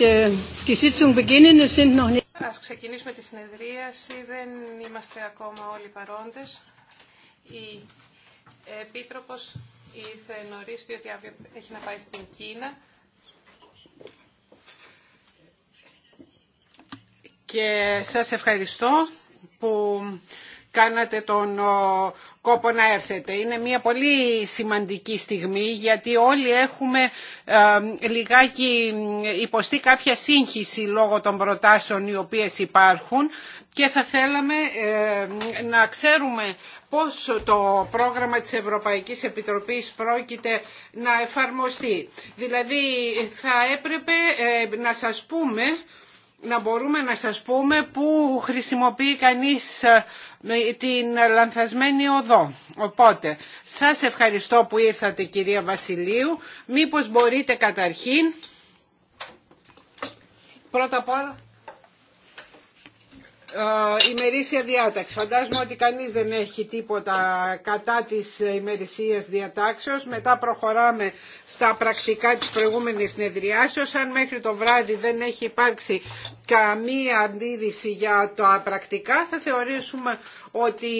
Äh, Ας ξεκινήσουμε τη συνεδρίαση. Δεν είμαστε ακόμα όλοι παρόντες. Η Επίτροπος ήρθε νωρίς, διότι αύριο έχει να πάει στην Κίνα. Και σας ευχαριστώ που κάνατε τον κόπο να έρθετε. Είναι μια πολύ σημαντική στιγμή γιατί όλοι έχουμε ε, λιγάκι υποστεί κάποια σύγχυση λόγω των προτάσεων οι οποίες υπάρχουν και θα θέλαμε ε, να ξέρουμε πώς το πρόγραμμα της Ευρωπαϊκής Επιτροπής πρόκειται να εφαρμοστεί. Δηλαδή θα έπρεπε ε, να σας πούμε να μπορούμε να σας πούμε πού χρησιμοποιεί κανείς ε, την λανθασμένη οδό. Οπότε, σας ευχαριστώ που ήρθατε κυρία Βασιλείου. Μήπως μπορείτε καταρχήν, πρώτα απ' όλα, ε, ημερήσια διάταξη. Φαντάζομαι ότι κανείς δεν έχει τίποτα κατά της ημερησίας διατάξεως. Μετά προχωράμε στα πρακτικά της προηγούμενης συνεδριάσεως. Αν μέχρι το βράδυ δεν έχει υπάρξει καμία αντίρρηση για το πρακτικά θα θεωρήσουμε ότι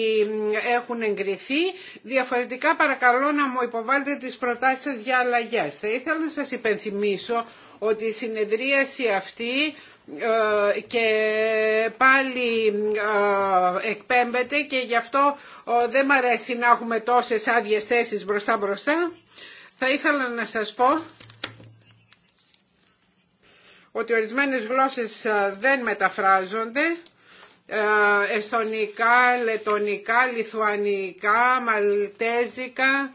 έχουν εγκριθεί. Διαφορετικά παρακαλώ να μου υποβάλλετε τις προτάσεις σας για αλλαγές. Θα ήθελα να σας υπενθυμίσω ότι η συνεδρίαση αυτή ε, και πάλι ε, εκπέμπεται και γι' αυτό ε, δεν μ' αρέσει να έχουμε τόσες άδειε θέσεις μπροστά μπροστά. Θα ήθελα να σας πω ότι ορισμένες γλώσσες δεν μεταφράζονται ε, εστονικά, λετονικά, λιθουανικά, μαλτέζικα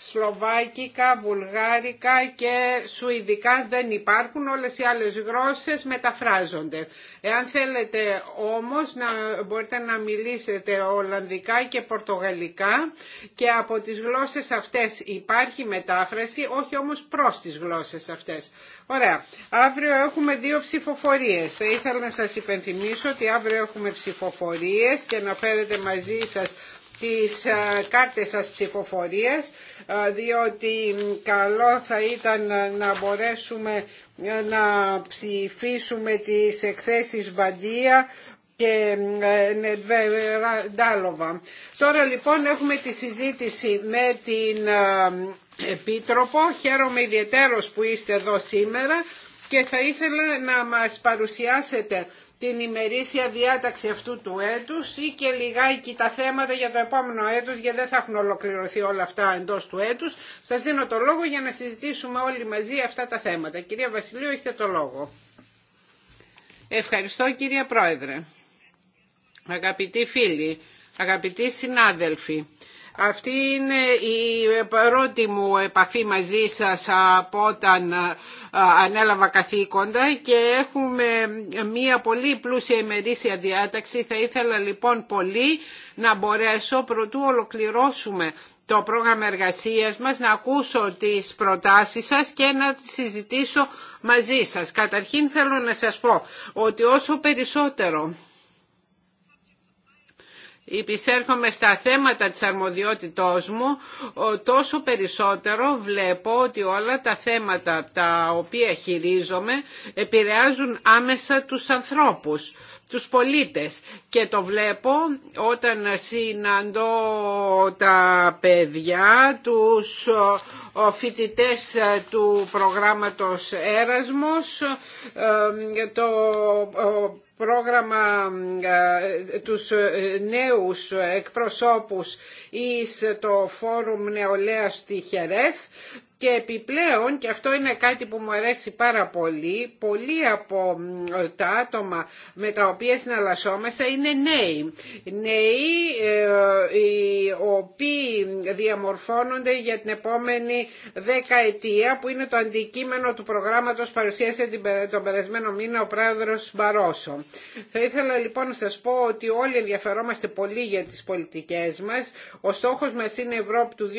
Σλοβάκικα, Βουλγάρικα και Σουηδικά δεν υπάρχουν, όλες οι άλλες γλώσσες μεταφράζονται. Εάν θέλετε όμως να μπορείτε να μιλήσετε Ολλανδικά και Πορτογαλικά και από τις γλώσσες αυτές υπάρχει μετάφραση, όχι όμως προς τις γλώσσες αυτές. Ωραία, αύριο έχουμε δύο ψηφοφορίες. Θα ήθελα να σας υπενθυμίσω ότι αύριο έχουμε ψηφοφορίες και να φέρετε μαζί σας τις ε, κάρτες σας ψηφοφορίας διότι καλό θα ήταν να μπορέσουμε να ψηφίσουμε τις εκθέσεις Βαντία και ε, ναι, Ντάλοβα. Τώρα λοιπόν έχουμε τη συζήτηση με την Επίτροπο. Χαίρομαι ιδιαίτερος που είστε εδώ σήμερα και θα ήθελα να μας παρουσιάσετε την ημερήσια διάταξη αυτού του έτους ή και λιγάκι τα θέματα για το επόμενο έτος γιατί δεν θα έχουν ολοκληρωθεί όλα αυτά εντός του έτους. Σας δίνω το λόγο για να συζητήσουμε όλοι μαζί αυτά τα θέματα. Κυρία Βασιλείου, έχετε το λόγο. Ευχαριστώ κυρία Πρόεδρε. Αγαπητοί φίλοι, αγαπητοί συνάδελφοι, αυτή είναι η πρώτη μου επαφή μαζί σας από όταν ε, ανέλαβα καθήκοντα και έχουμε μία πολύ πλούσια ημερήσια διάταξη. Θα ήθελα λοιπόν πολύ να μπορέσω προτού ολοκληρώσουμε το πρόγραμμα εργασίας μας, να ακούσω τις προτάσεις σας και να τις συζητήσω μαζί σας. Καταρχήν θέλω να σας πω ότι όσο περισσότερο Υπησέρχομαι στα θέματα της αρμοδιότητός μου, τόσο περισσότερο βλέπω ότι όλα τα θέματα τα οποία χειρίζομαι επηρεάζουν άμεσα τους ανθρώπους τους πολίτες και το βλέπω όταν συναντώ τα παιδιά, τους φοιτητές του προγράμματος Έρασμος, ε, το πρόγραμμα ε, τους νέους εκπροσώπους εις το Φόρουμ Νεολαία στη Χερέθ και επιπλέον, και αυτό είναι κάτι που μου αρέσει πάρα πολύ, πολλοί από τα άτομα με τα οποία συναλλασσόμαστε είναι νέοι. Νέοι ε, οι οποίοι διαμορφώνονται για την επόμενη δέκα δεκαετία που είναι το αντικείμενο του προγράμματος παρουσίασε τον περασμένο μήνα ο πρόεδρος Μπαρόσο. Θα ήθελα λοιπόν να σας πω ότι όλοι ενδιαφερόμαστε πολύ για τις πολιτικές μας. Ο στόχος μας είναι Ευρώπη του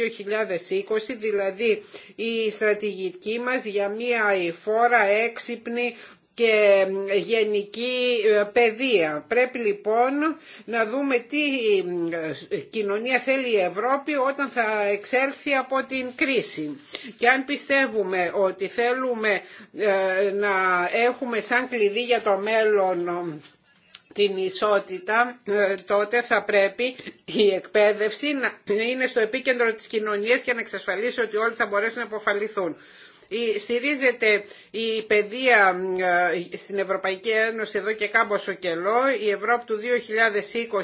2020, δηλαδή η στρατηγική μας για μια φόρα έξυπνη και γενική ε, παιδεία. Πρέπει λοιπόν να δούμε τι ε, κοινωνία θέλει η Ευρώπη όταν θα εξέλθει από την κρίση. Και αν πιστεύουμε ότι θέλουμε ε, να έχουμε σαν κλειδί για το μέλλον την ισότητα, ε, τότε θα πρέπει η εκπαίδευση να είναι στο επίκεντρο της κοινωνίας και να εξασφαλίσει ότι όλοι θα μπορέσουν να αποφαληθούν. Στηρίζεται η παιδεία ε, στην Ευρωπαϊκή Ένωση εδώ και κάμποσο κελό. Η Ευρώπη του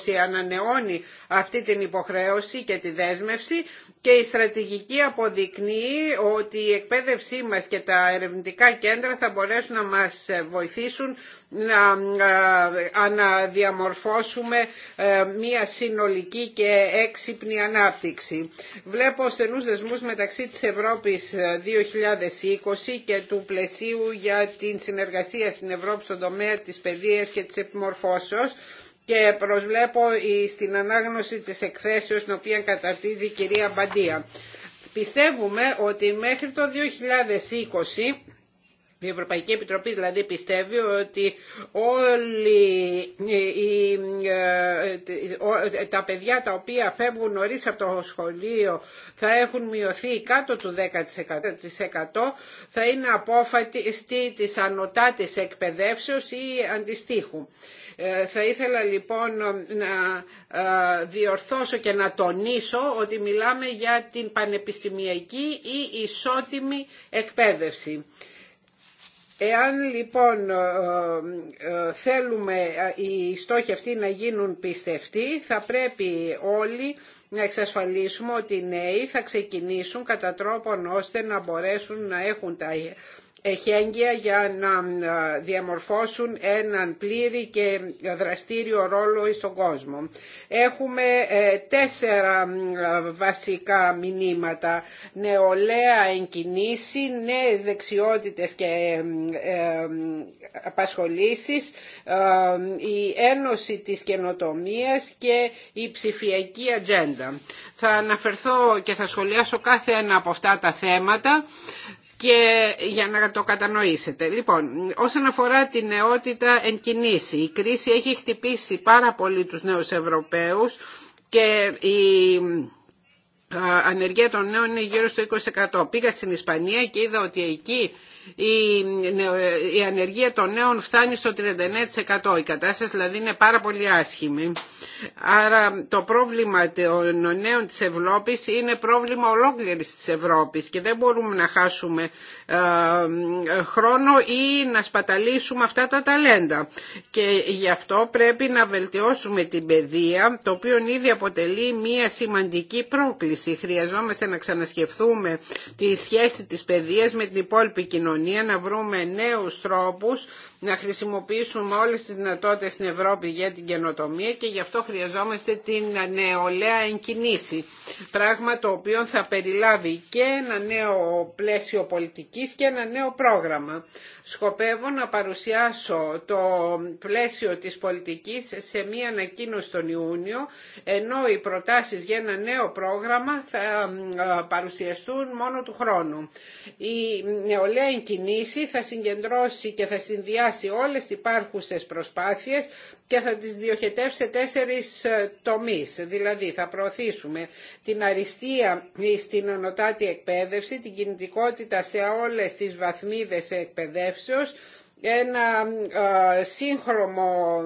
2020 ανανεώνει αυτή την υποχρέωση και τη δέσμευση και η στρατηγική αποδεικνύει ότι η εκπαίδευσή μας και τα ερευνητικά κέντρα θα μπορέσουν να μας βοηθήσουν να ε, αναδιαμορφώσουμε ε, μια συνολική και έξυπνη ανάπτυξη. Βλέπω στενούς δεσμούς μεταξύ της Ευρώπης 2020 ε, και του πλαισίου για την συνεργασία στην Ευρώπη στον τομέα της παιδείας και της επιμορφώσεως και προσβλέπω στην ανάγνωση της εκθέσεως την οποία καταρτίζει η κυρία Μπαντία. Πιστεύουμε ότι μέχρι το 2020 η Ευρωπαϊκή Επιτροπή δηλαδή πιστεύει ότι όλοι ε, ε, τα παιδιά τα οποία φεύγουν νωρίς από το σχολείο θα έχουν μειωθεί κάτω του 10% θα είναι απόφατοι της ανωτάτης εκπαιδεύσεως ή αντιστοίχου. Ε, θα ήθελα λοιπόν να διορθώσω και να τονίσω ότι μιλάμε για την πανεπιστημιακή ή ισότιμη εκπαίδευση. Εάν λοιπόν ε, ε, ε, θέλουμε οι στόχοι αυτοί να γίνουν πιστευτοί, θα πρέπει όλοι να εξασφαλίσουμε ότι οι νέοι θα ξεκινήσουν κατά τρόπον ώστε να μπορέσουν να έχουν τα εχέγγυα για να ε, διαμορφώσουν έναν πλήρη και δραστήριο ρόλο στον κόσμο. Έχουμε ε, τέσσερα ε, βασικά μηνύματα. Νεολαία εγκινήσει, νέες δεξιότητες και απασχολήσεις, η ένωση της καινοτομίας και η ψηφιακή ατζέντα. Θα αναφερθώ και θα σχολιάσω κάθε ένα από αυτά τα θέματα και για να το κατανοήσετε. Λοιπόν, όσον αφορά την νεότητα εν κινήσει, η κρίση έχει χτυπήσει πάρα πολύ τους νέους Ευρωπαίους και η ανεργία των νέων είναι γύρω στο 20%. Πήγα στην Ισπανία και είδα ότι εκεί η ανεργία των νέων φτάνει στο 39%. Η κατάσταση δηλαδή είναι πάρα πολύ άσχημη. Άρα το πρόβλημα των νέων της Ευρώπης είναι πρόβλημα ολόκληρης της Ευρώπης και δεν μπορούμε να χάσουμε ε, χρόνο ή να σπαταλήσουμε αυτά τα ταλέντα. Και γι' αυτό πρέπει να βελτιώσουμε την παιδεία, το οποίο ήδη αποτελεί μία σημαντική πρόκληση. Χρειαζόμαστε να ξανασκεφτούμε τη σχέση της παιδείας με την υπόλοιπη κοινωνία κοινωνία, να βρούμε νέους τρόπους να χρησιμοποιήσουμε όλες τις δυνατότητες στην Ευρώπη για την καινοτομία και γι' αυτό χρειαζόμαστε την νεολαία εγκινήση. Πράγμα το οποίο θα περιλάβει και ένα νέο πλαίσιο πολιτικής και ένα νέο πρόγραμμα. Σκοπεύω να παρουσιάσω το πλαίσιο της πολιτικής σε μία ανακοίνωση τον Ιούνιο, ενώ οι προτάσεις για ένα νέο πρόγραμμα θα ε, παρουσιαστούν μόνο του χρόνου. Η νεολαία εγκινήση θα συγκεντρώσει και θα συνδυάσει σε όλες υπάρχουσες προσπάθειες και θα τις διοχετεύσει σε τέσσερις ε, τομείς. Δηλαδή θα προωθήσουμε την αριστεία στην ανωτάτη εκπαίδευση, την κινητικότητα σε όλες τις βαθμίδες εκπαιδεύσεως, ένα σύγχρονο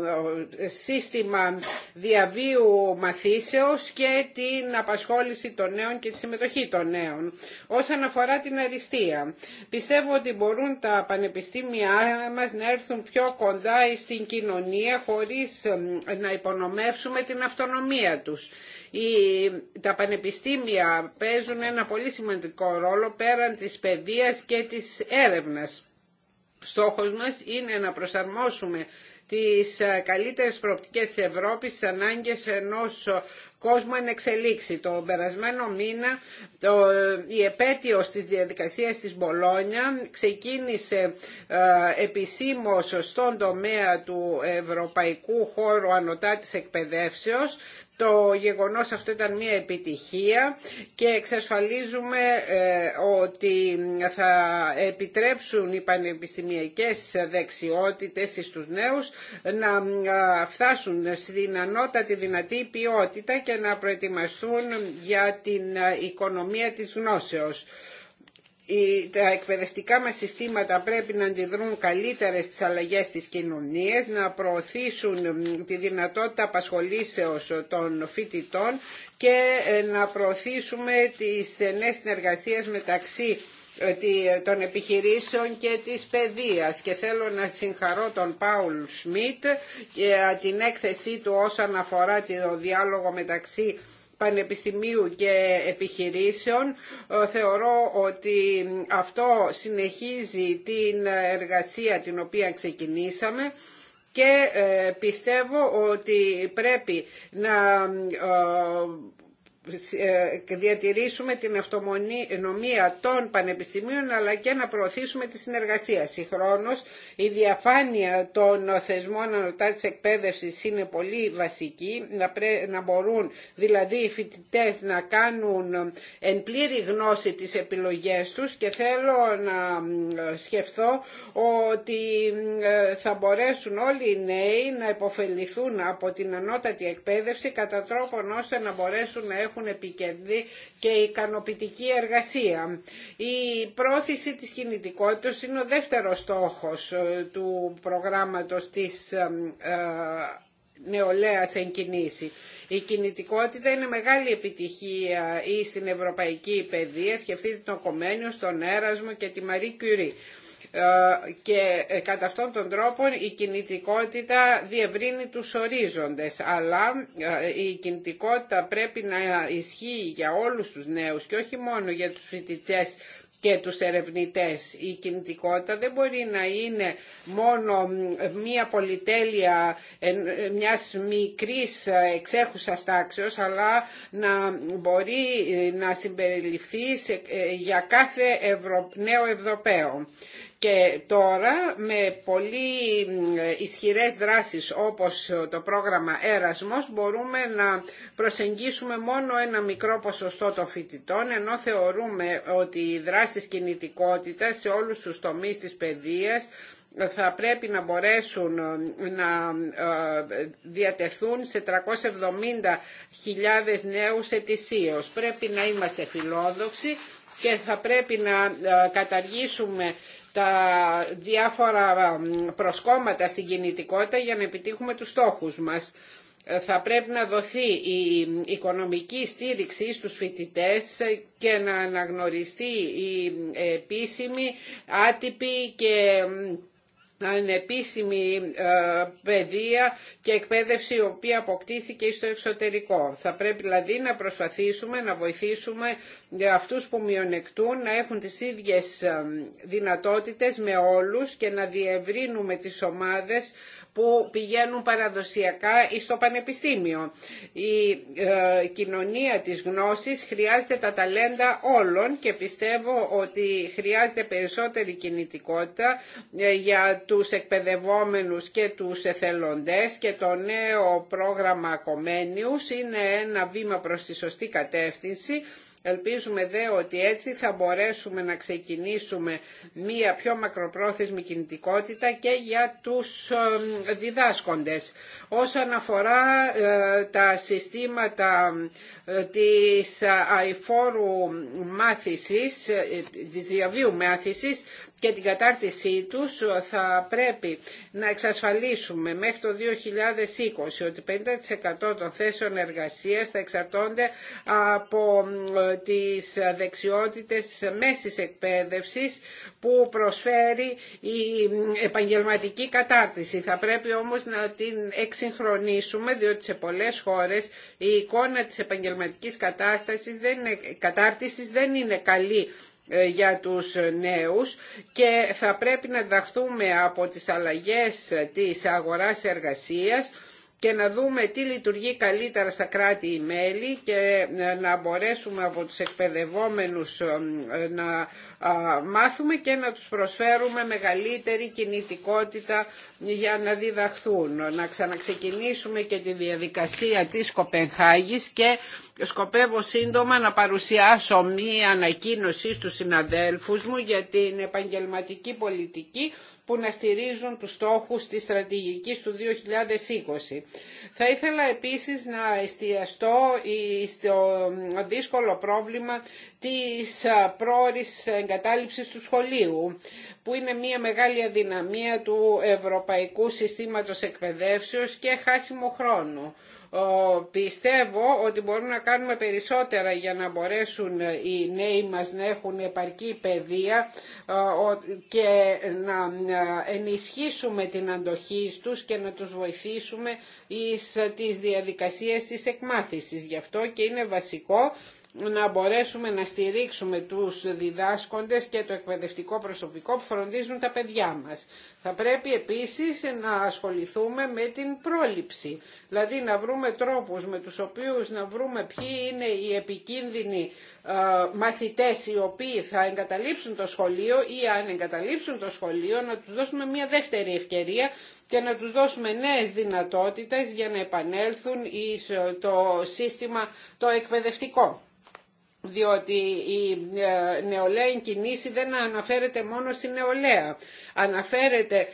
σύστημα διαβίου μαθήσεως και την απασχόληση των νέων και τη συμμετοχή των νέων. Όσον αφορά την αριστεία, πιστεύω ότι μπορούν τα πανεπιστήμια μας να έρθουν πιο κοντά στην κοινωνία χωρίς να υπονομεύσουμε την αυτονομία τους. Η, τα πανεπιστήμια παίζουν ένα πολύ σημαντικό ρόλο πέραν της παιδείας και της έρευνας στόχος μας είναι να προσαρμόσουμε τις ε, καλύτερες προοπτικές της Ευρώπης στις ανάγκες ενός ε, κόσμου εν εξελίξη. Το περασμένο μήνα το, ε, η επέτειος της διαδικασίας της Μπολόνια ξεκίνησε ε, επισήμως στον τομέα του Ευρωπαϊκού Χώρου Ανωτά της Εκπαιδεύσεως το γεγονός αυτό ήταν μια επιτυχία και εξασφαλίζουμε ε, ότι θα επιτρέψουν οι πανεπιστημιακές δεξιότητες στους νέους να ε, φτάσουν στην ανώτατη δυνατή ποιότητα και να προετοιμαστούν για την ε, οικονομία της γνώσεως τα εκπαιδευτικά μας συστήματα πρέπει να αντιδρούν καλύτερα στις αλλαγές της κοινωνίας, να προωθήσουν τη δυνατότητα απασχολήσεως των φοιτητών και ε, να προωθήσουμε τις στενές συνεργασίες μεταξύ ε, ε, των επιχειρήσεων και της παιδείας και θέλω να συγχαρώ τον Πάουλ Σμιτ για την έκθεσή του όσον αφορά το διάλογο μεταξύ πανεπιστημίου και επιχειρήσεων. Ε, θεωρώ ότι αυτό συνεχίζει την εργασία την οποία ξεκινήσαμε και ε, πιστεύω ότι πρέπει να ε, ε, διατηρήσουμε την αυτονομία των πανεπιστημίων αλλά και να προωθήσουμε τη συνεργασία. Συγχρόνως η διαφάνεια των θεσμών ανωτά της εκπαίδευσης είναι πολύ βασική, να, μπορούν δηλαδή οι φοιτητέ να κάνουν εν πλήρη γνώση τις επιλογές τους και θέλω να σκεφτώ ότι ε, θα μπορέσουν όλοι οι νέοι να υποφεληθούν από την ανώτατη εκπαίδευση κατά τρόπον ώστε να μπορέσουν να έχουν έχουν επικερδεί και ικανοποιητική εργασία. Η πρόθεση της κινητικότητας είναι ο δεύτερος στόχος ε, του προγράμματος της ε, ε, νεολαίας εν κινήσει. Η κινητικότητα είναι μεγάλη επιτυχία ή στην ευρωπαϊκή παιδεία, σκεφτείτε τον Κομένιο, στον Έρασμο και τη Μαρή Κιουρί. Ε, και ε, κατά αυτόν τον τρόπο η κινητικότητα διευρύνει τους ορίζοντες αλλά ε, η κινητικότητα πρέπει να ισχύει για όλους τους νέους και όχι μόνο για τους φοιτητές και τους ερευνητές. Η κινητικότητα δεν μπορεί να είναι μόνο μία πολυτέλεια μιας μικρής εξέχουσας τάξεως, αλλά να μπορεί να συμπεριληφθεί για κάθε νέο Ευρωπαίο. Και τώρα με πολύ ισχυρές δράσεις όπως το πρόγραμμα Έρασμος μπορούμε να προσεγγίσουμε μόνο ένα μικρό ποσοστό των φοιτητών ενώ θεωρούμε ότι οι δράσεις κινητικότητας σε όλους τους τομείς της παιδείας θα πρέπει να μπορέσουν ε, να ε, διατεθούν σε 370.000 νέους ετησίως. Πρέπει να είμαστε φιλόδοξοι και θα πρέπει να ε, καταργήσουμε τα διάφορα προσκόμματα στην κινητικότητα για να επιτύχουμε τους στόχους μας. Ε, θα πρέπει να δοθεί η οικονομική στήριξη στους φοιτητές και να αναγνωριστεί η ε, επίσημη, άτυπη και ανεπίσημη ε, παιδεία και εκπαίδευση η οποία αποκτήθηκε στο εξωτερικό. Θα πρέπει δηλαδή να προσπαθήσουμε να βοηθήσουμε ε, αυτούς που μειονεκτούν να έχουν τις ίδιες ε, δυνατότητες με όλους και να διευρύνουμε τις ομάδες που πηγαίνουν παραδοσιακά στο πανεπιστήμιο. Η ε, κοινωνία της γνώσης χρειάζεται τα ταλέντα όλων και πιστεύω ότι χρειάζεται περισσότερη κινητικότητα ε, για τους εκπαιδευόμενους και τους εθελοντές και το νέο πρόγραμμα Κομένιους είναι ένα βήμα προς τη σωστή κατεύθυνση Ελπίζουμε δε ότι έτσι θα μπορέσουμε να ξεκινήσουμε μία πιο μακροπρόθεσμη κινητικότητα και για τους διδάσκοντες. Όσον αφορά ε, τα συστήματα ε, της ε, αηφόρου μάθησης, της διαβίου μάθησης, και την κατάρτισή τους θα πρέπει να εξασφαλίσουμε μέχρι το 2020 ότι 50% των θέσεων εργασίας θα εξαρτώνται από τις δεξιότητες μέσης εκπαίδευσης που προσφέρει η επαγγελματική κατάρτιση. Θα πρέπει όμως να την εξυγχρονίσουμε διότι σε πολλές χώρες η εικόνα της επαγγελματικής κατάστασης δεν κατάρτισης δεν είναι καλή ε, για τους νέους και θα πρέπει να ενταχθούμε από τις αλλαγές της αγοράς εργασίας και να δούμε τι λειτουργεί καλύτερα στα κράτη-μέλη και ε, να μπορέσουμε από τους εκπαιδευόμενους ε, ε, να μάθουμε και να τους προσφέρουμε μεγαλύτερη κινητικότητα για να διδαχθούν. Να ξαναξεκινήσουμε και τη διαδικασία της Κοπενχάγης και σκοπεύω σύντομα να παρουσιάσω μία ανακοίνωση στους συναδέλφους μου για την επαγγελματική πολιτική που να στηρίζουν τους στόχους της στρατηγικής του 2020. Θα ήθελα επίσης να εστιαστώ στο δύσκολο πρόβλημα της πρόορης εγκατάλειψης του σχολείου που είναι μια μεγάλη αδυναμία του Ευρωπαϊκού Συστήματος Εκπαιδεύσεως και χάσιμο χρόνου. Πιστεύω ότι μπορούμε να κάνουμε περισσότερα για να μπορέσουν οι νέοι μας να έχουν επαρκή παιδεία και να ενισχύσουμε την αντοχή τους και να τους βοηθήσουμε στις τις διαδικασίες της εκμάθησης. Γι' αυτό και είναι βασικό να μπορέσουμε να στηρίξουμε τους διδάσκοντες και το εκπαιδευτικό προσωπικό που φροντίζουν τα παιδιά μας. Θα πρέπει επίσης να ασχοληθούμε με την πρόληψη, δηλαδή να βρούμε τρόπους με τους οποίους να βρούμε ποιοι είναι οι επικίνδυνοι ε, μαθητές οι οποίοι θα εγκαταλείψουν το σχολείο ή αν εγκαταλείψουν το σχολείο να τους δώσουμε μια δεύτερη ευκαιρία και να τους δώσουμε νέες δυνατότητες για να επανέλθουν στο ε, σύστημα το εκπαιδευτικό διότι η ε, νεολαία κινήση δεν αναφέρεται μόνο στην νεολαία. Αναφέρεται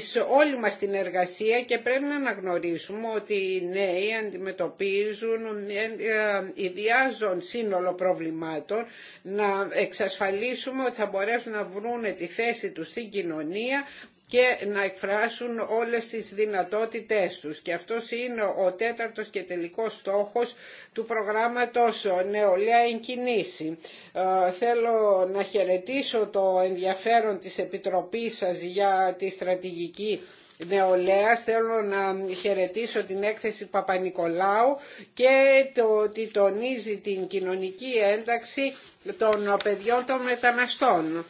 σε όλη μας την εργασία και πρέπει να αναγνωρίσουμε ότι οι νέοι αντιμετωπίζουν ε, ε, ιδιάζον σύνολο προβλημάτων να εξασφαλίσουμε ότι θα μπορέσουν να βρουν τη θέση τους στην κοινωνία και να εκφράσουν όλες τις δυνατότητές τους. Και αυτός είναι ο τέταρτος και τελικός στόχος του προγράμματος Νεολαία Εγκινήση. Ε, θέλω να χαιρετήσω το ενδιαφέρον της Επιτροπής σας για τη στρατηγική νεολαία. Θέλω να χαιρετήσω την έκθεση Παπα-Νικολάου και το ότι τονίζει την κοινωνική ένταξη των παιδιών των μεταναστών.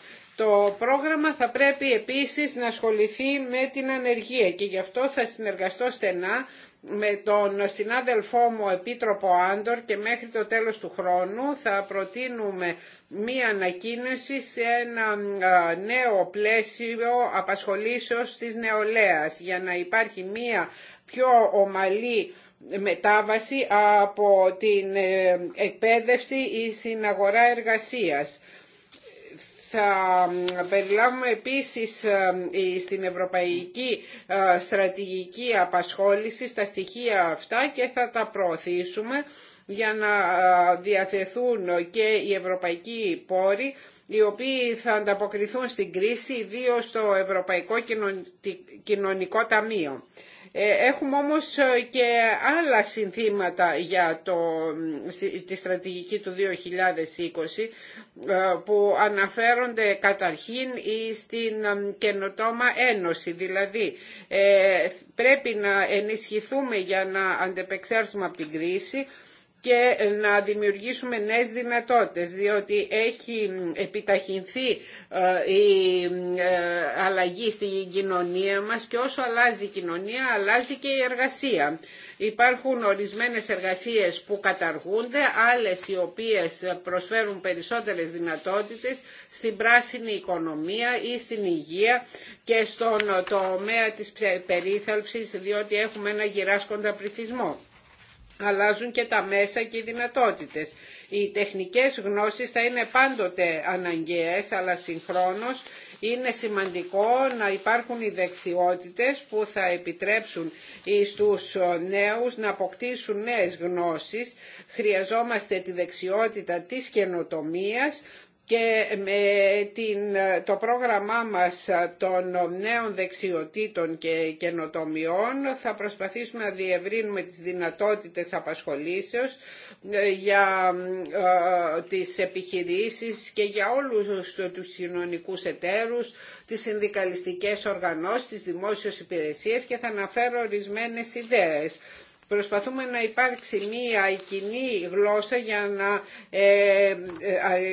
Το πρόγραμμα θα πρέπει επίσης να ασχοληθεί με την ανεργία και γι' αυτό θα συνεργαστώ στενά με τον συνάδελφό μου Επίτροπο Άντορ και μέχρι το τέλος του χρόνου θα προτείνουμε μία ανακοίνωση σε ένα νέο πλαίσιο απασχολήσεως της νεολαίας για να υπάρχει μία πιο ομαλή μετάβαση από την ε, εκπαίδευση ή στην αγορά εργασίας. Θα περιλάβουμε επίσης ε, στην Ευρωπαϊκή ε, Στρατηγική Απασχόληση τα στοιχεία αυτά και θα τα προωθήσουμε για να ε, διαθεθούν και οι ευρωπαϊκοί πόροι οι οποίοι θα ανταποκριθούν στην κρίση, ιδίως στο Ευρωπαϊκό Κοινωνικό Ταμείο. Ε, έχουμε όμως ε, και άλλα συνθήματα για το, τη στρατηγική του 2020 ε, που αναφέρονται καταρχήν στην καινοτόμα ένωση. Δηλαδή πρέπει να ενισχυθούμε για να αντεπεξέλθουμε από την κρίση και ε, να δημιουργήσουμε νέες δυνατότητες διότι έχει επιταχυνθεί ε, η ε, αλλαγή στην κοινωνία μας και όσο αλλάζει η κοινωνία αλλάζει και η εργασία. Υπάρχουν ορισμένες εργασίες που καταργούνται, άλλες οι οποίες προσφέρουν περισσότερες δυνατότητες στην πράσινη οικονομία ή στην υγεία και στον τομέα της περίθαλψης διότι έχουμε ένα γυράσκοντα πληθυσμό αλλάζουν και τα μέσα και οι δυνατότητες. Οι τεχνικές γνώσεις θα είναι πάντοτε αναγκαίες, αλλά συγχρόνως είναι σημαντικό να υπάρχουν οι δεξιότητες που θα επιτρέψουν στους νέους να αποκτήσουν νέες γνώσεις. Χρειαζόμαστε τη δεξιότητα της καινοτομίας και με την, το πρόγραμμά μας των νέων δεξιοτήτων και καινοτομιών θα προσπαθήσουμε να διευρύνουμε τις δυνατότητες απασχολήσεως ε, για ε, τις επιχειρήσεις και για όλους τους κοινωνικού εταίρους, τις συνδικαλιστικές οργανώσεις, τις δημόσιες υπηρεσίες και θα αναφέρω ορισμένες ιδέες. Προσπαθούμε να υπάρξει μία κοινή γλώσσα για να ε, ε,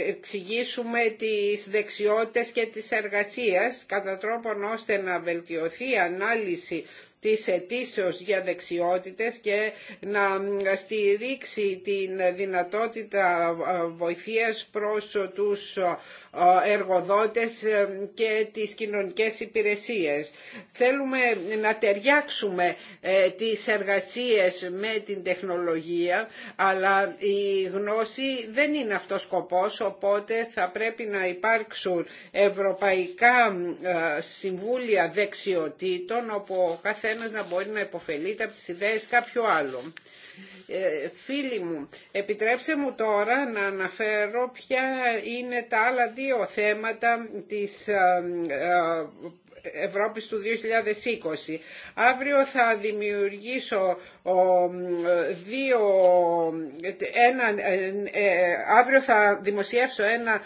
εξηγήσουμε τις δεξιότητες και τις εργασίες κατά τρόπον ώστε να βελτιωθεί η ανάλυση της αιτήσεως για δεξιότητες και να στηρίξει την δυνατότητα ε, βοηθείας προς τους εργοδότες ε, και τις κοινωνικές υπηρεσίες. Θέλουμε να ταιριάξουμε ε, τις εργασίες με την τεχνολογία, αλλά η γνώση δεν είναι αυτός σκοπός, οπότε θα πρέπει να υπάρξουν ευρωπαϊκά ε, συμβούλια δεξιοτήτων, όπου ο καθένας να μπορεί να υποφελείται από τις ιδέες κάποιου άλλου. Ε, φίλοι μου, επιτρέψτε μου τώρα να αναφέρω ποια είναι τα άλλα δύο θέματα της ε, ε, Ευρώπης του 2020. Αύριο θα δημιουργήσω δύο, ένα, ε, ε, αύριο θα δημοσιεύσω ένα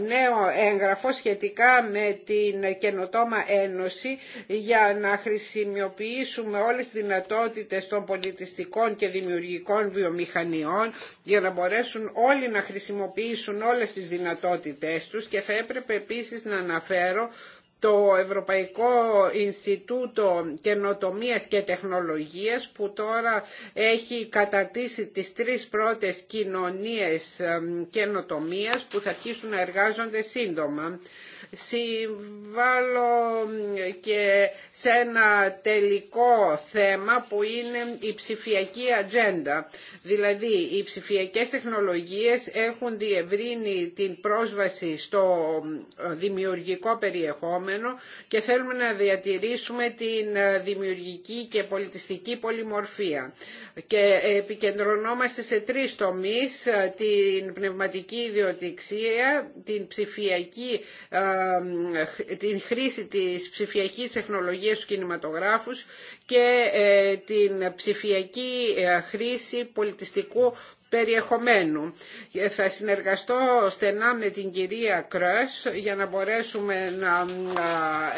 νέο έγγραφο σχετικά με την καινοτόμα ένωση για να χρησιμοποιήσουμε όλες τις δυνατότητες των πολιτιστικών και δημιουργικών βιομηχανιών για να μπορέσουν όλοι να χρησιμοποιήσουν όλες τις δυνατότητες τους και θα έπρεπε επίσης να αναφέρω το Ευρωπαϊκό Ινστιτούτο Καινοτομίας και Τεχνολογίας που τώρα έχει καταρτήσει τις τρεις πρώτες κοινωνίες καινοτομίας που θα αρχίσουν να εργάζονται σύντομα συμβάλλω και σε ένα τελικό θέμα που είναι η ψηφιακή ατζέντα. Δηλαδή οι ψηφιακές τεχνολογίες έχουν διευρύνει την πρόσβαση στο δημιουργικό περιεχόμενο και θέλουμε να διατηρήσουμε την ε, δημιουργική και πολιτιστική πολυμορφία. Και επικεντρωνόμαστε σε τρεις τομείς, ε, την πνευματική ιδιοτηξία, την ψηφιακή ε, ε, την χρήση της ψηφιακής τεχνολογίας στους κινηματογράφους και ε, την ψηφιακή ε, χρήση πολιτιστικού περιεχομένου. Θα συνεργαστώ στενά με την κυρία Κρός για να μπορέσουμε να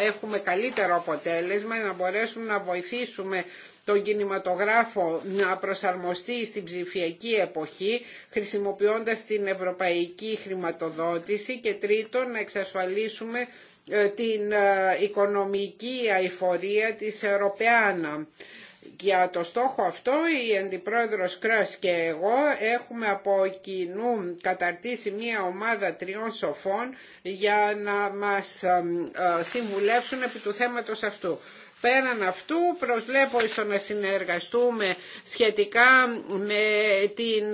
έχουμε καλύτερο αποτέλεσμα, να μπορέσουμε να βοηθήσουμε τον κινηματογράφο να προσαρμοστεί στην ψηφιακή εποχή χρησιμοποιώντας την ευρωπαϊκή χρηματοδότηση και τρίτον να εξασφαλίσουμε ε, την ε, οικονομική αηφορία της Ευρωπαϊκής. Για το στόχο αυτό η Αντιπρόεδρος Κρός και εγώ έχουμε από κοινού καταρτήσει μια ομάδα τριών σοφών για να μας ε, συμβουλεύσουν επί του θέματος αυτού. Πέραν αυτού προσβλέπω στο να συνεργαστούμε σχετικά με την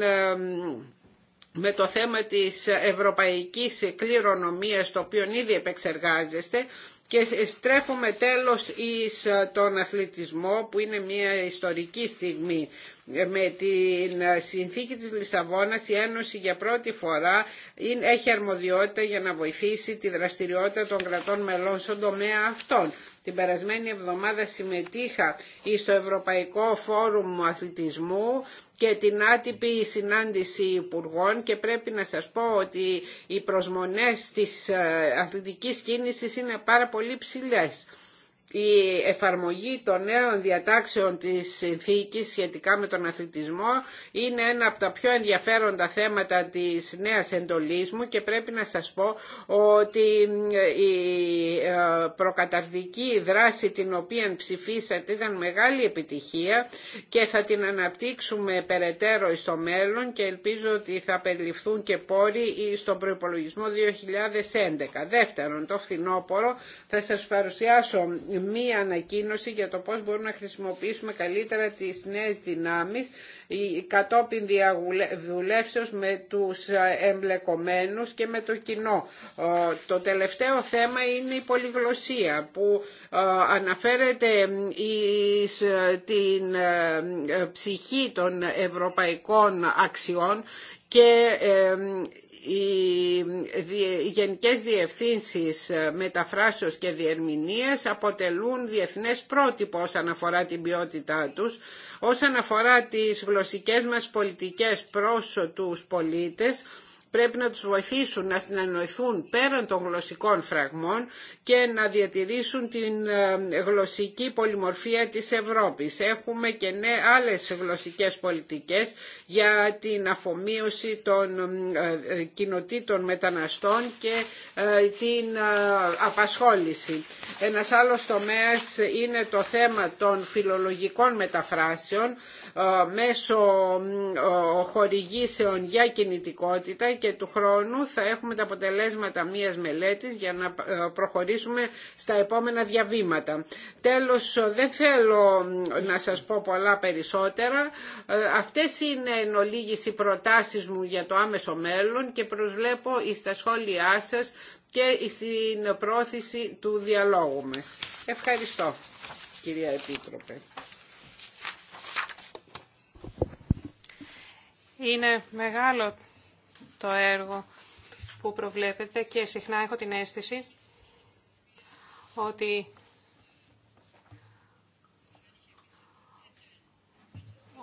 με το θέμα της ευρωπαϊκής κληρονομίας το οποίο ήδη επεξεργάζεστε και στρέφουμε τέλος εις ε, τον αθλητισμό που είναι μια ιστορική στιγμή. Με την ε, συνθήκη της Λισαβόνας η Ένωση για πρώτη φορά έχει αρμοδιότητα για να βοηθήσει τη δραστηριότητα των κρατών μελών στον τομέα αυτών. Την περασμένη εβδομάδα συμμετείχα στο Ευρωπαϊκό Φόρουμ Αθλητισμού και την άτυπη συνάντηση υπουργών και πρέπει να σας πω ότι οι προσμονές της ε, αθλητικής κίνησης είναι πάρα πολύ ψηλές η εφαρμογή των νέων διατάξεων της συνθήκης σχετικά με τον αθλητισμό είναι ένα από τα πιο ενδιαφέροντα θέματα της νέας εντολής μου και πρέπει να σας πω ότι ε, η ε, προκαταρτική δράση την οποία ψηφίσατε ήταν μεγάλη επιτυχία και θα την αναπτύξουμε περαιτέρω στο μέλλον και ελπίζω ότι θα περιληφθούν και πόροι στον προϋπολογισμό 2011. Δεύτερον, το φθινόπωρο θα σας παρουσιάσω μία ανακοίνωση για το πώς μπορούμε να χρησιμοποιήσουμε καλύτερα τις νέες δυνάμεις κατόπιν διαβουλεύσεως με τους ε, εμπλεκομένους και με το κοινό. Ε, το τελευταίο θέμα είναι η πολυγλωσία που ε, αναφέρεται εις την ψυχή των ευρωπαϊκών αξιών και οι γενικές διευθύνσεις μεταφράσεως και διερμηνίες αποτελούν διεθνές πρότυπο όσον αφορά την ποιότητά τους, όσον αφορά τις γλωσσικές μας πολιτικές προς τους πολίτες, πρέπει να τους βοηθήσουν να συνεννοηθούν πέραν των γλωσσικών φραγμών και να διατηρήσουν την ε, γλωσσική πολυμορφία της Ευρώπης. Έχουμε και ναι, άλλες γλωσσικές πολιτικές για την αφομοίωση των ε, κοινοτήτων μεταναστών και ε, την απασχόληση. Ένας άλλος τομέας είναι το θέμα των φιλολογικών μεταφράσεων ε, μέσω ε, χορηγήσεων για κινητικότητα και του χρόνου θα έχουμε τα αποτελέσματα μιας μελέτης για να ε, προχωρήσουμε στα επόμενα διαβήματα. Τέλος, δεν θέλω να σας πω πολλά περισσότερα. Αυτές είναι εν ολίγης οι προτάσεις μου για το άμεσο μέλλον και προσβλέπω στα σχόλιά σας και στην πρόθεση του διαλόγου μας. Ευχαριστώ, κυρία Επίτροπε. Είναι μεγάλο το έργο που προβλέπετε και συχνά έχω την αίσθηση ότι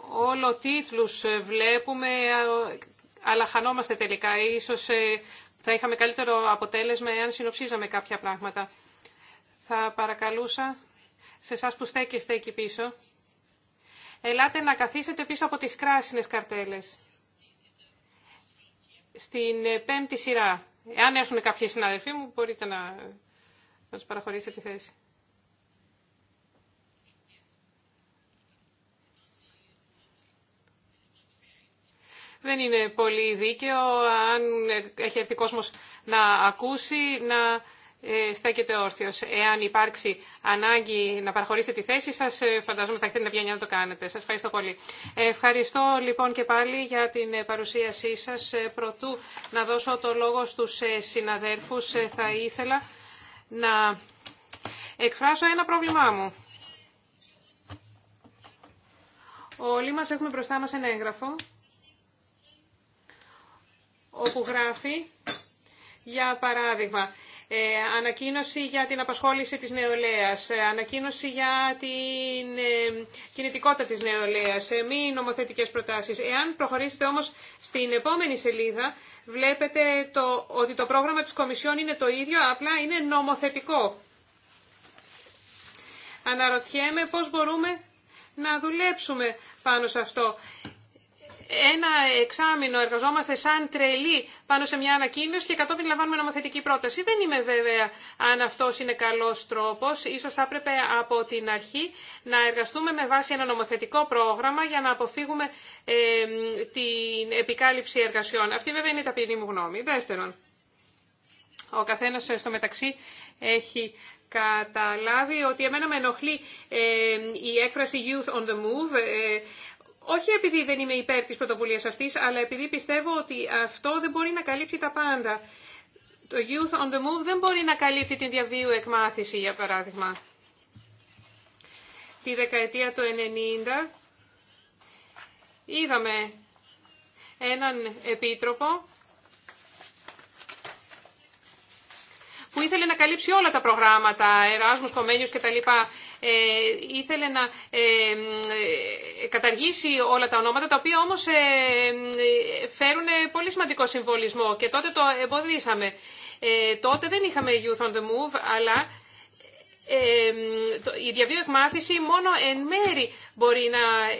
όλο τίτλους βλέπουμε, αλλά χανόμαστε τελικά. Ίσως ε, θα είχαμε καλύτερο αποτέλεσμα εάν συνοψίζαμε κάποια πράγματα. Θα παρακαλούσα σε εσά που στέκεστε εκεί πίσω, ελάτε να καθίσετε πίσω από τις κράσινες καρτέλες. Στην ε, πέμπτη σειρά, εάν έρθουν κάποιοι συνάδελφοί μου, μπορείτε να, να παραχωρήσετε τη θέση. Δεν είναι πολύ δίκαιο αν ε, έχει έρθει κόσμος να ακούσει, να ε, στέκεται όρθιος. Εάν υπάρξει ανάγκη να παραχωρήσετε τη θέση σας, ε, φαντάζομαι θα έχετε την ευγένεια να το κάνετε. Σας ευχαριστώ πολύ. Ευχαριστώ λοιπόν και πάλι για την ε, παρουσίασή σας. Προτού να δώσω το λόγο στους συναδέρφους, θα ήθελα να εκφράσω ένα πρόβλημά μου. Όλοι μας έχουμε μπροστά μας ένα έγγραφο όπου γράφει, για παράδειγμα, ε, ανακοίνωση για την απασχόληση της νεολαίας, ε, ανακοίνωση για την ε, κινητικότητα της νεολαίας, μη νομοθετικές προτάσεις. Εάν προχωρήσετε όμως στην επόμενη σελίδα, βλέπετε το, ότι το πρόγραμμα της Κομισιόν είναι το ίδιο, απλά είναι νομοθετικό. Αναρωτιέμαι πώς μπορούμε να δουλέψουμε πάνω σε αυτό ένα εξάμεινο εργαζόμαστε σαν τρελοί πάνω σε μια ανακοίνωση και κατόπιν λαμβάνουμε νομοθετική πρόταση. Δεν είμαι βέβαια αν αυτό είναι καλό τρόπο. Ίσως θα έπρεπε από την αρχή να εργαστούμε με βάση ένα νομοθετικό πρόγραμμα για να αποφύγουμε την επικάλυψη εργασιών. Αυτή βέβαια είναι η ταπεινή μου γνώμη. Δεύτερον, ο καθένα στο μεταξύ έχει καταλάβει ότι εμένα με ενοχλεί η έκφραση youth on the move. Ε, όχι επειδή δεν είμαι υπέρ της πρωτοβουλίας αυτής, αλλά επειδή πιστεύω ότι αυτό δεν μπορεί να καλύπτει τα πάντα. Το Youth on the Move δεν μπορεί να καλύπτει την διαβίου εκμάθηση, για παράδειγμα. Τη δεκαετία του 90 είδαμε έναν επίτροπο που ήθελε να καλύψει όλα τα προγράμματα, Εράσμους, κομμένιους κτλ. Ε, ήθελε να ε, καταργήσει όλα τα ονόματα, τα οποία όμως ε, φέρουν πολύ σημαντικό συμβολισμό και τότε το εμποδίσαμε. Τότε δεν είχαμε Youth on the Move, αλλά η διαβίω εκμάθηση μόνο εν μέρη μπορεί να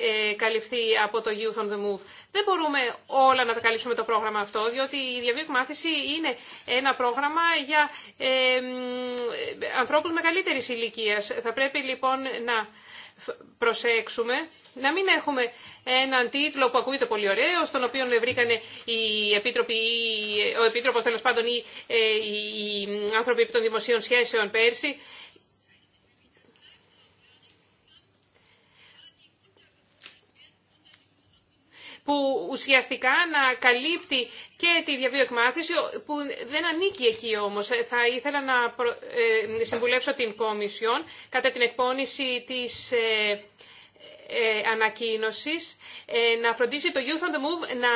ε, καλυφθεί από το Youth on the Move. Δεν μπορούμε όλα να τα καλύψουμε το πρόγραμμα αυτό, διότι η διαβίω εκμάθηση είναι ένα πρόγραμμα για ε, ανθρώπους μεγαλύτερης ηλικίας. Θα πρέπει λοιπόν να προσέξουμε να μην έχουμε έναν τίτλο που ακούγεται πολύ ωραίο, στον οποίο βρήκανε οι επίτροποι, ο Επίτροπος πάντων ή ε, οι άνθρωποι των δημοσίων σχέσεων πέρσι, που ουσιαστικά να καλύπτει και τη διαβίω εκμάθηση, που δεν ανήκει εκεί όμως. Ε, θα ήθελα να προ... Ε, συμβουλεύσω την Κόμισιον κατά την εκπόνηση της ε, ε ανακοίνωσης να φροντίσει το Youth on the Move να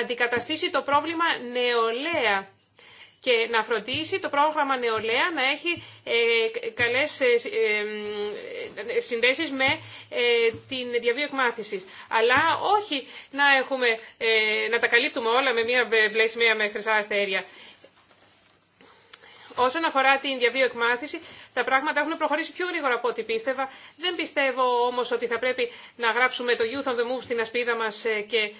αντικαταστήσει το πρόβλημα νεολαία και να φροντίσει το πρόγραμμα νεολαία να έχει ε, καλές ε, ε, συνδέσεις με την διαβίω εκμάθηση. Αλλά όχι να, έχουμε, να τα καλύπτουμε όλα με μία μπλε σημαία με χρυσά αστέρια. Όσον αφορά την διαβίωση εκμάθηση, τα πράγματα έχουν προχωρήσει πιο γρήγορα από ό,τι πίστευα. Δεν πιστεύω όμως ότι θα πρέπει να γράψουμε το Youth on the Move στην ασπίδα μας και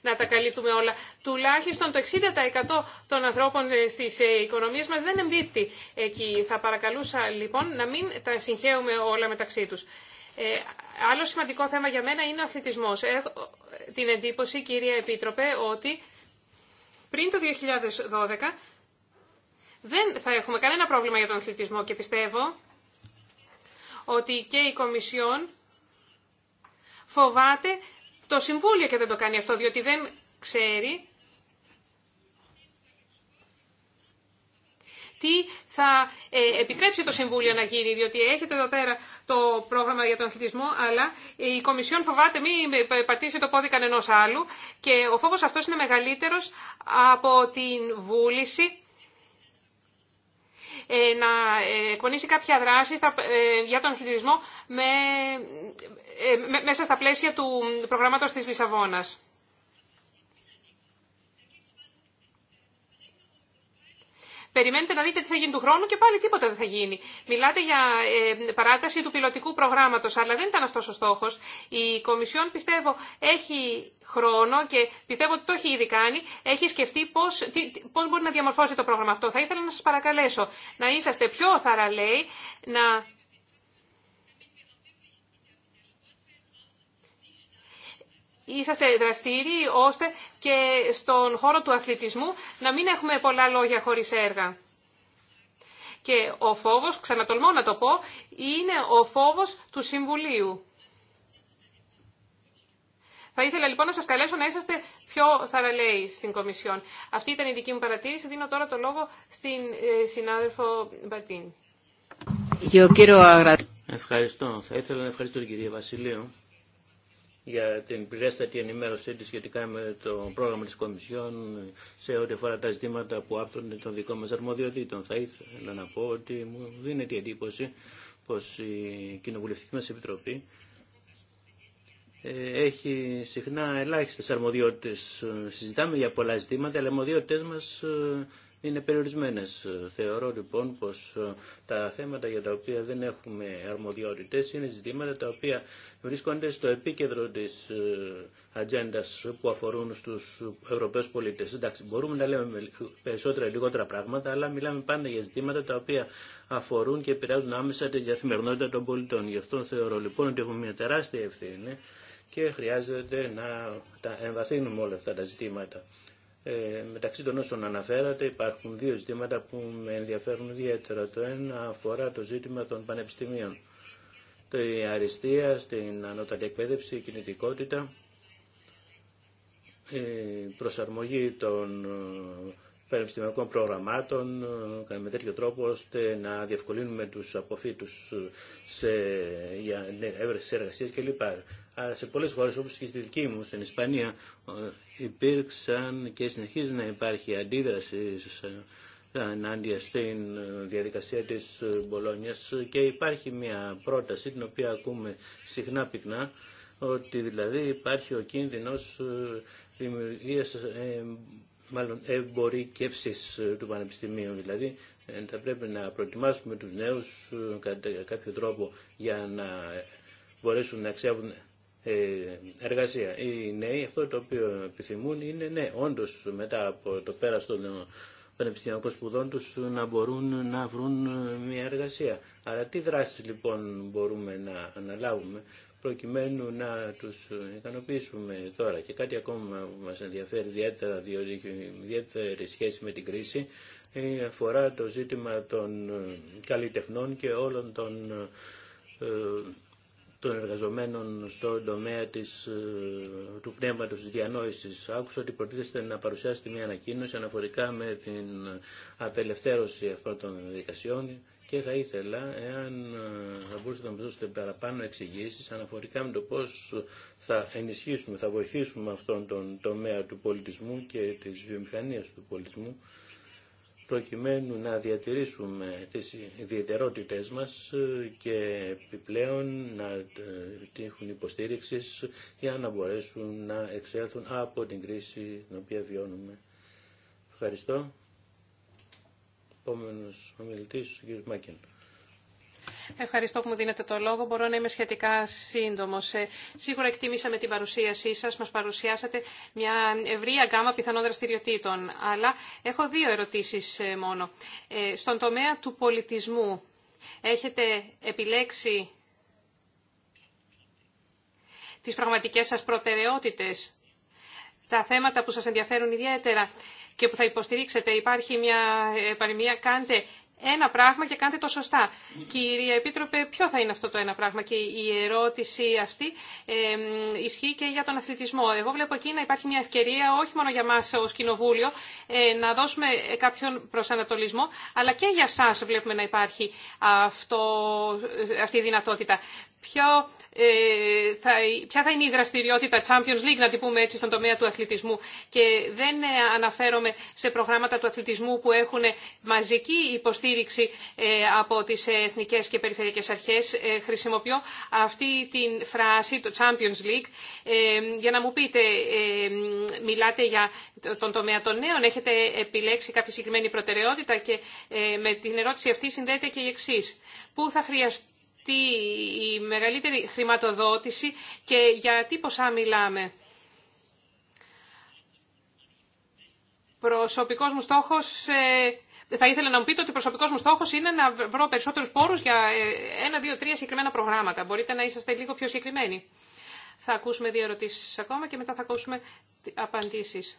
να τα καλύπτουμε όλα. Τουλάχιστον το 60% των ανθρώπων ε, στις ε, οικονομίες μας δεν εμπίπτει εκεί. Θα παρακαλούσα λοιπόν να μην τα συγχαίουμε όλα μεταξύ τους. Ε, άλλο σημαντικό θέμα για μένα είναι ο αθλητισμός. Έχω ε, την εντύπωση, κυρία Επίτροπε, ότι πριν το 2012 δεν θα έχουμε κανένα πρόβλημα για τον αθλητισμό και πιστεύω ότι και η Κομισιόν φοβάται το Συμβούλιο και δεν το κάνει αυτό, διότι δεν ξέρει τι θα ε, επιτρέψει το Συμβούλιο να γίνει, διότι έχετε εδώ πέρα το πρόγραμμα για τον αθλητισμό, αλλά η Κομισιόν φοβάται μην πατήσει το πόδι κανενός άλλου και ο φόβος αυτός είναι μεγαλύτερος από την βούληση ε, να ε, εκπονήσει κάποια δράση ε, για τον αθλητισμό μέσα στα πλαίσια του προγράμματος της Λισαβόνας. περιμένετε να δείτε τι θα γίνει του χρόνου και πάλι τίποτα δεν θα γίνει. Μιλάτε για ε, παράταση του πιλωτικού προγράμματο, αλλά δεν ήταν αυτό ο στόχο. Η Κομισιόν πιστεύω έχει χρόνο και πιστεύω ότι το έχει ήδη κάνει, έχει σκεφτεί πώ μπορεί να διαμορφώσει το πρόγραμμα αυτό. Θα ήθελα να σα παρακαλέσω να είσαστε πιο θαραλέοι, να είσαστε δραστήριοι ώστε και στον χώρο του αθλητισμού να μην έχουμε πολλά λόγια χωρίς έργα. Και ο φόβος, ξανατολμώ να το πω, είναι ο φόβος του Συμβουλίου. Θα ήθελα λοιπόν να σας καλέσω να είσαστε πιο θαραλέοι στην Κομισιόν. Αυτή ήταν η δική μου παρατήρηση. Δίνω τώρα το λόγο στην ε, συνάδελφο Μπατίν. Ευχαριστώ. Θα ήθελα να ευχαριστώ την κυρία Βασιλείου για την πληρέστατη ενημέρωσή της σχετικά με το πρόγραμμα της Κομισιόν σε ό,τι αφορά τα ζητήματα που άπτονται των δικών μας αρμοδιοτήτων. Θα ήθελα να πω ότι μου δίνεται η εντύπωση πως η Κοινοβουλευτική μα Επιτροπή ε, έχει συχνά ελάχιστες αρμοδιότητες. Συζητάμε για πολλά ζητήματα, αλλά οι αρμοδιότητε μας ε, είναι περιορισμένες. Θεωρώ λοιπόν πως ε, τα θέματα για τα οποία δεν έχουμε αρμοδιότητες είναι ζητήματα τα οποία βρίσκονται στο επίκεντρο της ε, ατζέντα που αφορούν στους Ευρωπαίους πολίτες. Εντάξει, μπορούμε να λέμε περισσότερα ή λιγότερα πράγματα, αλλά μιλάμε πάντα για ζητήματα τα οποία αφορούν και επηρεάζουν άμεσα την καθημερινότητα των πολιτών. Γι' αυτό θεωρώ λοιπόν ότι έχουμε μια τεράστια ευθύνη και χρειάζεται να τα εμβαθύνουμε όλα αυτά τα ζητήματα. Ε, μεταξύ των όσων αναφέρατε υπάρχουν δύο ζητήματα που με ενδιαφέρουν ιδιαίτερα. Το ένα αφορά το ζήτημα των πανεπιστημίων. Το η αριστεία στην ανώτατη εκπαίδευση, η κινητικότητα, η προσαρμογή των πανεπιστημιακών προγραμμάτων ε, με τέτοιο τρόπο ώστε να διευκολύνουμε τους αποφύτους ε, σε, για έβρεση ναι, εργασίας κλπ. Αλλά σε πολλές χώρες όπως και στη δική μου, στην Ισπανία, ε, υπήρξαν και συνεχίζει να υπάρχει αντίδραση ενάντια στην διαδικασία της Μπολόνια και υπάρχει μια πρόταση την οποία ακούμε συχνά πυκνά ότι δηλαδή υπάρχει ο κίνδυνος δημιουργίας μάλλον εμπορικεύσεις ε, του Πανεπιστημίου δηλαδή ε, θα πρέπει να προετοιμάσουμε τους νέους ε, κατά κάποιο τρόπο για να μπορέσουν να αξιάβουν εργασία. Οι νέοι αυτό το οποίο επιθυμούν είναι ναι, όντως μετά από το πέρας των πανεπιστημιακών σπουδών τους να μπορούν να βρουν μια εργασία. Αλλά τι δράσεις λοιπόν μπορούμε να αναλάβουμε προκειμένου να τους ικανοποιήσουμε τώρα. Και κάτι ακόμα που μας ενδιαφέρει ιδιαίτερα, διότι έχει ιδιαίτερη σχέση με την κρίση, ε, αφορά το ζήτημα των ε, καλλιτεχνών και όλων των, ε, των εργαζομένων στον τομέα της, του πνεύματος της διανόησης. Άκουσα ότι προτίθεστε να παρουσιάσετε μια ανακοίνωση αναφορικά με την απελευθέρωση αυτών των δικασιών και θα ήθελα εάν ε, θα μπορούσατε να μου δώσετε παραπάνω εξηγήσει αναφορικά με το πώ θα ενισχύσουμε, θα βοηθήσουμε αυτόν τον τομέα του πολιτισμού και τη βιομηχανία του πολιτισμού προκειμένου να διατηρήσουμε τις ιδιαιτερότητες μας ε, και επιπλέον να ε, τύχουν υποστήριξη για να μπορέσουν να εξέλθουν από την κρίση την οποία βιώνουμε. Ευχαριστώ. Μάκεν. Ευχαριστώ που μου δίνετε το λόγο. Μπορώ να είμαι σχετικά σύντομο. Ε, σίγουρα εκτιμήσαμε την παρουσίασή σα. Μα παρουσιάσατε μια ευρία γκάμα πιθανών δραστηριοτήτων. Αλλά έχω δύο ερωτήσει ε, μόνο. Ε, στον τομέα του πολιτισμού, έχετε επιλέξει τις πραγματικές σας προτεραιότητες, τα θέματα που σας ενδιαφέρουν ιδιαίτερα και που θα υποστηρίξετε. Υπάρχει μια παροιμία, κάντε ένα πράγμα και κάντε το σωστά. Κύριε Επίτροπε, ποιο θα είναι αυτό το ένα πράγμα και η ερώτηση αυτή ισχύει και για τον αθλητισμό. Εγώ βλέπω εκεί να υπάρχει μια ευκαιρία όχι μόνο για μας ως Κοινοβούλιο ε, να δώσουμε κάποιον προσανατολισμό, αλλά και για σας βλέπουμε να υπάρχει ε, αυτή η δυνατότητα ε, ποια θα είναι η δραστηριότητα Champions League, να την πούμε έτσι, στον τομέα του αθλητισμού. Και δεν ε, αναφέρομαι σε προγράμματα του αθλητισμού που έχουν μαζική υποστήριξη ε, από τις εθνικές και περιφερειακές αρχές. Ε, χρησιμοποιώ αυτή την φράση, το Champions League, για να μου πείτε, μιλάτε για τον τομέα των νέων, έχετε επιλέξει κάποια συγκεκριμένη προτεραιότητα και με την ερώτηση αυτή συνδέεται και η εξή. Πού θα χρειαστεί αυτή η μεγαλύτερη χρηματοδότηση και για τι ποσά μιλάμε. Προσωπικός μου στόχος, ε, θα ήθελα να μου πείτε ότι προσωπικός μου στόχος είναι να βρω περισσότερους πόρους για ε, ένα, δύο, τρία συγκεκριμένα προγράμματα. Μπορείτε να είσαστε λίγο πιο συγκεκριμένοι. Θα ακούσουμε δύο ερωτήσεις ακόμα και μετά θα ακούσουμε απαντήσεις.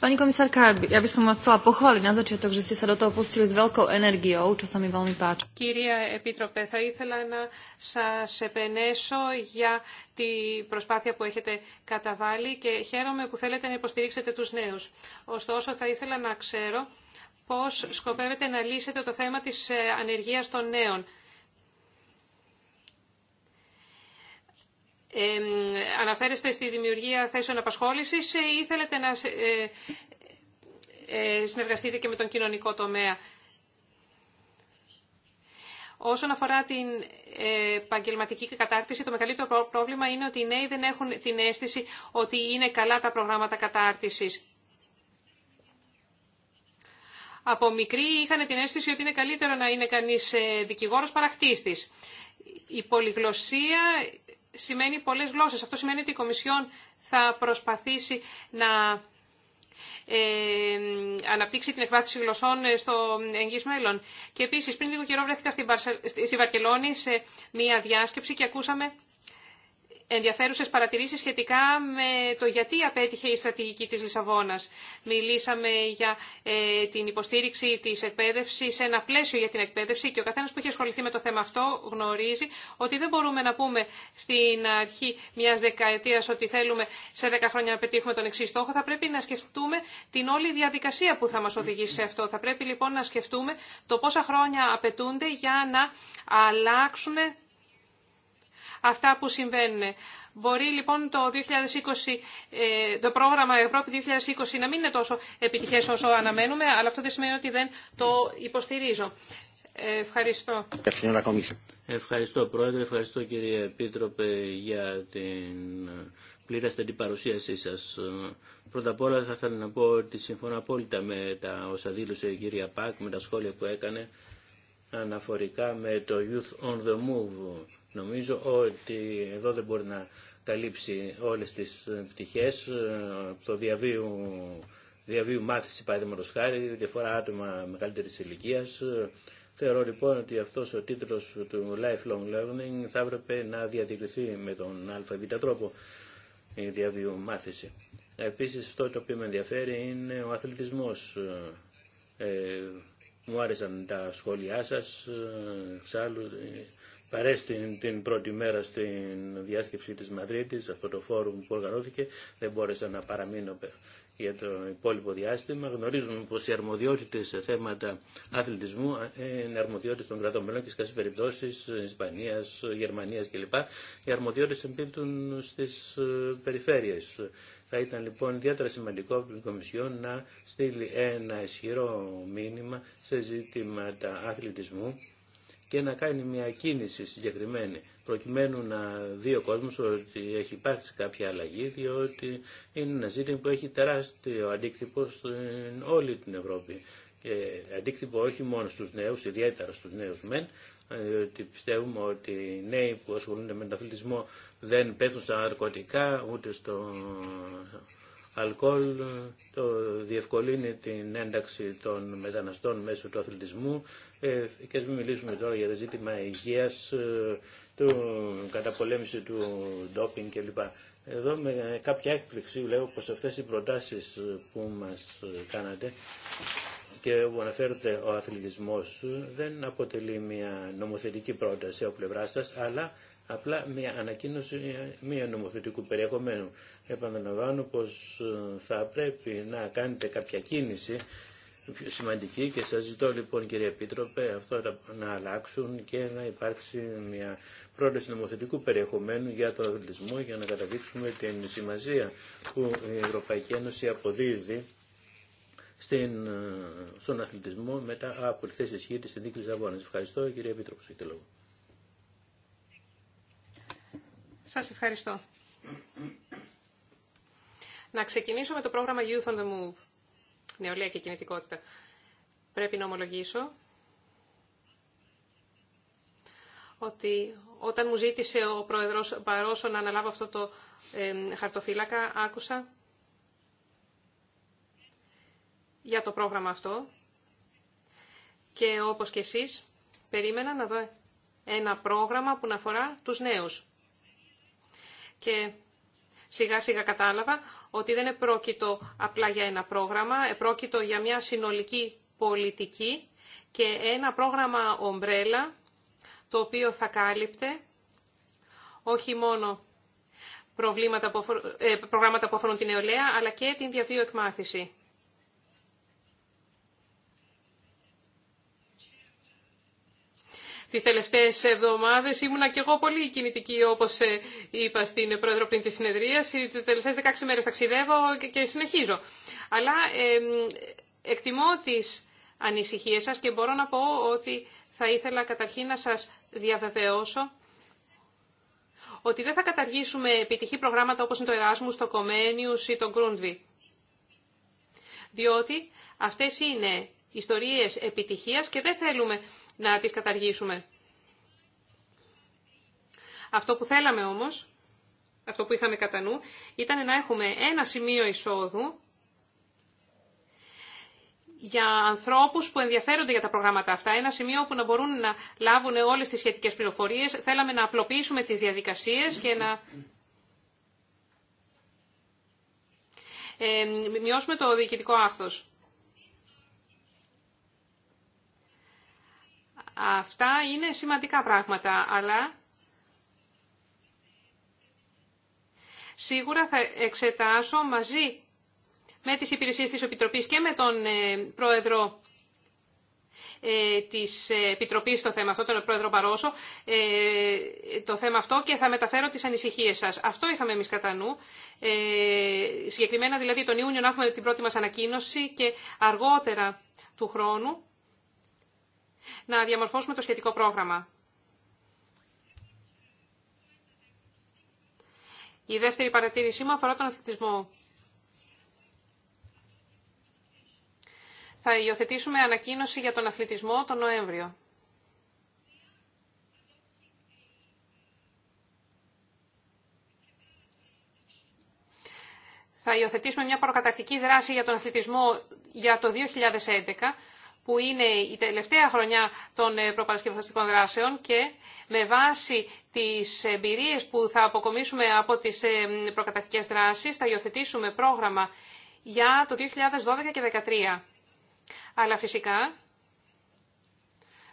Pani komisárka, Κύριε Επίτροπε, θα ήθελα να σα επενέσω για τη προσπάθεια που έχετε καταβάλει και χαίρομαι που θέλετε να υποστηρίξετε του νέου. Ωστόσο, θα ήθελα να ξέρω πώ σκοπεύετε να λύσετε το θέμα τη ε, ανεργία των νέων ε, αναφέρεστε στη δημιουργία θέσεων απασχόλησης ε, ή θέλετε να ε, ε, συνεργαστείτε και με τον κοινωνικό τομέα. Όσον αφορά την ε, επαγγελματική κατάρτιση, το μεγαλύτερο πρόβλημα είναι ότι οι νέοι δεν έχουν την αίσθηση ότι είναι καλά τα προγράμματα κατάρτισης. Από μικροί είχαν την αίσθηση ότι είναι καλύτερο να είναι κανείς δικηγόρος παρακτήστης. Η πολυγλωσσία σημαίνει πολλές γλώσσες. Αυτό σημαίνει ότι η Κομισιόν θα προσπαθήσει να ε, αναπτύξει την εκπάθηση γλωσσών ε, στο εγγύς μέλλον. Και επίσης πριν λίγο καιρό βρέθηκα στη Βαρκελόνη σε μία διάσκεψη και ακούσαμε ενδιαφέρουσες παρατηρήσεις σχετικά με το γιατί απέτυχε η στρατηγική της Λισαβόνας. Μιλήσαμε για ε, την υποστήριξη της εκπαίδευσης, σε ένα πλαίσιο για την εκπαίδευση και ο καθένας που έχει ασχοληθεί με το θέμα αυτό γνωρίζει ότι δεν μπορούμε να πούμε στην αρχή μιας δεκαετίας ότι θέλουμε σε δέκα χρόνια να πετύχουμε τον εξή στόχο. Θα πρέπει να σκεφτούμε την όλη διαδικασία που θα μας οδηγήσει σε αυτό. Θα πρέπει λοιπόν να σκεφτούμε το πόσα χρόνια απαιτούνται για να αλλάξουν αυτά που συμβαίνουν. Μπορεί λοιπόν το, 2020, ε, το πρόγραμμα Ευρώπη 2020 να μην είναι τόσο επιτυχές όσο αναμένουμε, αλλά αυτό δεν σημαίνει ότι δεν το υποστηρίζω. Ε, ευχαριστώ. Ευχαριστώ Πρόεδρε, ευχαριστώ κύριε Επίτροπε για την την παρουσίασή σας. Πρώτα απ' όλα θα ήθελα να πω ότι συμφωνώ απόλυτα με τα όσα δήλωσε η κυρία Πακ, με τα σχόλια που έκανε αναφορικά με το Youth on the Move Νομίζω ότι εδώ δεν μπορεί να καλύψει όλες τις ε, πτυχές ε, το διαβίου, διαβίου μάθηση παραδείγματο χάρη, διαφορά άτομα μεγαλύτερης ηλικία. Ε, θεωρώ λοιπόν ότι αυτός ο τίτλος του Lifelong Learning θα έπρεπε να διαδικηθεί με τον ΑΒ τρόπο η διαβίου μάθηση. Επίσης αυτό το οποίο με ενδιαφέρει είναι ο αθλητισμός. μου άρεσαν τα σχόλιά σας, εξάλλου παρέστην την πρώτη μέρα στην διάσκεψη της Μαδρίτης, αυτό το φόρουμ που οργανώθηκε, δεν μπόρεσα να παραμείνω για το υπόλοιπο διάστημα. Γνωρίζουμε πως οι αρμοδιότητες σε θέματα αθλητισμού ε, είναι αρμοδιότητες των κρατών μελών και σε κάποιες περιπτώσεις ε, Ισπανίας, Γερμανίας κλπ. Οι αρμοδιότητες εμπίπτουν στις ε, περιφέρειες. Θα ήταν λοιπόν ιδιαίτερα σημαντικό από την Κομισιό να στείλει ένα ισχυρό μήνυμα σε ζήτηματα αθλητισμού και να κάνει μια κίνηση συγκεκριμένη προκειμένου να δει ο κόσμος ότι έχει υπάρξει κάποια αλλαγή διότι είναι ένα ζήτημα που έχει τεράστιο αντίκτυπο στην όλη την Ευρώπη και αντίκτυπο όχι μόνο στους νέους, ιδιαίτερα στους νέους μεν διότι πιστεύουμε ότι οι νέοι που ασχολούνται με τον αθλητισμό δεν πέθουν στα ναρκωτικά ούτε στο αλκοόλ το διευκολύνει την ένταξη των μεταναστών μέσω του αθλητισμού ε, και μην μιλήσουμε τώρα για το ζήτημα υγείας, ε, του καταπολέμηση του ντόπινγκ κλπ. Εδώ με κάποια έκπληξη λέω πως αυτές οι προτάσεις που μας κάνατε και όπου αναφέρεται ο αθλητισμός δεν αποτελεί μια νομοθετική πρόταση από πλευρά σας, αλλά απλά μια ανακοίνωση ε, μια νομοθετικού περιεχομένου. Επαναλαμβάνω πως ε, θα πρέπει να κάνετε κάποια κίνηση πιο σημαντική και σας ζητώ λοιπόν κύριε Επίτροπε αυτό να αλλάξουν και να υπάρξει μια πρόταση νομοθετικού περιεχομένου για τον αθλητισμό για να καταδείξουμε την σημασία που η Ευρωπαϊκή Ένωση αποδίδει στην, ε, στον αθλητισμό μετά από τη θέση ισχύ της συνδίκης Ευχαριστώ κύριε Επίτροπο. Σας ευχαριστώ. Να ξεκινήσω με το πρόγραμμα Youth on the Move. Νεολαία και κινητικότητα. Πρέπει να ομολογήσω ότι όταν μου ζήτησε ο πρόεδρος Παρόσο να αναλάβω αυτό το ε, χαρτοφύλακα, άκουσα για το πρόγραμμα αυτό και όπως και εσείς περίμενα να δω ένα πρόγραμμα που να αφορά τους νέους και σιγά σιγά κατάλαβα ότι δεν επρόκειτο απλά για ένα πρόγραμμα, επρόκειτο για μια συνολική πολιτική και ένα πρόγραμμα ομπρέλα το οποίο θα κάλυπτε όχι μόνο προβλήματα ε, προγράμματα που αφορούν την νεολαία αλλά και την διαβίω εκμάθηση. Τι τελευταίε εβδομάδε ήμουνα και εγώ πολύ κινητική όπως ε, είπα στην πρόεδρο πριν τη συνεδρία. τι τελευταίε 16 μέρε ταξιδεύω και συνεχίζω. Αλλά ε, εκτιμώ τις ανησυχίες σας και μπορώ να πω ότι θα ήθελα καταρχήν να σα διαβεβαιώσω ότι δεν θα καταργήσουμε επιτυχή προγράμματα όπως είναι το Εράσμου, το Comenius ή το Γκρούντβι. Διότι αυτές είναι ιστορίες επιτυχίας και δεν θέλουμε να τις καταργήσουμε. Αυτό που θέλαμε όμως, αυτό που είχαμε κατά νου, ήταν να έχουμε ένα σημείο εισόδου για ανθρώπους που ενδιαφέρονται για τα προγράμματα αυτά, ένα σημείο που να μπορούν να λάβουν όλες τις σχετικές πληροφορίες. Θέλαμε να απλοποιήσουμε τις διαδικασίες και να ε, μειώσουμε το διοικητικό άχθος. Αυτά είναι σημαντικά πράγματα, αλλά σίγουρα θα εξετάσω μαζί με τις υπηρεσίες της Επιτροπής και με τον ε, Πρόεδρο ε, της Επιτροπής το θέμα αυτό, τον Πρόεδρο Μπαρόσο, ε, το θέμα αυτό και θα μεταφέρω τις ανησυχίες σας. Αυτό είχαμε εμείς κατά νου. Συγκεκριμένα δηλαδή τον Ιούνιο να έχουμε την πρώτη μας ανακοίνωση και αργότερα του χρόνου να διαμορφώσουμε το σχετικό πρόγραμμα. Η δεύτερη παρατήρησή μου αφορά τον αθλητισμό. Θα υιοθετήσουμε ανακοίνωση για τον αθλητισμό τον Νοέμβριο. Θα υιοθετήσουμε μια προκαταρκτική δράση για τον αθλητισμό για το 2011 που είναι η τελευταία χρονιά των ε, προπαρασκευαστικών δράσεων και με βάση τις εμπειρίες που θα αποκομίσουμε από τις ε, προκατακτικές δράσεις θα υιοθετήσουμε πρόγραμμα για το 2012 και 2013. Αλλά φυσικά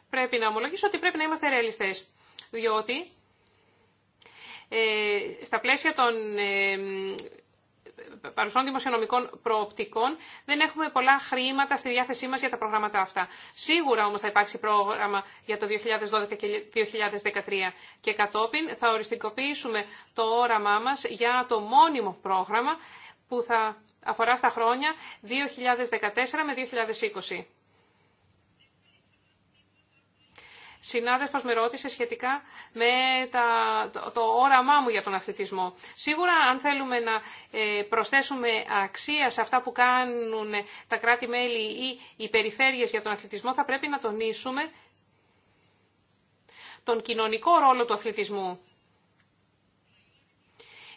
πρέπει να ομολογήσω ότι πρέπει να είμαστε ρεαλιστές, διότι ε, στα πλαίσια των παρουσών δημοσιονομικών προοπτικών δεν έχουμε πολλά χρήματα στη διάθεσή μας για τα προγράμματα αυτά. Σίγουρα όμως θα υπάρξει πρόγραμμα για το 2012 και 2013 και κατόπιν θα οριστικοποιήσουμε το όραμά μας για το μόνιμο πρόγραμμα που θα αφορά στα χρόνια 2014 με 2020. συνάδελφος με ρώτησε σχετικά με το, το όραμά μου για τον αθλητισμό. Σίγουρα αν θέλουμε να ε, προσθέσουμε αξία σε αυτά που κάνουν τα κράτη-μέλη ή οι περιφέρειες για τον αθλητισμό θα πρέπει να τονίσουμε τον κοινωνικό ρόλο του αθλητισμού.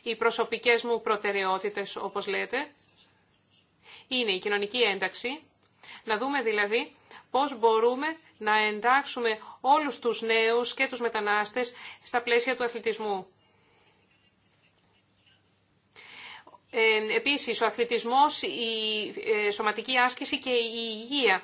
Οι προσωπικές μου προτεραιότητες, όπως λέτε, είναι η κοινωνική ένταξη, να δούμε δηλαδή πώς μπορούμε να εντάξουμε όλους τους νέους και τους μετανάστες στα πλαίσια του αθλητισμού. Ε, επίσης, ο αθλητισμός, η ε, σωματική άσκηση και η υγεία.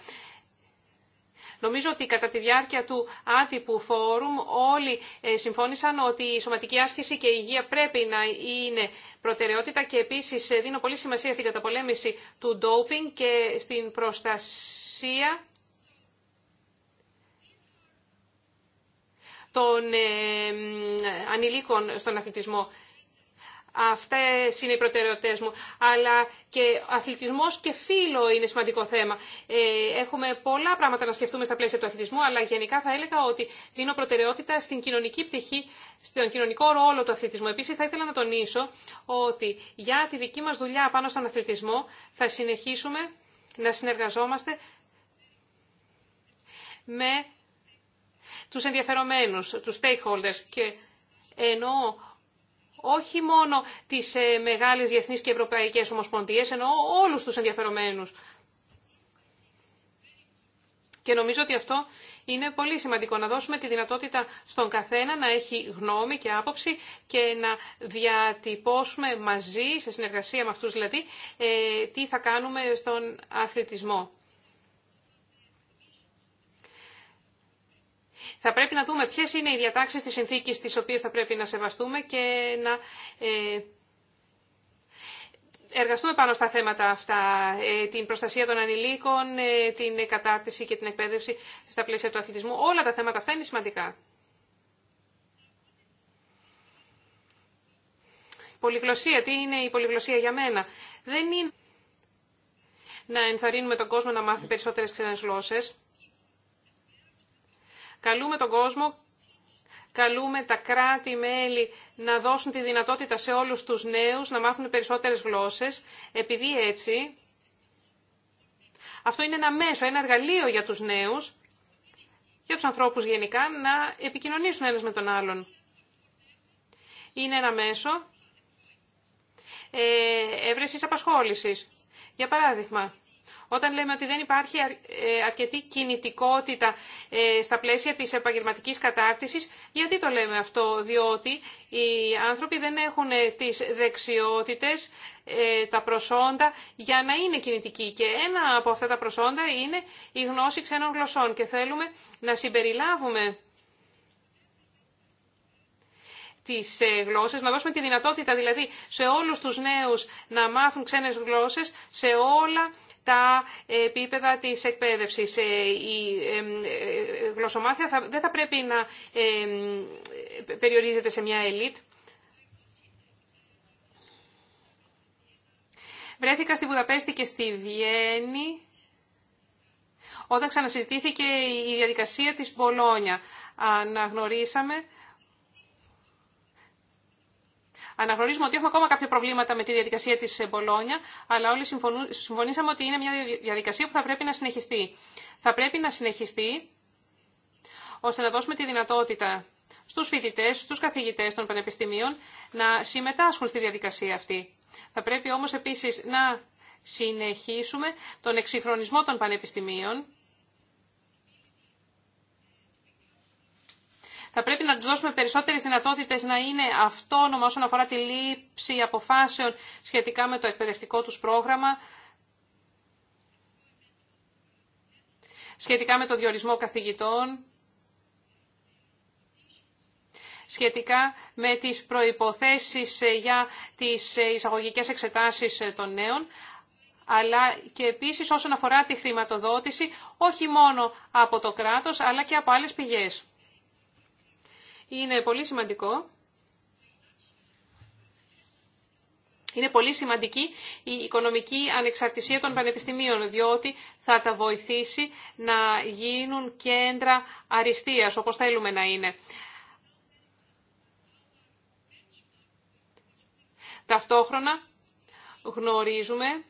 Νομίζω ότι κατά τη διάρκεια του άτυπου φόρουμ όλοι ε, συμφώνησαν ότι η σωματική άσκηση και η υγεία πρέπει να είναι προτεραιότητα και επίσης ε, δίνω πολύ σημασία στην καταπολέμηση του ντόπινγκ και στην προστασία των ανηλίκων στον αθλητισμό. Αυτέ είναι οι προτεραιότητε μου. Αλλά και αθλητισμό και φύλλο είναι σημαντικό θέμα. Ε, έχουμε πολλά πράγματα να σκεφτούμε στα πλαίσια του αθλητισμού, αλλά γενικά θα έλεγα ότι δίνω προτεραιότητα στην κοινωνική πτυχή, στον κοινωνικό ρόλο του αθλητισμού. Επίση, θα ήθελα να τονίσω ότι για τη δική μα δουλειά πάνω στον αθλητισμό θα συνεχίσουμε να συνεργαζόμαστε με τους ενδιαφερομένους, τους stakeholders και εννοώ όχι μόνο τις ε, μεγάλες διεθνείς και ευρωπαϊκές ομοσπονδίες, εννοώ όλους τους ενδιαφερομένους. Και νομίζω ότι αυτό είναι πολύ σημαντικό, να δώσουμε τη δυνατότητα στον καθένα να έχει γνώμη και άποψη και να διατυπώσουμε μαζί, σε συνεργασία με αυτούς δηλαδή, ε, τι θα κάνουμε στον αθλητισμό. Θα πρέπει να δούμε ποιες είναι οι διατάξεις της συνθήκης τις οποίες θα πρέπει να σεβαστούμε και να ε, εργαστούμε πάνω στα θέματα αυτά, ε, την προστασία των ανηλίκων, ε, την κατάρτιση και την εκπαίδευση στα πλαίσια του αθλητισμού. Όλα τα θέματα αυτά είναι σημαντικά. Πολυγλωσία, τι είναι η πολυγλωσία για μένα. Δεν είναι να ενθαρρύνουμε τον κόσμο να μάθει περισσότερες ξένες γλώσσες. Καλούμε τον κόσμο, καλούμε τα κράτη-μέλη να δώσουν τη δυνατότητα σε όλους τους νέους να μάθουν περισσότερες γλώσσες, επειδή έτσι αυτό είναι ένα μέσο, ένα εργαλείο για τους νέους, για τους ανθρώπους γενικά, να επικοινωνήσουν ένας με τον άλλον. Είναι ένα μέσο ε, έβρεσης απασχόλησης. Για παράδειγμα, όταν λέμε ότι δεν υπάρχει ε, αρκετή κινητικότητα ε, στα πλαίσια της επαγγελματικής κατάρτισης, γιατί το λέμε αυτό, διότι οι άνθρωποι δεν έχουν ε, τις δεξιότητες, τα προσόντα για να είναι κινητικοί. Και ένα από αυτά τα προσόντα είναι η γνώση ξένων γλωσσών και θέλουμε να συμπεριλάβουμε τις γλώσσες, να δώσουμε τη δυνατότητα δηλαδή σε όλους τους νέους να μάθουν ξένες γλώσσες, σε όλα τα επίπεδα της εκπαίδευσης. Ε, η ε, γλωσσομάθεια δεν θα πρέπει να περιορίζεται σε μια ελίτ. Βρέθηκα στη Βουδαπέστη και στη Βιέννη όταν ξανασυζητήθηκε η διαδικασία της Μπολόνια. Αναγνωρίσαμε Αναγνωρίζουμε ότι έχουμε ακόμα κάποια προβλήματα με τη διαδικασία τη Μπολόνια, αλλά όλοι συμφωνήσαμε ότι είναι μια διαδικασία που θα πρέπει να συνεχιστεί. Θα πρέπει να συνεχιστεί ώστε να δώσουμε τη δυνατότητα στους φοιτητές, στους καθηγητές των πανεπιστημίων να συμμετάσχουν στη διαδικασία αυτή. Θα πρέπει όμω επίση να συνεχίσουμε τον εξυγχρονισμό των πανεπιστημίων Θα πρέπει να του δώσουμε περισσότερες δυνατότητες να είναι αυτόνομα όσον αφορά τη λήψη αποφάσεων σχετικά με το εκπαιδευτικό του πρόγραμμα, σχετικά με το διορισμό καθηγητών, σχετικά με τις προϋποθέσεις ε, για τις ε, εισαγωγικές εξετάσεις ε, των νέων, αλλά και επίσης όσον αφορά τη χρηματοδότηση, όχι μόνο από το κράτος, αλλά και από άλλες πηγές είναι πολύ σημαντικό. Είναι πολύ σημαντική η οικονομική ανεξαρτησία των πανεπιστημίων, διότι θα τα βοηθήσει να γίνουν κέντρα αριστείας, όπως θέλουμε να είναι. Ταυτόχρονα γνωρίζουμε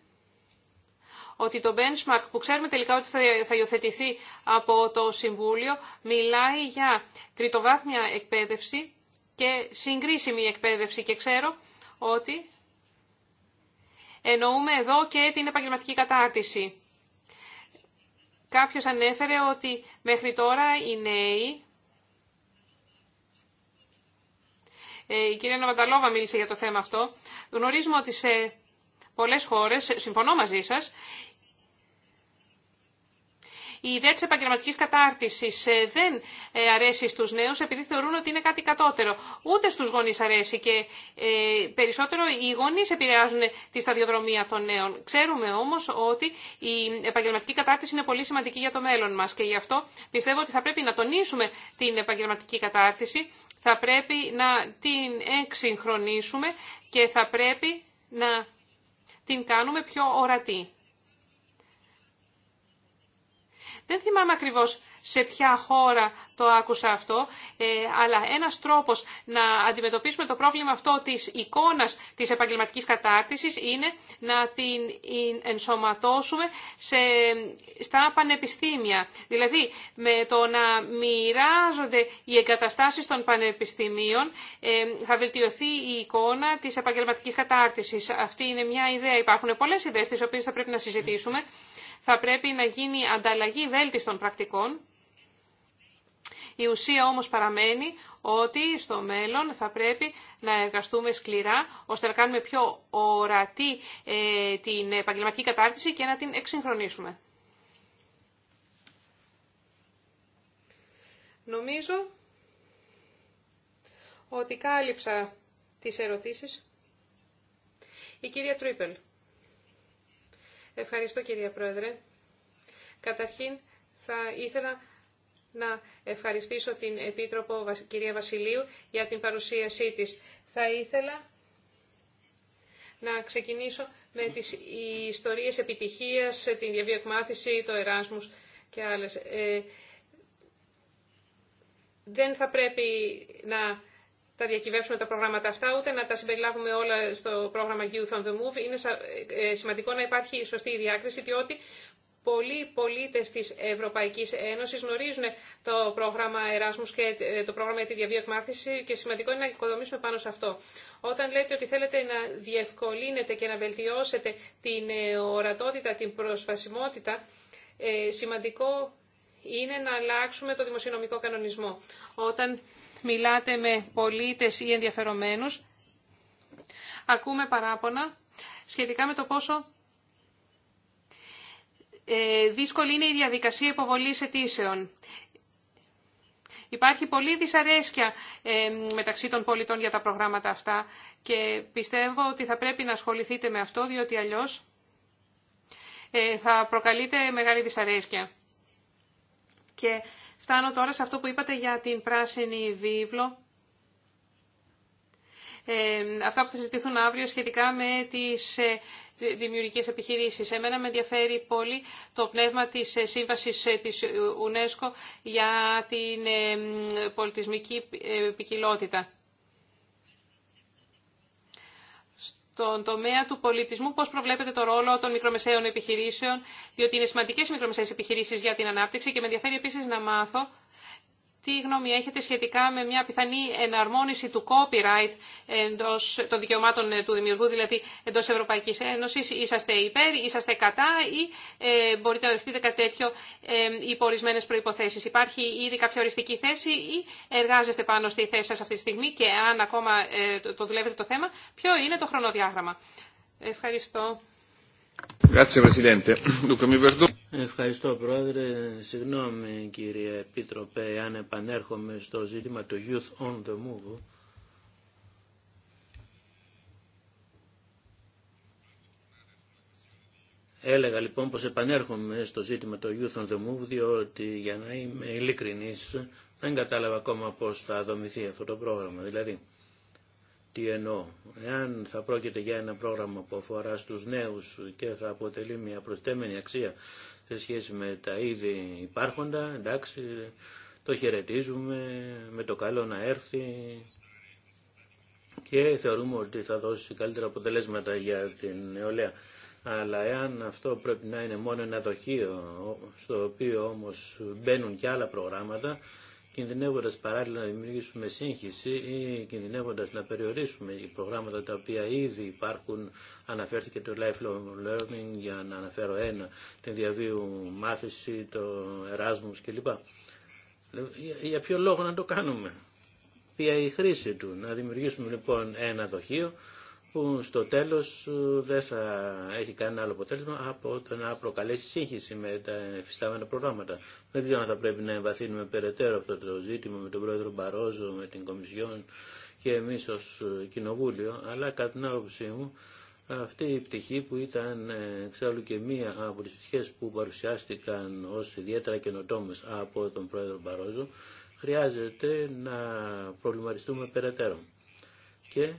ότι το benchmark που ξέρουμε τελικά ότι θα υιοθετηθεί από το Συμβούλιο μιλάει για τριτοβάθμια εκπαίδευση και συγκρίσιμη εκπαίδευση και ξέρω ότι εννοούμε εδώ και την επαγγελματική κατάρτιση. Κάποιος ανέφερε ότι μέχρι τώρα οι νέοι ε, η κυρία Ναβανταλόβα μίλησε για το θέμα αυτό. Γνωρίζουμε ότι σε πολλές χώρες, συμφωνώ μαζί σας, η ιδέα τη επαγγελματική κατάρτιση ε, δεν ε, αρέσει στου νέου, επειδή θεωρούν ότι είναι κάτι κατώτερο. Ούτε στους γονεί αρέσει και ε, περισσότερο οι γονείς επηρεάζουν τη σταδιοδρομία των νέων. Ξέρουμε όμω ότι η επαγγελματική κατάρτιση είναι πολύ σημαντική για το μέλλον μα. και γι' αυτό πιστεύω ότι θα πρέπει να τονίσουμε την επαγγελματική κατάρτιση, θα πρέπει να την εξυγχρονίσουμε και θα πρέπει να την κάνουμε πιο ορατή. Δεν θυμάμαι ακριβώς σε ποια χώρα το άκουσα αυτό, ε, αλλά ένας τρόπος να αντιμετωπίσουμε το πρόβλημα αυτό της εικόνας της επαγγελματικής κατάρτισης είναι να την ενσωματώσουμε σε, στα πανεπιστήμια. Δηλαδή, με το να μοιράζονται οι εγκαταστάσεις των πανεπιστημίων ε, θα βελτιωθεί η εικόνα της επαγγελματικής κατάρτισης. Αυτή είναι μια ιδέα. Υπάρχουν πολλές ιδέες τις οποίες θα πρέπει να συζητήσουμε θα πρέπει να γίνει ανταλλαγή βέλτιστων πρακτικών. Η ουσία όμως παραμένει ότι στο μέλλον θα πρέπει να εργαστούμε σκληρά ώστε να κάνουμε πιο ορατή ε, την επαγγελματική κατάρτιση και να την εξυγχρονίσουμε. Νομίζω ότι κάλυψα τις ερωτήσεις. Η κυρία Τρίπελ. Ευχαριστώ κυρία Πρόεδρε. Καταρχήν θα ήθελα να ευχαριστήσω την Επίτροπο κυρία Βασιλείου για την παρουσίασή της. Θα ήθελα να ξεκινήσω με τις ιστορίες επιτυχίας, την διαβιοεκμάθηση, το Εράσμους και άλλες. Ε, δεν θα πρέπει να τα διακυβεύσουμε τα προγράμματα αυτά, ούτε να τα συμπεριλάβουμε όλα στο πρόγραμμα Youth on the Move. Είναι ε, ε, σημαντικό να υπάρχει σωστή διάκριση, διότι πολλοί πολίτε τη Ευρωπαϊκή Ένωση γνωρίζουν το πρόγραμμα Erasmus και ε, το πρόγραμμα για τη διαβίω και σημαντικό είναι να οικοδομήσουμε πάνω σε αυτό. Όταν λέτε ότι θέλετε να διευκολύνετε και να βελτιώσετε την ορατότητα, την προσβασιμότητα, σημαντικό είναι να αλλάξουμε το δημοσιονομικό κανονισμό. Όταν μιλάτε με πολίτες ή ενδιαφερομένους, ακούμε παράπονα σχετικά με το πόσο ε, δύσκολη είναι η διαδικασία υποβολής αιτήσεων. Υπάρχει πολλή δυσαρέσκεια ε, μεταξύ των πολιτών για τα προγράμματα αυτά και πιστεύω ότι θα πρέπει να ασχοληθείτε με αυτό, διότι αλλιώς ε, θα προκαλείτε μεγάλη δυσαρέσκεια. Και φτάνω τώρα σε αυτό που είπατε για την πράσινη βίβλο. Ε, αυτά που θα συζητηθούν αύριο σχετικά με τις ε, δημιουργικές επιχειρήσεις. Εμένα με ενδιαφέρει πολύ το πνεύμα της ε, σύμβασης ε, της UNESCO για την πολιτισμική ποικιλότητα. τον τομέα του πολιτισμού, πώς προβλέπετε το ρόλο των μικρομεσαίων επιχειρήσεων, διότι είναι σημαντικές οι μικρομεσαίες επιχειρήσεις για την ανάπτυξη και με ενδιαφέρει επίσης να μάθω τι γνώμη έχετε σχετικά με μια πιθανή εναρμόνιση του copyright εντός των δικαιωμάτων ε, του δημιουργού, δηλαδή εντός Ευρωπαϊκής Ένωσης. Είσαστε υπέρ, είσαστε κατά ή ε, μπορείτε να δεχτείτε κάτι τέτοιο ε, υπό ορισμένε προϋποθέσεις. Υπάρχει ήδη κάποια οριστική θέση ή εργάζεστε πάνω στη θέση σας αυτή τη στιγμή και αν ακόμα ε, το δουλεύετε το θέμα, ποιο είναι το χρονοδιάγραμμα. Ευχαριστώ. Ευχαριστώ Πρόεδρε. Συγγνώμη κύριε Επίτροπε αν επανέρχομαι στο ζήτημα του Youth on the Move. Έλεγα λοιπόν πως επανέρχομαι στο ζήτημα του Youth on the Move διότι για να είμαι ειλικρινής δεν κατάλαβα ακόμα πως θα δομηθεί αυτό το πρόγραμμα. Δηλαδή τι εννοώ. Εάν θα πρόκειται για ένα πρόγραμμα που αφορά στους νέους και θα αποτελεί μια προστέμενη αξία σε σχέση με τα ήδη υπάρχοντα, εντάξει, το χαιρετίζουμε, με το καλό να έρθει και θεωρούμε ότι θα δώσει καλύτερα αποτελέσματα για την νεολαία. Αλλά εάν αυτό πρέπει να είναι μόνο ένα δοχείο, στο οποίο όμως μπαίνουν και άλλα προγράμματα, κινδυνεύοντα παράλληλα να δημιουργήσουμε σύγχυση ή κινδυνεύοντα να περιορίσουμε οι προγράμματα τα οποία ήδη υπάρχουν, αναφέρθηκε το lifelong learning για να αναφέρω ένα, την διαβίου μάθηση, το Erasmus κλπ. Για ποιο λόγο να το κάνουμε, ποια η χρήση του, να δημιουργήσουμε λοιπόν ένα δοχείο που στο τέλος ε, δεν θα έχει κανένα άλλο αποτέλεσμα από το να προκαλέσει σύγχυση με τα εφιστάμενα προγράμματα. Δεν ξέρω αν θα πρέπει να εμβαθύνουμε περαιτέρω αυτό το ζήτημα με τον πρόεδρο Μπαρόζο, με την Κομισιόν και εμείς ως ε, Κοινοβούλιο, αλλά κατά την άποψή μου αυτή η πτυχή που ήταν ε, εξάλλου και μία από τις πτυχές που παρουσιάστηκαν ως ιδιαίτερα καινοτόμες από τον πρόεδρο Μπαρόζο, χρειάζεται να προβληματιστούμε περαιτέρω. Και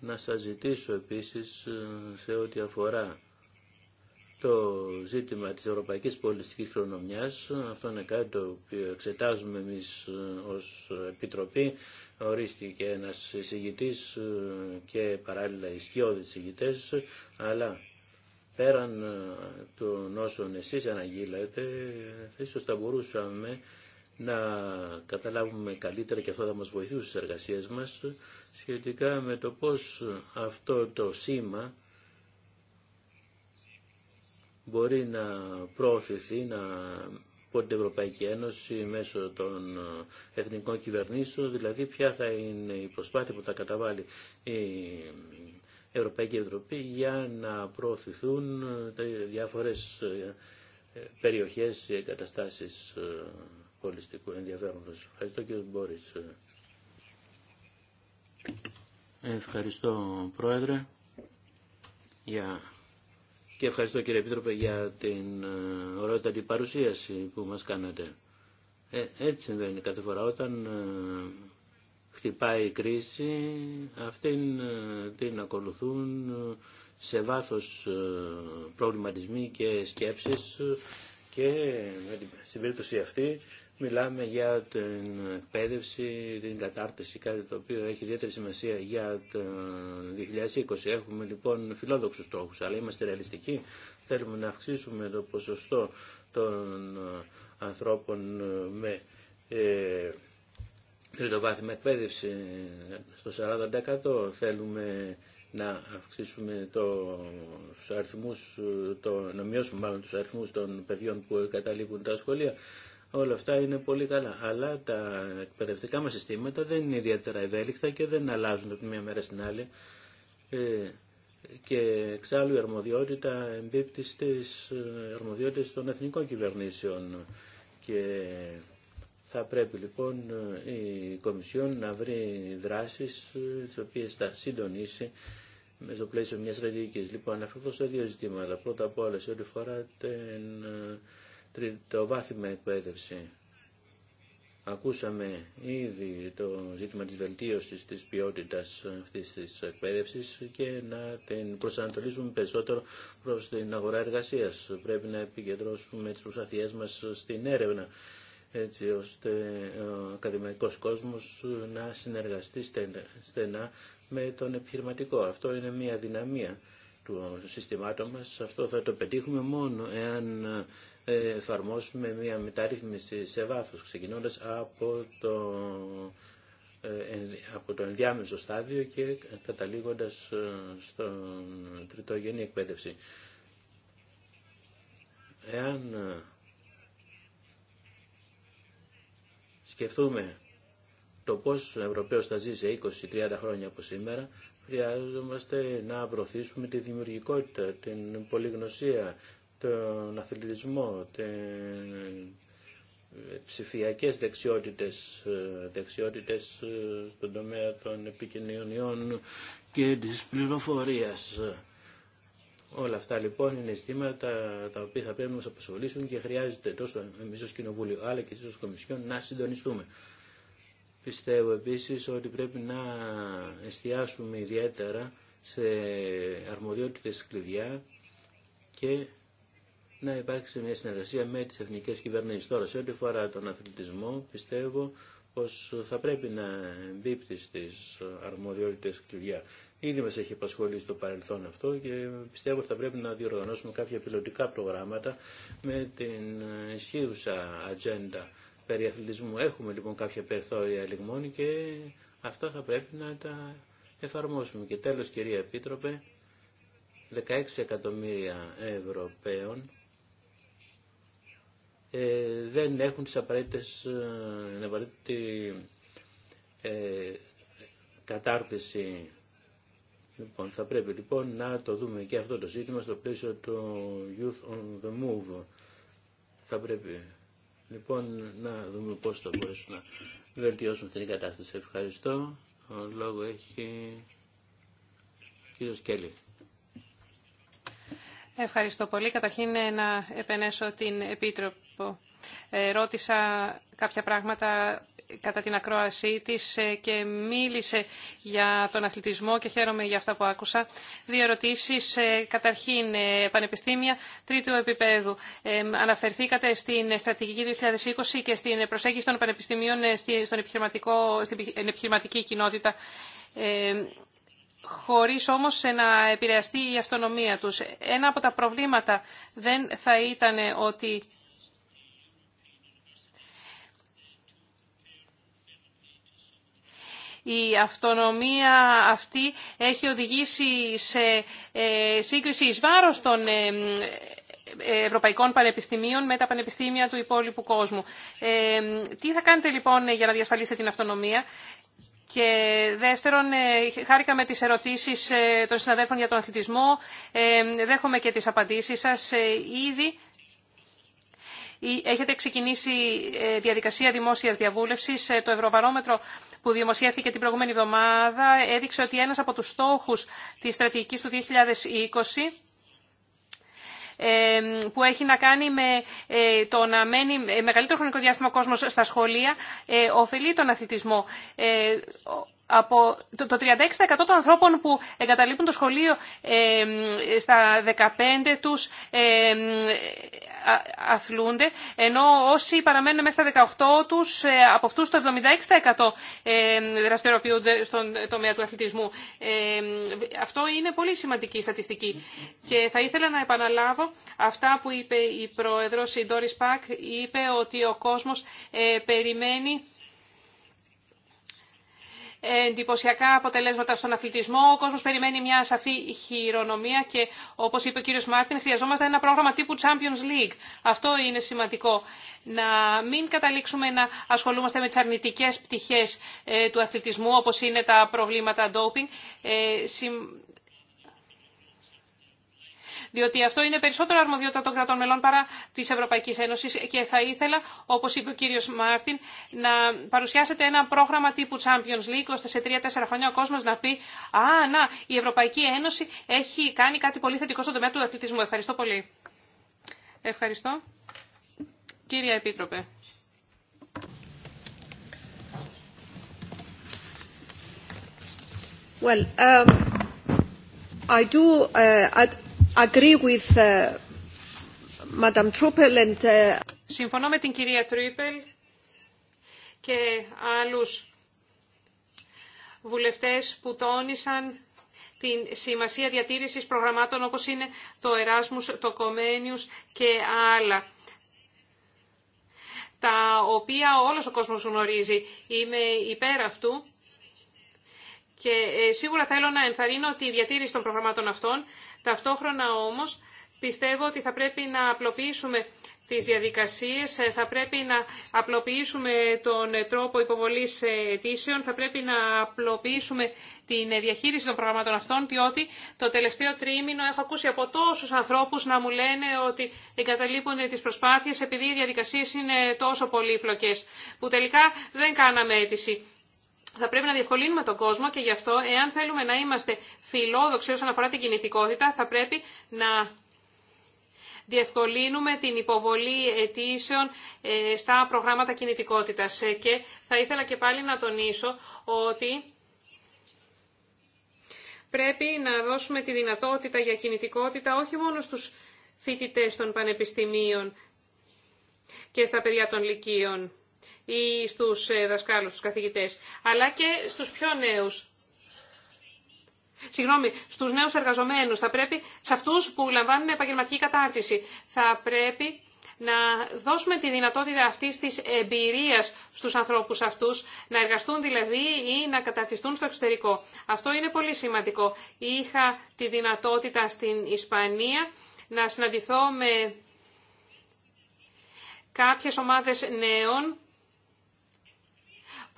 να σας ζητήσω επίσης ε, σε ό,τι αφορά το ζήτημα της ευρωπαϊκής πολιτικής Χρονομιάς, Αυτό είναι κάτι το οποίο εξετάζουμε εμείς ε, ως Επιτροπή. Ορίστηκε ένας εισηγητής ε, και παράλληλα ισχυώδης εισηγητές, αλλά πέραν των όσων εσείς αναγγείλατε, ίσως θα μπορούσαμε να καταλάβουμε καλύτερα και αυτό θα μας βοηθούσε στις εργασίες μας σχετικά με το πώς αυτό το σήμα μπορεί να προωθηθεί, να από την Ευρωπαϊκή Ένωση μέσω των εθνικών κυβερνήσεων, δηλαδή ποια θα είναι η προσπάθεια που θα καταβάλει η Ευρωπαϊκή Ευρωπή για να προωθηθούν τα διάφορες περιοχές και εγκαταστάσεις ενδιαφέροντος. Ευχαριστώ κύριε Μπόρι. Ευχαριστώ Πρόεδρε για... και ευχαριστώ κύριε Επίτροπε για την ε, ωραιότατη παρουσίαση που μας κάνατε. Ε, έτσι συμβαίνει κάθε φορά όταν ε, χτυπάει η κρίση, αυτήν ε, την ακολουθούν σε βάθος προβληματισμοί και σκέψεις και στην περίπτωση αυτή Μιλάμε για την εκπαίδευση, την κατάρτιση, κάτι το οποίο έχει ιδιαίτερη σημασία για το 2020. Έχουμε λοιπόν φιλόδοξους στόχους, αλλά είμαστε ρεαλιστικοί. Θέλουμε να αυξήσουμε το ποσοστό των ανθρώπων με ε, τριτοβάθμια εκπαίδευση στο 40%. Θέλουμε να αυξήσουμε το, τους αριθμούς, το, να μειώσουμε μάλλον τους αριθμούς των παιδιών που καταλήγουν τα σχολεία όλα αυτά είναι πολύ καλά. Αλλά τα εκπαιδευτικά μας συστήματα δεν είναι ιδιαίτερα ευέλικτα και δεν αλλάζουν από μία μέρα στην άλλη. Ε, και εξάλλου η αρμοδιότητα εμπίπτει στις ε, αρμοδιότητες των εθνικών κυβερνήσεων. Και θα πρέπει λοιπόν ε, η Κομισιόν να βρει δράσεις τις οποίες θα συντονίσει με το πλαίσιο μιας στρατηγικής. Λοιπόν, αναφερθώ σε δύο ζητήματα. Πρώτα απ' όλα σε ό,τι φορά την βάθημα εκπαίδευση. Ακούσαμε ήδη το ζήτημα της βελτίωσης της ποιότητας αυτής της εκπαίδευσης και να την προσανατολίσουμε περισσότερο προς την αγορά εργασίας. Πρέπει να επικεντρώσουμε τις προσπαθειές μας στην έρευνα έτσι ώστε ο ακαδημαϊκός κόσμος να συνεργαστεί στενά με τον επιχειρηματικό. Αυτό είναι μια δυναμία του συστημάτων μας. Αυτό θα το πετύχουμε μόνο εάν εφαρμόσουμε μια μεταρρύθμιση σε βάθος, ξεκινώντας από το, ε, από το ενδιάμεσο στάδιο και καταλήγοντας ε, στον τριτογενή εκπαίδευση. Εάν ε, σκεφτούμε το πώς ο Ευρωπαίος θα ζει σε 20-30 χρόνια από σήμερα, χρειάζομαστε να προωθήσουμε τη δημιουργικότητα, την πολυγνωσία, τον αθλητισμό, τι ε, ψηφιακές δεξιότητες, ε, δεξιότητες ε, στον τομέα των επικοινωνιών και της πληροφορίας. Όλα αυτά λοιπόν είναι ζητήματα τα οποία θα πρέπει να μας απασχολήσουν και χρειάζεται τόσο εμείς ως Κοινοβούλιο αλλά και εσείς ως Κομισιόν να συντονιστούμε. Πιστεύω επίσης ότι πρέπει να εστιάσουμε ιδιαίτερα σε αρμοδιότητες κλειδιά και να υπάρξει μια συνεργασία με τις εθνικές κυβερνήσεις. Τώρα, σε ό,τι φορά τον αθλητισμό, πιστεύω πως θα πρέπει να εμπίπτει στις αρμοδιότητες κλειδιά. Ήδη μας έχει απασχολήσει το παρελθόν αυτό και πιστεύω ότι θα πρέπει να διοργανώσουμε κάποια πιλωτικά προγράμματα με την ισχύουσα ατζέντα περί αθλητισμού. Έχουμε λοιπόν κάποια περιθώρια λιγμών και αυτά θα πρέπει να τα εφαρμόσουμε. Και τέλος κυρία Επίτροπε, 16 εκατομμύρια Ευρωπαίων ε, δεν έχουν τις απαραίτητες, ε, την απαραίτητη ε, κατάρτιση. Λοιπόν, θα πρέπει λοιπόν να το δούμε και αυτό το ζήτημα στο πλαίσιο του Youth on the Move. Θα πρέπει λοιπόν να δούμε πώς θα μπορέσουμε να βελτιώσουμε την κατάσταση. Ευχαριστώ. Ο λόγο έχει ο κύριος Κέλλη. Ευχαριστώ πολύ. Καταρχήν ε, να επενέσω την Επίτροπο. Ε, ρώτησα κάποια πράγματα κατά την ακρόασή της ε, και μίλησε για τον αθλητισμό και χαίρομαι για αυτά που άκουσα. Δύο ερωτήσεις. Καταρχήν, πανεπιστήμια τρίτου επίπεδου. Αναφερθήκατε στην στρατηγική 2020 και στην προσέγγιση των πανεπιστήμιων στην, στην επιχειρηματική κοινότητα χωρίς όμως να επηρεαστεί η αυτονομία τους. Ένα από τα προβλήματα δεν θα ήταν ότι η αυτονομία αυτή έχει οδηγήσει σε ε, σύγκριση εις βάρος των ε, ε, ευρωπαϊκών πανεπιστημίων με τα πανεπιστήμια του υπόλοιπου κόσμου. τι θα κάνετε λοιπόν για να διασφαλίσετε την αυτονομία. Και δεύτερον, ε, χάρηκα με τις ερωτήσεις ε, των συναδέλφων για τον αθλητισμό. Ε, δέχομαι και τις απαντήσεις σας. Ήδη έχετε ξεκινήσει διαδικασία δημόσιας διαβούλευσης. Το Ευρωβαρόμετρο που δημοσιεύτηκε την προηγούμενη εβδομάδα έδειξε ότι ένας από τους στόχους της στρατηγικής του 2020 που έχει να κάνει με ε, το να μένει ε, μεγαλύτερο χρονικό διάστημα ο κόσμος στα σχολεία, ε, ωφελεί τον αθλητισμό από το 36% των ανθρώπων που εγκαταλείπουν το σχολείο ε, στα 15 τους ε, αθλούνται, ενώ όσοι παραμένουν μέχρι τα 18 τους, ε, από αυτούς το 76% δραστηριοποιούνται στον τομέα του αθλητισμού. Αυτό είναι πολύ σημαντική στατιστική. Και θα ήθελα να επαναλάβω αυτά που είπε η Πρόεδρος, η Ντόρις Πακ, είπε ότι ο κόσμος περιμένει εντυπωσιακά αποτελέσματα στον αθλητισμό. Ο κόσμος περιμένει μια σαφή χειρονομία και όπως είπε ο κύριος Μάρτιν χρειαζόμαστε ένα πρόγραμμα τύπου Champions League. Αυτό είναι σημαντικό. Να μην καταλήξουμε να ασχολούμαστε με τι αρνητικέ πτυχές ε, του αθλητισμού όπως είναι τα προβλήματα ντόπινγκ διότι αυτό είναι περισσότερο αρμοδιότητα των κρατών μελών παρά τη Ευρωπαϊκή Ένωση, και θα ήθελα, όπως είπε ο κύριος Μάρτιν, να παρουσιάσετε ένα πρόγραμμα τύπου Champions League, ώστε σε τρία-τέσσερα χρόνια ο κόσμος να πει «Α, να, η Ευρωπαϊκή Ένωση έχει κάνει κάτι πολύ θετικό στον τομέα του αθλητισμού». Ευχαριστώ πολύ. Ευχαριστώ. Κύριε Επίτροπε. Well, um, I do, uh, Uh, uh, Συμφωνώ με την κυρία Τρίπελ και άλλους βουλευτές που τόνισαν τη σημασία διατήρησης προγραμμάτων όπως είναι το Εράσμους, το Κομένιους και άλλα τα οποία όλος ο κόσμος γνωρίζει. Είμαι υπέρ αυτού και ε, σίγουρα θέλω να ενθαρρύνω τη διατήρηση των προγραμμάτων αυτών. Ταυτόχρονα όμως πιστεύω ότι θα πρέπει να απλοποιήσουμε τις διαδικασίες, ε, θα πρέπει να απλοποιήσουμε τον τρόπο υποβολής ε, αιτήσεων, θα πρέπει να απλοποιήσουμε την διαχείριση των προγραμμάτων αυτών, διότι το τελευταίο τρίμηνο έχω ακούσει από τόσους ανθρώπους να μου λένε ότι εγκαταλείπουν τις προσπάθειες επειδή οι διαδικασίες είναι τόσο πολύπλοκες, που τελικά δεν κάναμε αίτηση θα πρέπει να διευκολύνουμε τον κόσμο και γι' αυτό, εάν θέλουμε να είμαστε φιλόδοξοι όσον αφορά την κινητικότητα, θα πρέπει να διευκολύνουμε την υποβολή αιτήσεων ε, στα προγράμματα κινητικότητας. Ε, και θα ήθελα και πάλι να τονίσω ότι πρέπει να δώσουμε τη δυνατότητα για κινητικότητα όχι μόνο στους φοιτητές των πανεπιστημίων και στα παιδιά των λυκείων ή στους ε, δασκάλους, στους καθηγητές, αλλά και στους πιο νέους. Συγγνώμη, στους νέους εργαζομένους, θα πρέπει, σε αυτούς που λαμβάνουν επαγγελματική κατάρτιση, θα πρέπει να δώσουμε τη δυνατότητα αυτή της εμπειρία στους ανθρώπους αυτούς, να εργαστούν δηλαδή ή να καταρτιστούν στο εξωτερικό. Αυτό είναι πολύ σημαντικό. Είχα τη δυνατότητα στην Ισπανία να συναντηθώ με κάποιες ομάδες νέων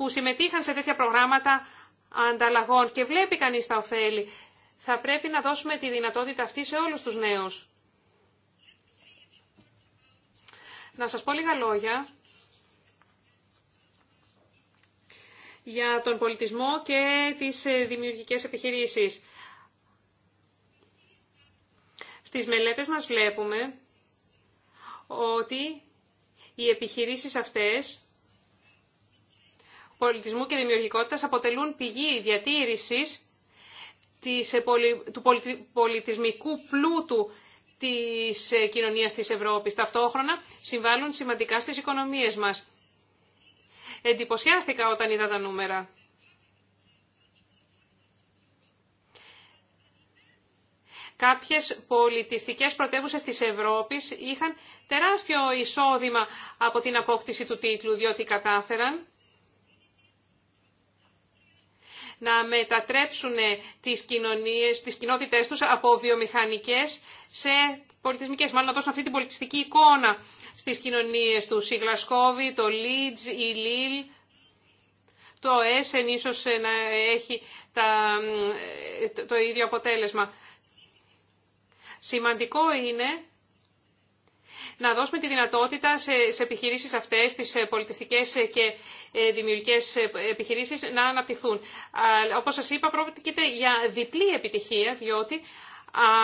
που συμμετείχαν σε τέτοια προγράμματα ανταλλαγών και βλέπει κανείς τα ωφέλη. Θα πρέπει να δώσουμε τη δυνατότητα αυτή σε όλους τους νέους. Να σας πω λίγα λόγια για τον πολιτισμό και τις ε, δημιουργικές επιχειρήσεις. Στις μελέτες μας βλέπουμε ότι οι επιχειρήσεις αυτές πολιτισμού και δημιουργικότητας αποτελούν πηγή διατήρησης ε, του πολιτισμικού πλούτου της ε, κοινωνίας της Ευρώπης. Ταυτόχρονα συμβάλλουν σημαντικά στις οικονομίες μας. Εντυπωσιάστηκα όταν είδα τα νούμερα. Κάποιες πολιτιστικές πρωτεύουσες της Ευρώπης είχαν τεράστιο εισόδημα από την απόκτηση του τίτλου, διότι κατάφεραν να μετατρέψουν τις, κοινωνίες, τις κοινότητες τους από βιομηχανικές σε πολιτισμικές, μάλλον να δώσουν αυτή την πολιτιστική εικόνα στις κοινωνίες του Η Γλασκόβη, το Λίτζ, η Λίλ, το Έσεν ίσως ε, να έχει τα, ε, το ίδιο αποτέλεσμα. Σημαντικό είναι να δώσουμε τη δυνατότητα σε επιχειρήσεις αυτές, τις ε, πολιτιστικές ε, και ε, δημιουργικές επιχειρήσεις να αναπτυχθούν. Όπως σας είπα, πρόκειται για διπλή επιτυχία, διότι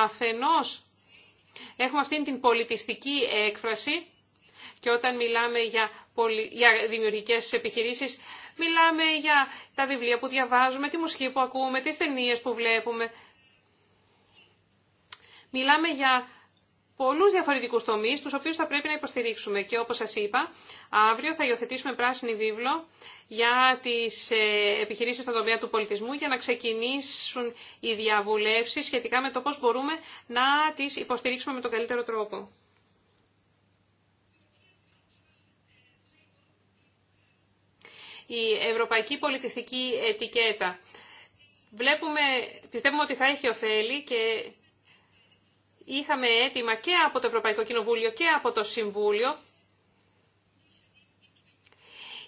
αφενός έχουμε αυτή την πολιτιστική έκφραση και όταν μιλάμε για, για δημιουργικές επιχειρήσεις, μιλάμε για τα βιβλία που διαβάζουμε, τη μουσική που ακούμε, τι ταινίε που βλέπουμε. Μιλάμε για πολλούς διαφορετικούς τομείς, τους οποίους θα πρέπει να υποστηρίξουμε. Και όπως σας είπα, αύριο θα υιοθετήσουμε πράσινη βίβλο για τις ε, επιχειρήσεις στον τομέα του πολιτισμού, για να ξεκινήσουν οι διαβουλεύσεις σχετικά με το πώς μπορούμε να τις υποστηρίξουμε με τον καλύτερο τρόπο. Η ευρωπαϊκή πολιτιστική ετικέτα. Βλέπουμε, πιστεύουμε ότι θα έχει ωφέλη και Είχαμε αίτημα και από το Ευρωπαϊκό Κοινοβούλιο και από το Συμβούλιο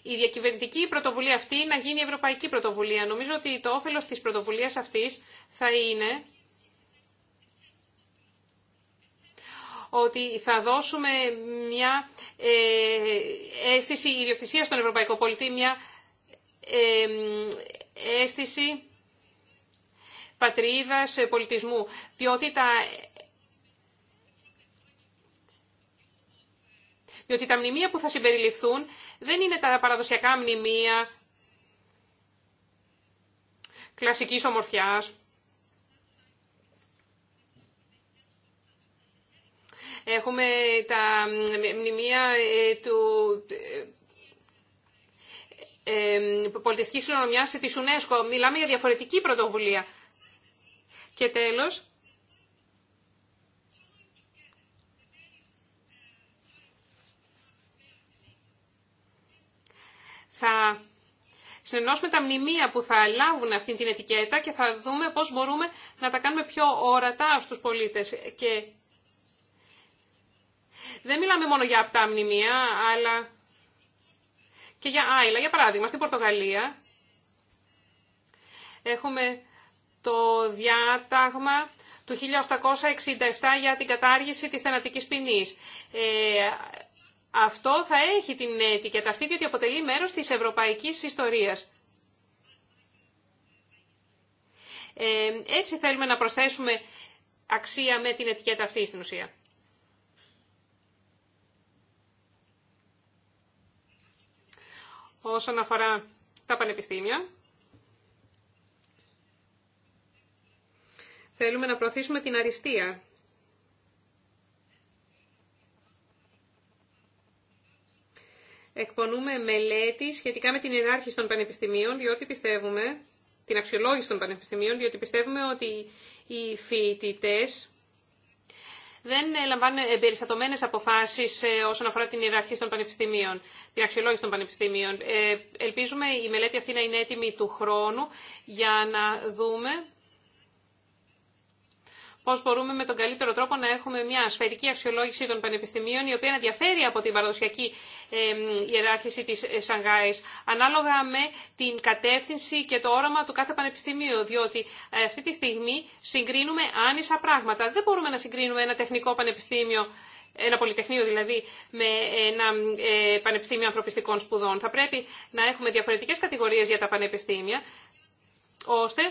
η διακυβερνητική πρωτοβουλία αυτή να γίνει ευρωπαϊκή πρωτοβουλία. Νομίζω ότι το όφελος της πρωτοβουλίας αυτής θα είναι ότι θα δώσουμε μια ε, αίσθηση ιδιοκτησία στον Ευρωπαϊκό Πολιτή, μια ε, αίσθηση πατρίδας ε, πολιτισμού, διότι τα διότι τα μνημεία που θα συμπεριληφθούν δεν είναι τα παραδοσιακά μνημεία κλασικής ομορφιάς. Έχουμε τα μνημεία ε, του ε, ε, πολιτιστικής κληρονομιάς της UNESCO. Μιλάμε για διαφορετική πρωτοβουλία. Και τέλος, Θα συνενώσουμε τα μνημεία που θα λάβουν αυτή την ετικέτα και θα δούμε πώς μπορούμε να τα κάνουμε πιο ορατά στους πολίτες. Και δεν μιλάμε μόνο για αυτά μνημεία, αλλά και για άλλα. Για παράδειγμα, στην Πορτογαλία έχουμε το διάταγμα του 1867 για την κατάργηση της θενατικής ποινής. Ε, αυτό θα έχει την ετικέτα αυτή, διότι αποτελεί μέρος της ευρωπαϊκής ιστορίας. Ε, έτσι θέλουμε να προσθέσουμε αξία με την ετικέτα αυτή στην ουσία. Όσον αφορά τα πανεπιστήμια, θέλουμε να προωθήσουμε την αριστεία. εκπονούμε μελέτη σχετικά με την ιεράρχηση των πανεπιστημίων, διότι πιστεύουμε, την αξιολόγηση των πανεπιστημίων, διότι πιστεύουμε ότι οι φοιτητέ δεν λαμβάνουν εμπεριστατωμένε αποφάσει ε, όσον αφορά την ιεραρχία των πανεπιστημίων, την αξιολόγηση των πανεπιστημίων. Ε, ελπίζουμε η μελέτη αυτή να είναι έτοιμη του χρόνου για να δούμε Πώ μπορούμε με τον καλύτερο τρόπο να έχουμε μια σφαιρική αξιολόγηση των πανεπιστημίων, η οποία να διαφέρει από την παραδοσιακή ιεράρχηση της ε, Σανγκάη, ανάλογα με την κατεύθυνση και το όραμα του κάθε πανεπιστημίου, διότι ε, αυτή τη στιγμή συγκρίνουμε άνισα πράγματα. Δεν μπορούμε να συγκρίνουμε ένα τεχνικό πανεπιστήμιο ένα πολυτεχνείο δηλαδή, με ένα ε, πανεπιστήμιο ανθρωπιστικών σπουδών. Θα πρέπει να έχουμε διαφορετικές κατηγορίες για τα πανεπιστήμια, ώστε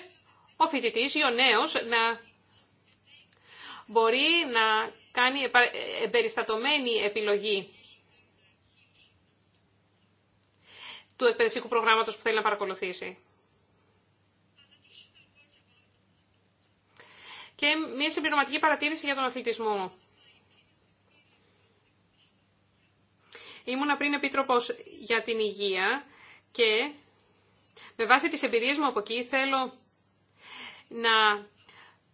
ο φοιτητή ή ο νέος να μπορεί να κάνει εμπεριστατωμένη επιλογή του εκπαιδευτικού προγράμματος που θέλει να παρακολουθήσει. Και μια συμπληρωματική παρατήρηση για τον αθλητισμό. Ήμουνα πριν επίτροπος για την υγεία και με βάση τις εμπειρίες μου από εκεί θέλω να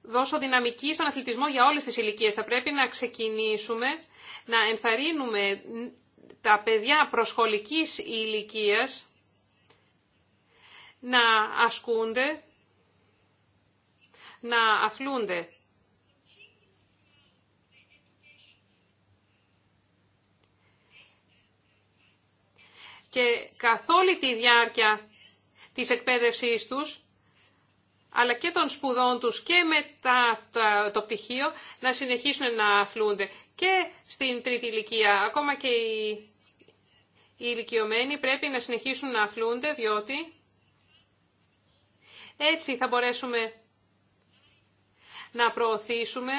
δώσω δυναμική στον αθλητισμό για όλες τις ηλικίες. Θα πρέπει να ξεκινήσουμε να ενθαρρύνουμε τα παιδιά προσχολικής ηλικίας να ασκούνται, να αθλούνται. Και καθ' όλη τη διάρκεια της εκπαίδευσής τους αλλά και των σπουδών τους και μετά το πτυχίο να συνεχίσουν να αθλούνται. Και στην τρίτη ηλικία, ακόμα και οι, οι ηλικιωμένοι πρέπει να συνεχίσουν να αθλούνται, διότι έτσι θα μπορέσουμε να προωθήσουμε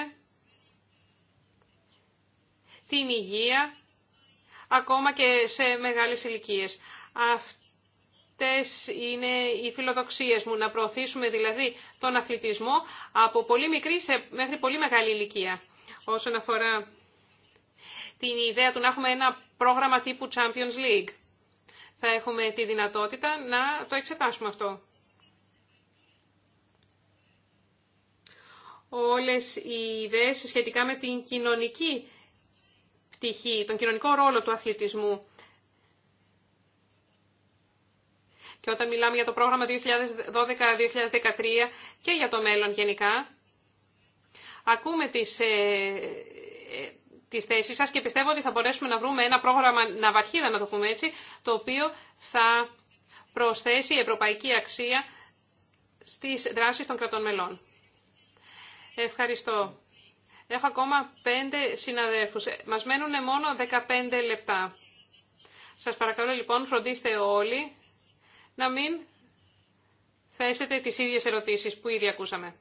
την υγεία ακόμα και σε μεγάλες ηλικίες αυτές είναι οι φιλοδοξίες μου, να προωθήσουμε δηλαδή τον αθλητισμό από πολύ μικρή σε μέχρι πολύ μεγάλη ηλικία. Όσον αφορά την ιδέα του να έχουμε ένα πρόγραμμα τύπου Champions League, θα έχουμε τη δυνατότητα να το εξετάσουμε αυτό. Όλες οι ιδέες σχετικά με την κοινωνική πτυχή, τον κοινωνικό ρόλο του αθλητισμού, Και όταν μιλάμε για το πρόγραμμα 2012-2013 και για το μέλλον γενικά, ακούμε τις, ε, ε, τις θέσεις σας και πιστεύω ότι θα μπορέσουμε να βρούμε ένα πρόγραμμα ναυαρχίδα, να το πούμε έτσι, το οποίο θα προσθέσει ευρωπαϊκή αξία στις δράσεις των κρατών μελών. Ευχαριστώ. Έχω ακόμα πέντε συναδέλφους. Ε, μας μένουν μόνο 15 λεπτά. Σας παρακαλώ λοιπόν, φροντίστε όλοι να μην θέσετε τις ίδιες ερωτήσεις που ήδη ακούσαμε.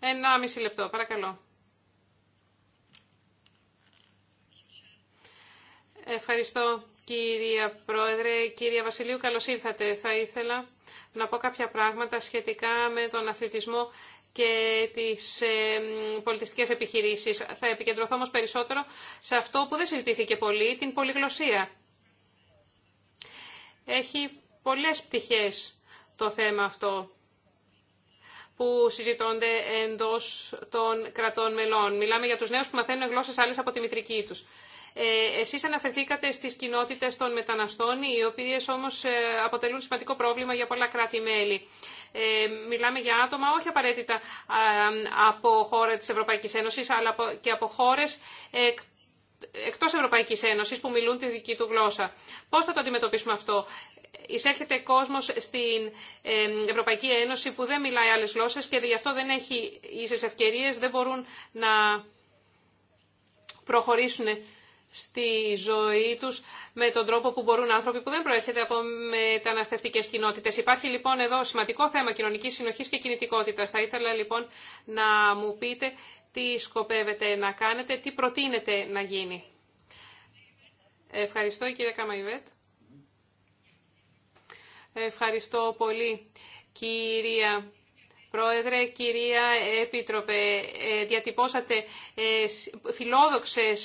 Ένα μισή λεπτό, παρακαλώ. Ευχαριστώ κύρια Πρόεδρε. Κύρια Βασιλείου, καλώς ήρθατε. Θα ήθελα να πω κάποια πράγματα σχετικά με τον αθλητισμό και τις ε, πολιτιστικές επιχειρήσεις. Θα επικεντρωθώ όμως περισσότερο σε αυτό που δεν συζητήθηκε πολύ, την πολυγλωσία. Έχει πολλές πτυχές το θέμα αυτό που συζητώνται εντός των κρατών μελών. Μιλάμε για τους νέους που μαθαίνουν γλώσσες άλλες από τη μητρική τους. Ε, εσείς αναφερθήκατε στις κοινότητες των μεταναστών, οι οποίες όμως ε, αποτελούν σημαντικό πρόβλημα για πολλά κράτη-μέλη. Ε, μιλάμε για άτομα όχι απαραίτητα από χώρα της Ευρωπαϊκής Ένωσης, αλλά και από χώρες Εκτό Ευρωπαϊκή Ένωση που μιλούν τη δική του γλώσσα. Πώ θα το αντιμετωπίσουμε αυτό. Εισέρχεται κόσμο στην Ευρωπαϊκή Ένωση που δεν μιλάει άλλε γλώσσε και γι' αυτό δεν έχει ίσες ευκαιρίες, δεν μπορούν να προχωρήσουν στη ζωή του με τον τρόπο που μπορούν άνθρωποι που δεν προέρχεται από μεταναστευτικέ κοινότητε. Υπάρχει λοιπόν εδώ σημαντικό θέμα κοινωνική συνοχή και κινητικότητα. Θα ήθελα λοιπόν να μου πείτε τι σκοπεύετε να κάνετε, τι προτείνετε να γίνει. Ευχαριστώ κύριε Καμαϊβέτ. Ευχαριστώ πολύ κυρία Πρόεδρε, κυρία Επίτροπε, ε, διατυπώσατε ε, φιλόδοξες,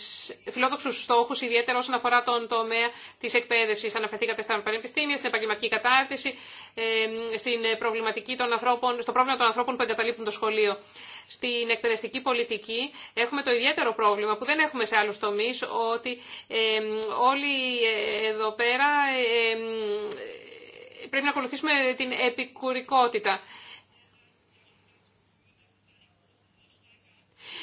φιλόδοξους στόχους, ιδιαίτερα όσον αφορά τον τομέα της εκπαίδευσης. Αναφερθήκατε στα πανεπιστήμια, στην επαγγελματική κατάρτιση, ε, στην προβληματική των ανθρώπων, στο πρόβλημα των ανθρώπων που εγκαταλείπουν το σχολείο στην εκπαιδευτική πολιτική έχουμε το ιδιαίτερο πρόβλημα που δεν έχουμε σε άλλους τομείς, ότι όλοι εδώ πέρα πρέπει να ακολουθήσουμε την επικουρικότητα.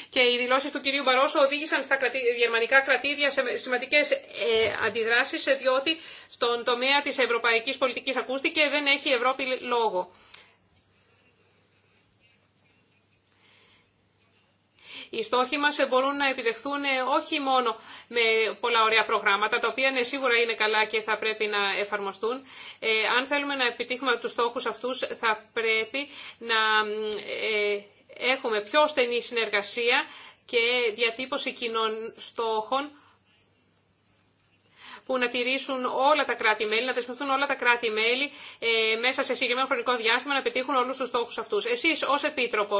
Και οι δηλώσει του κυρίου Μπαρόσο οδήγησαν στα γερμανικά κρατήδια σε σημαντικέ ε, αντιδράσει, διότι στον τομέα τη ευρωπαϊκή πολιτική ακούστηκε δεν έχει η Ευρώπη λόγο. Οι στόχοι μας μπορούν να επιτευχθούν ε, όχι μόνο με πολλά ωραία προγράμματα, τα οποία είναι σίγουρα είναι καλά και θα πρέπει να εφαρμοστούν. Ε, αν θέλουμε να επιτύχουμε τους στόχους αυτούς, θα πρέπει να ε, έχουμε πιο στενή συνεργασία και διατύπωση κοινών στόχων που να τηρήσουν όλα τα κράτη-μέλη, να δεσμευτούν όλα τα κράτη-μέλη ε, μέσα σε συγκεκριμένο χρονικό διάστημα να πετύχουν όλου του στόχου αυτού. Εσεί ω Επίτροπο,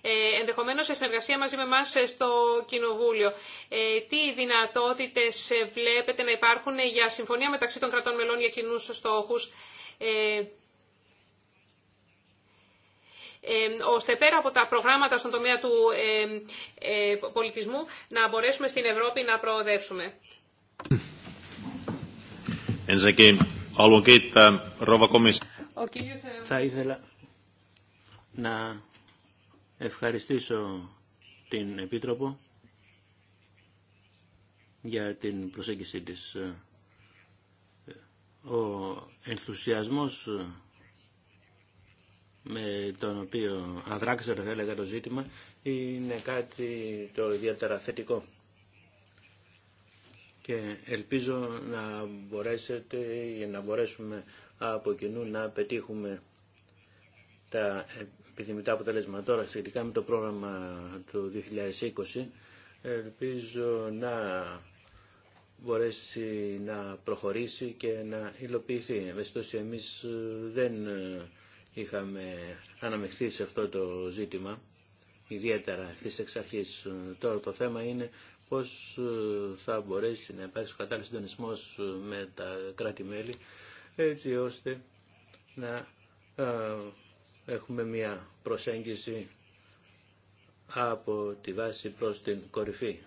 ε, ενδεχομένω σε συνεργασία μαζί με εμά ε, στο Κοινοβούλιο, ε, τι δυνατότητε ε, βλέπετε να υπάρχουν για συμφωνία μεταξύ των κρατών μελών για κοινού στόχου. Ε, ώστε πέρα από τα προγράμματα στον τομέα του πολιτισμού να μπορέσουμε στην Ευρώπη να προοδεύσουμε. Rova ε, Θα ήθελα να ευχαριστήσω την Επίτροπο για την προσέγγιση της. Ο ενθουσιασμός με τον οποίο αδράξατε θα το ζήτημα είναι κάτι το ιδιαίτερα θετικό και ελπίζω να μπορέσετε για να μπορέσουμε από κοινού να πετύχουμε τα επιθυμητά αποτελέσματα. Τώρα σχετικά με το πρόγραμμα του 2020 ελπίζω να μπορέσει να προχωρήσει και να υλοποιηθεί. Βεστος, εμείς δεν ε, είχαμε αναμεχθεί σε αυτό το ζήτημα ιδιαίτερα αυτή εξ αρχή. Ε, τώρα το θέμα είναι πώς ε, θα μπορέσει να υπάρξει κατάλληλο συντονισμό ε, με τα κράτη-μέλη έτσι ώστε να έχουμε μια προσέγγιση από τη βάση προς την κορυφή.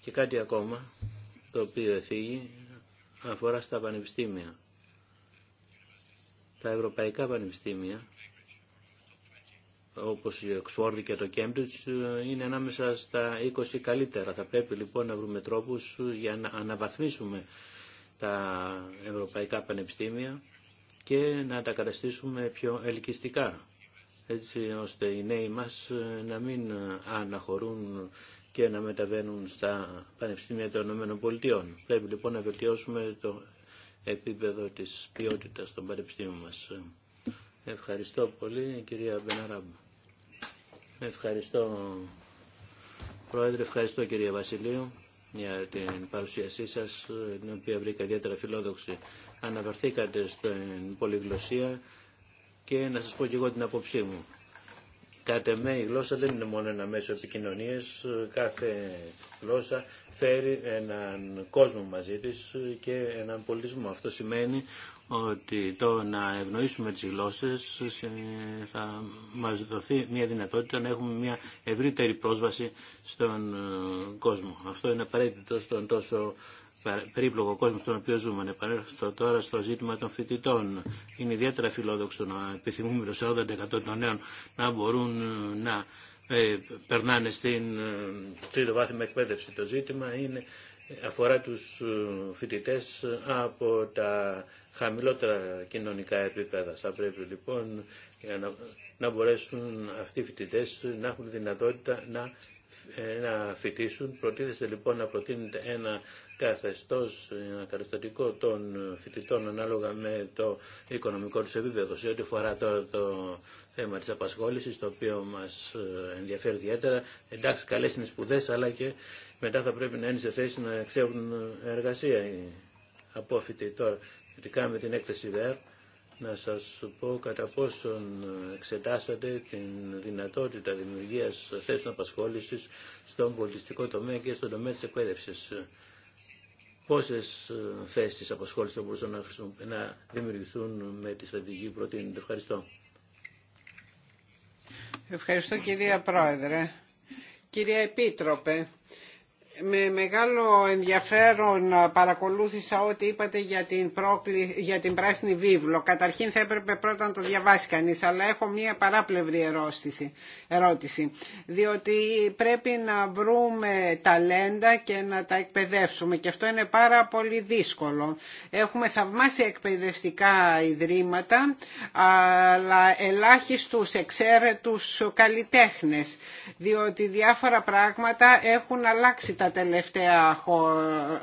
Και κάτι ακόμα το οποίο εθίγει αφορά στα πανεπιστήμια. Τα ευρωπαϊκά πανεπιστήμια όπως η Oxford και το Cambridge, ε, είναι ανάμεσα στα 20 καλύτερα. Θα πρέπει λοιπόν να βρούμε τρόπους ε, για να αναβαθμίσουμε τα ευρωπαϊκά πανεπιστήμια και να τα καταστήσουμε πιο ελκυστικά έτσι ώστε οι νέοι μας ε, να μην αναχωρούν και να μεταβαίνουν στα πανεπιστήμια των ΗΠΑ. Πρέπει λοιπόν να βελτιώσουμε το επίπεδο της ποιότητας των πανεπιστήμιων μας. Ευχαριστώ πολύ, κυρία Μπεναράμπ. Ευχαριστώ, Πρόεδρε, ευχαριστώ, κυρία Βασιλείου, για την παρουσίασή σας, την οποία βρήκα ιδιαίτερα φιλόδοξη. Αναβαρθήκατε στην πολυγλωσία και να σας πω και εγώ την απόψή μου. Κάτε με, η γλώσσα δεν είναι μόνο ένα μέσο επικοινωνίας, κάθε γλώσσα φέρει έναν κόσμο μαζί της και έναν πολιτισμό. Αυτό σημαίνει ότι το να ευνοήσουμε τις γλώσσες θα μας δοθεί μια δυνατότητα να έχουμε μια ευρύτερη πρόσβαση στον ε, κόσμο. Αυτό είναι απαραίτητο στον τόσο περίπλοκο κόσμο στον οποίο ζούμε. Επανέρχομαι τώρα στο ζήτημα των φοιτητών. Είναι ιδιαίτερα φιλόδοξο να επιθυμούμε το 40% των νέων να μπορούν ε, να ε, περνάνε στην τρίτο βάθμια εκπαίδευση. Το ζήτημα είναι αφορά τους ε, φοιτητές ε, από τα χαμηλότερα κοινωνικά επίπεδα. Θα πρέπει λοιπόν να μπορέσουν αυτοί οι φοιτητές να έχουν δυνατότητα να, ε, να φοιτήσουν. Προτίθεται λοιπόν να προτείνεται ένα καθεστώς, ένα καταστατικό των φοιτητών ανάλογα με το οικονομικό τους επίπεδο. Σε ό,τι φορά τώρα το θέμα της απασχόλησης, το οποίο μας ενδιαφέρει ιδιαίτερα, εντάξει καλές είναι σπουδές, αλλά και μετά θα πρέπει να είναι σε θέση να εξέχουν εργασία οι απόφοιτοι τώρα. Ειδικά με την έκθεση ΒΕΡ, να σας πω κατά πόσον εξετάσατε την δυνατότητα δημιουργίας θέσεων απασχόλησης στον πολιτιστικό τομέα και στον τομέα της εκπαίδευσης. Πόσες ε, θέσεις απασχόλησης θα μπορούσαν να, δημιουργηθούν με τη στρατηγική προτείνεται. Ευχαριστώ. Ευχαριστώ κυρία Πρόεδρε. Κυρία Επίτροπε, με μεγάλο ενδιαφέρον παρακολούθησα ό,τι είπατε για την, για την πράσινη βίβλο. Καταρχήν θα έπρεπε πρώτα να το διαβάσει κανείς, αλλά έχω μία παράπλευρη ερώτηση, ερώτηση. Διότι πρέπει να βρούμε ταλέντα και να τα εκπαιδεύσουμε και αυτό είναι πάρα πολύ δύσκολο. Έχουμε θαυμάσια εκπαιδευτικά ιδρύματα, αλλά ελάχιστους εξαίρετους καλλιτέχνες, διότι διάφορα πράγματα έχουν αλλάξει τα τα τελευταία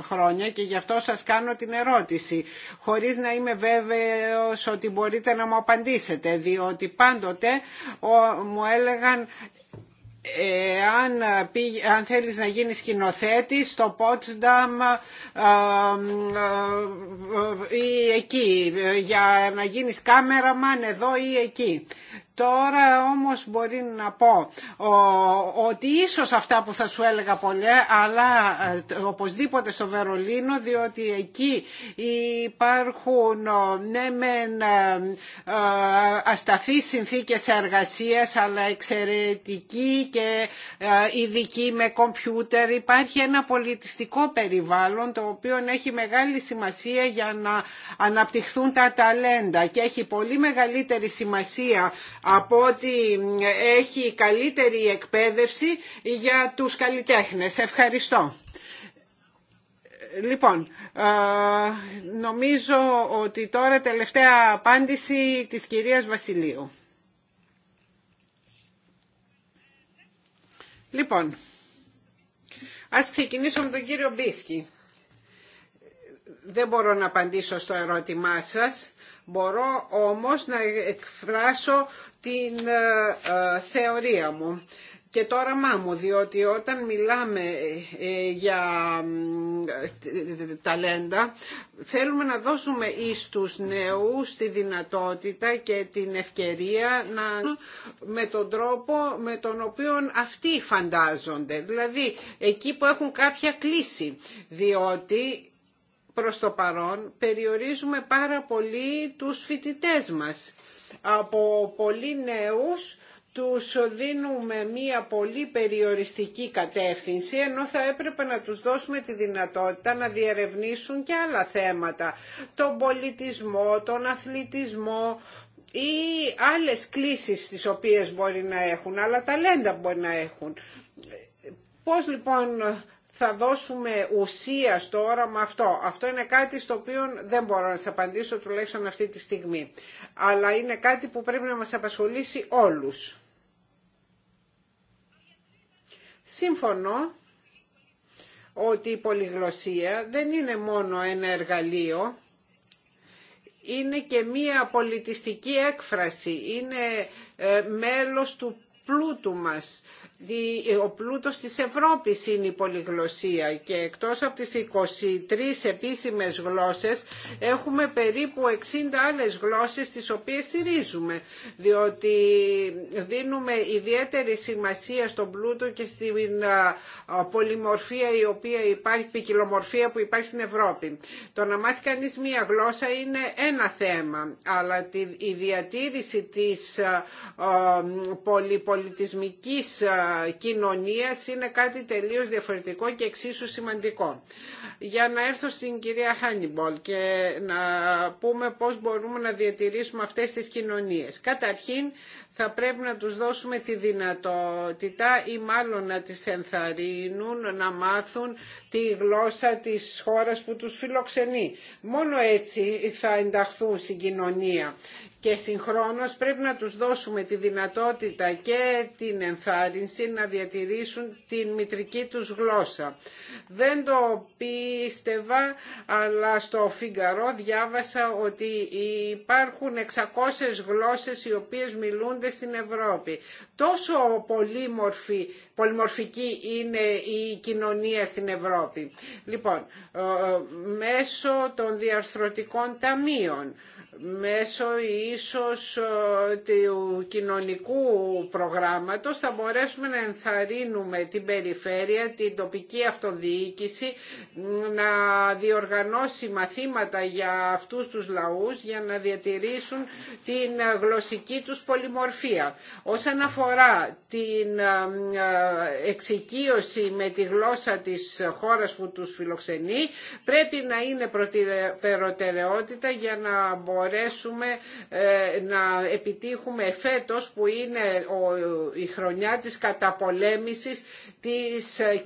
χρόνια και γι' αυτό σας κάνω την ερώτηση χωρίς να είμαι βέβαιος ότι μπορείτε να μου απαντήσετε διότι πάντοτε μου έλεγαν αν, αν θέλεις να γίνεις σκηνοθέτη στο Πότσνταμ ε, ε, ε, ή εκεί, για να γίνεις κάμεραμαν εδώ ή εκεί. Τώρα όμως μπορεί να πω ότι ίσως αυτά που θα σου έλεγα πολλές... αλλά ε, οπωσδήποτε στο Βερολίνο, διότι εκεί υπάρχουν ναι μεν ε, ε, ασταθείς συνθήκες εργασίας, αλλά εξαιρετική και ειδική με κομπιούτερ. Υπάρχει ένα πολιτιστικό περιβάλλον το οποίο έχει μεγάλη σημασία για να αναπτυχθούν τα ταλέντα και έχει πολύ μεγαλύτερη σημασία από ότι έχει καλύτερη εκπαίδευση για τους καλλιτέχνες. Ευχαριστώ. Λοιπόν, νομίζω ότι τώρα τελευταία απάντηση της κυρίας Βασιλείου. Λοιπόν, ας ξεκινήσω με τον κύριο Μπίσκι δεν μπορώ να απαντήσω στο ερώτημά σας. Μπορώ όμως να εκφράσω την ε, ε, θεωρία μου και το όραμά μου, διότι όταν μιλάμε ε, για ταλέντα, θέλουμε να δώσουμε εις τους νέους τη δυνατότητα και την ευκαιρία να με τον τρόπο με τον οποίο αυτοί φαντάζονται, δηλαδή εκεί που έχουν κάποια κλίση, διότι προς το παρόν περιορίζουμε πάρα πολύ τους φοιτητές μας. Από πολλοί νέους τους δίνουμε μία πολύ περιοριστική κατεύθυνση ενώ θα έπρεπε να τους δώσουμε τη δυνατότητα να διερευνήσουν και άλλα θέματα. Τον πολιτισμό, τον αθλητισμό ή άλλες κλήσεις τις οποίες μπορεί να έχουν, άλλα ταλέντα μπορεί να έχουν. Πώς λοιπόν θα δώσουμε ουσία στο όραμα αυτό. Αυτό είναι κάτι στο οποίο δεν μπορώ να σας απαντήσω τουλάχιστον αυτή τη στιγμή. Αλλά είναι κάτι που πρέπει να μας απασχολήσει όλους. Σύμφωνο ότι η πολυγλωσία δεν είναι μόνο ένα εργαλείο, είναι και μία πολιτιστική έκφραση, είναι ε, μέλος του πλούτου μας ε, ο πλούτος της Ευρώπης είναι η πολυγλωσία και εκτός από τις 23 επίσημες γλώσσες έχουμε περίπου 60 άλλες γλώσσες τις οποίες στηρίζουμε διότι δίνουμε ιδιαίτερη σημασία στον πλούτο και στην πολυμορφία η οποία υπάρχει, ποικιλομορφία που υπάρχει στην Ευρώπη. Το να μάθει κανείς μία γλώσσα είναι ένα θέμα αλλά η διατήρηση της πολυπολιτισμικής κοινωνίας είναι κάτι τελείως διαφορετικό και εξίσου σημαντικό. Για να έρθω στην κυρία Χάνιμπολ και να πούμε πώς μπορούμε να διατηρήσουμε αυτές τις κοινωνίες. Καταρχήν θα πρέπει να τους δώσουμε τη δυνατότητα ή μάλλον να τις ενθαρρύνουν να μάθουν τη γλώσσα της χώρας που τους φιλοξενεί. Μόνο έτσι θα ενταχθούν στην κοινωνία και συγχρόνως πρέπει να τους δώσουμε τη δυνατότητα και την ενθάρρυνση να διατηρήσουν την μητρική τους γλώσσα. Δεν το πίστευα, αλλά στο Φιγκαρό διάβασα ότι υπάρχουν 600 γλώσσες οι οποίες μιλούνται στην Ευρώπη. Τόσο πολύμορφη, πολυμορφική είναι η κοινωνία στην Ευρώπη. Λοιπόν, ε, ε, μέσω των διαρθρωτικών ταμείων μέσω ίσως ε, του κοινωνικού προγράμματος θα μπορέσουμε να ενθαρρύνουμε την περιφέρεια, την τοπική αυτοδιοίκηση να διοργανώσει μαθήματα για αυτούς τους λαούς για να διατηρήσουν την γλωσσική τους πολυμορφία. Όσον αφορά την ε, ε, εξοικείωση με τη γλώσσα της χώρας που τους φιλοξενεί πρέπει να είναι προτεραιότητα για να μπορέσουμε ε, να επιτύχουμε φέτος που είναι η χρονιά της καταπολέμησης της, ε,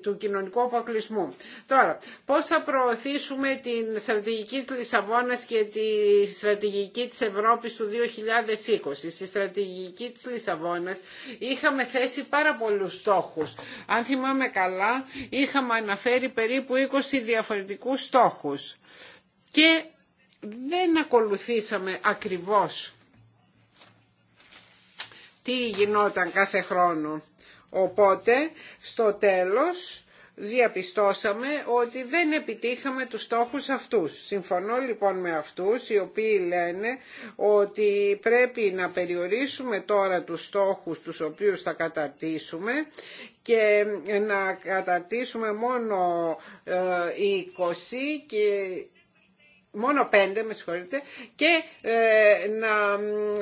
του κοινωνικού αποκλεισμού. Τώρα, πώς θα προωθήσουμε την στρατηγική της Λισαβόνας και τη στρατηγική της Ευρώπης του 2020. Στη στρατηγική της Λισαβόνας είχαμε θέσει πάρα πολλούς στόχους. Αν θυμάμαι καλά, είχαμε αναφέρει περίπου 20 διαφορετικούς στόχους. Και δεν ακολουθήσαμε ακριβώς τι γινόταν κάθε χρόνο. Οπότε στο τέλος διαπιστώσαμε ότι δεν επιτύχαμε τους στόχους αυτούς. Συμφωνώ λοιπόν με αυτούς οι οποίοι λένε ότι πρέπει να περιορίσουμε τώρα τους στόχους τους οποίους θα καταρτήσουμε και να καταρτήσουμε μόνο 20 ε, και μόνο πέντε με συγχωρείτε και ε, να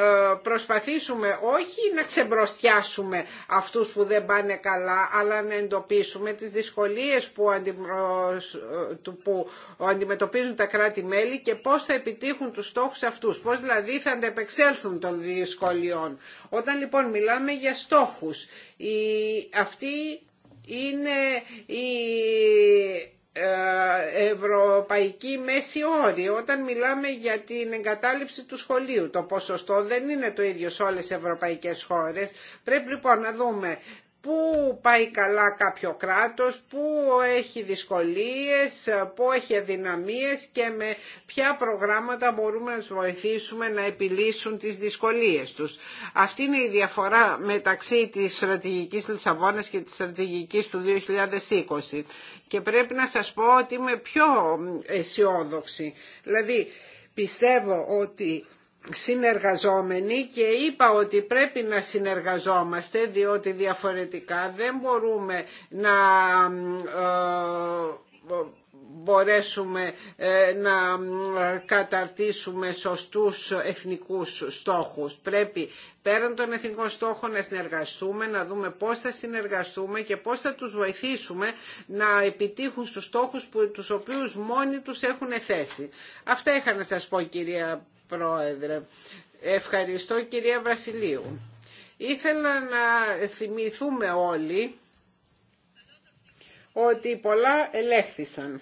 ε, προσπαθήσουμε όχι να ξεμπροστιάσουμε αυτούς που δεν πάνε καλά αλλά να εντοπίσουμε τις δυσκολίες ε, που, αντιμετωπίζουν τα κράτη-μέλη και πώς θα επιτύχουν τους στόχους αυτούς, πώς δηλαδή θα αντεπεξέλθουν των δυσκολιών. Όταν λοιπόν μιλάμε για στόχους, η, αυτή είναι η ε, ευρωπαϊκή μέση όρη όταν μιλάμε για την εγκατάλειψη του σχολείου. Το ποσοστό δεν είναι το ίδιο σε όλες τις ευρωπαϊκές χώρες. Πρέπει λοιπόν να δούμε πού πάει καλά κάποιο κράτος, πού έχει δυσκολίες, πού έχει αδυναμίες και με ποια προγράμματα μπορούμε να τους βοηθήσουμε να επιλύσουν τις δυσκολίες τους. Αυτή είναι η διαφορά μεταξύ της στρατηγικής Λισαβόνας και της στρατηγικής του 2020. Και πρέπει να σας πω ότι είμαι πιο αισιόδοξη. Δηλαδή πιστεύω ότι συνεργαζόμενοι και είπα ότι πρέπει να συνεργαζόμαστε διότι διαφορετικά δεν μπορούμε να ε, μπορέσουμε ε, να καταρτήσουμε σωστούς εθνικούς στόχους. Πρέπει πέραν των εθνικών στόχων να συνεργαστούμε, να δούμε πώς θα συνεργαστούμε και πώς θα τους βοηθήσουμε να επιτύχουν στους στόχους που, τους οποίους μόνοι τους έχουν θέσει. Αυτά είχα να σας πω κυρία Πρόεδρε. Ευχαριστώ κυρία Βασιλείου. Ήθελα να θυμηθούμε όλοι ότι πολλά ελέγχθησαν.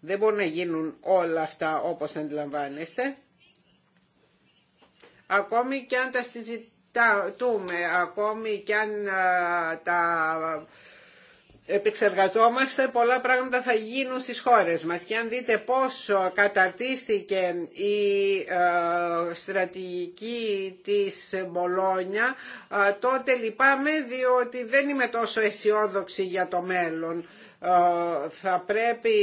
Δεν μπορούν να γίνουν όλα αυτά όπως αντιλαμβάνεστε. Ακόμη και αν τα συζητάμε, ακόμη και αν τα επεξεργαζόμαστε πολλά πράγματα θα γίνουν στις χώρες μας και αν δείτε πόσο καταρτίστηκε η ε, στρατηγική της Μπολόνια ε, τότε λυπάμαι διότι δεν είμαι τόσο αισιόδοξη για το μέλλον ε, θα πρέπει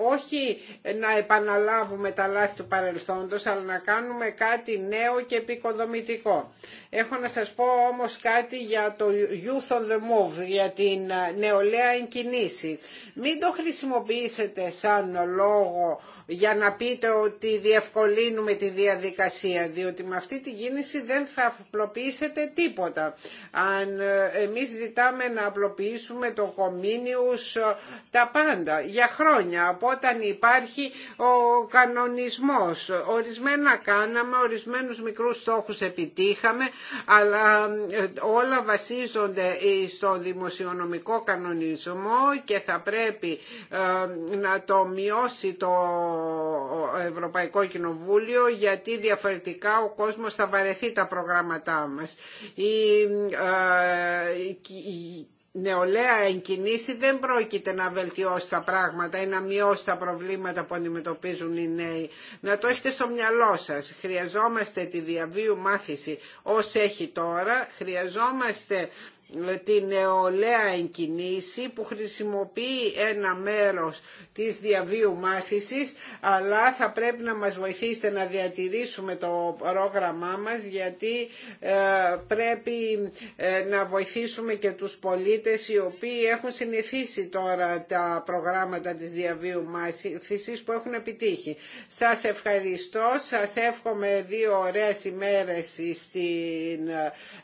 όχι να επαναλάβουμε τα λάθη του παρελθόντος, αλλά να κάνουμε κάτι νέο και επικοδομητικό. Έχω να σας πω όμως κάτι για το Youth on the Move, για την ε, νεολαία εγκινήση. Μην το χρησιμοποιήσετε σαν λόγο για να πείτε ότι διευκολύνουμε τη διαδικασία, διότι με αυτή την κίνηση δεν θα απλοποιήσετε τίποτα. Αν ε, εμείς ζητάμε να απλοποιήσουμε το Comenius ε, τα πάντα, για χρόνια, από όταν υπάρχει ο κανονισμός. Ορισμένα κάναμε, ορισμένους μικρούς στόχους επιτύχαμε, αλλά ε, όλα βασίζονται ε, στο δημοσιονομικό κανονισμό και θα πρέπει ε, να το μειώσει το Ευρωπαϊκό Κοινοβούλιο γιατί διαφορετικά ο κόσμος θα βαρεθεί τα προγράμματά μας. Η νεολαία εγκινήσει δεν πρόκειται να βελτιώσει τα πράγματα ή να μειώσει τα προβλήματα που αντιμετωπίζουν οι νέοι. Να το έχετε στο μυαλό σας. Χρειαζόμαστε τη διαβίου μάθηση ως έχει τώρα. Χρειαζόμαστε την νεολαία εγκινήση που χρησιμοποιεί ένα μέρος της διαβίου μάθησης αλλά θα πρέπει να μας βοηθήσετε να διατηρήσουμε το πρόγραμμά μας γιατί ε, πρέπει ε, να βοηθήσουμε και τους πολίτες οι οποίοι έχουν συνηθίσει τώρα τα προγράμματα της διαβίου μάθησης που έχουν επιτύχει. Σας ευχαριστώ, σας εύχομαι δύο ωραίες ημέρες στην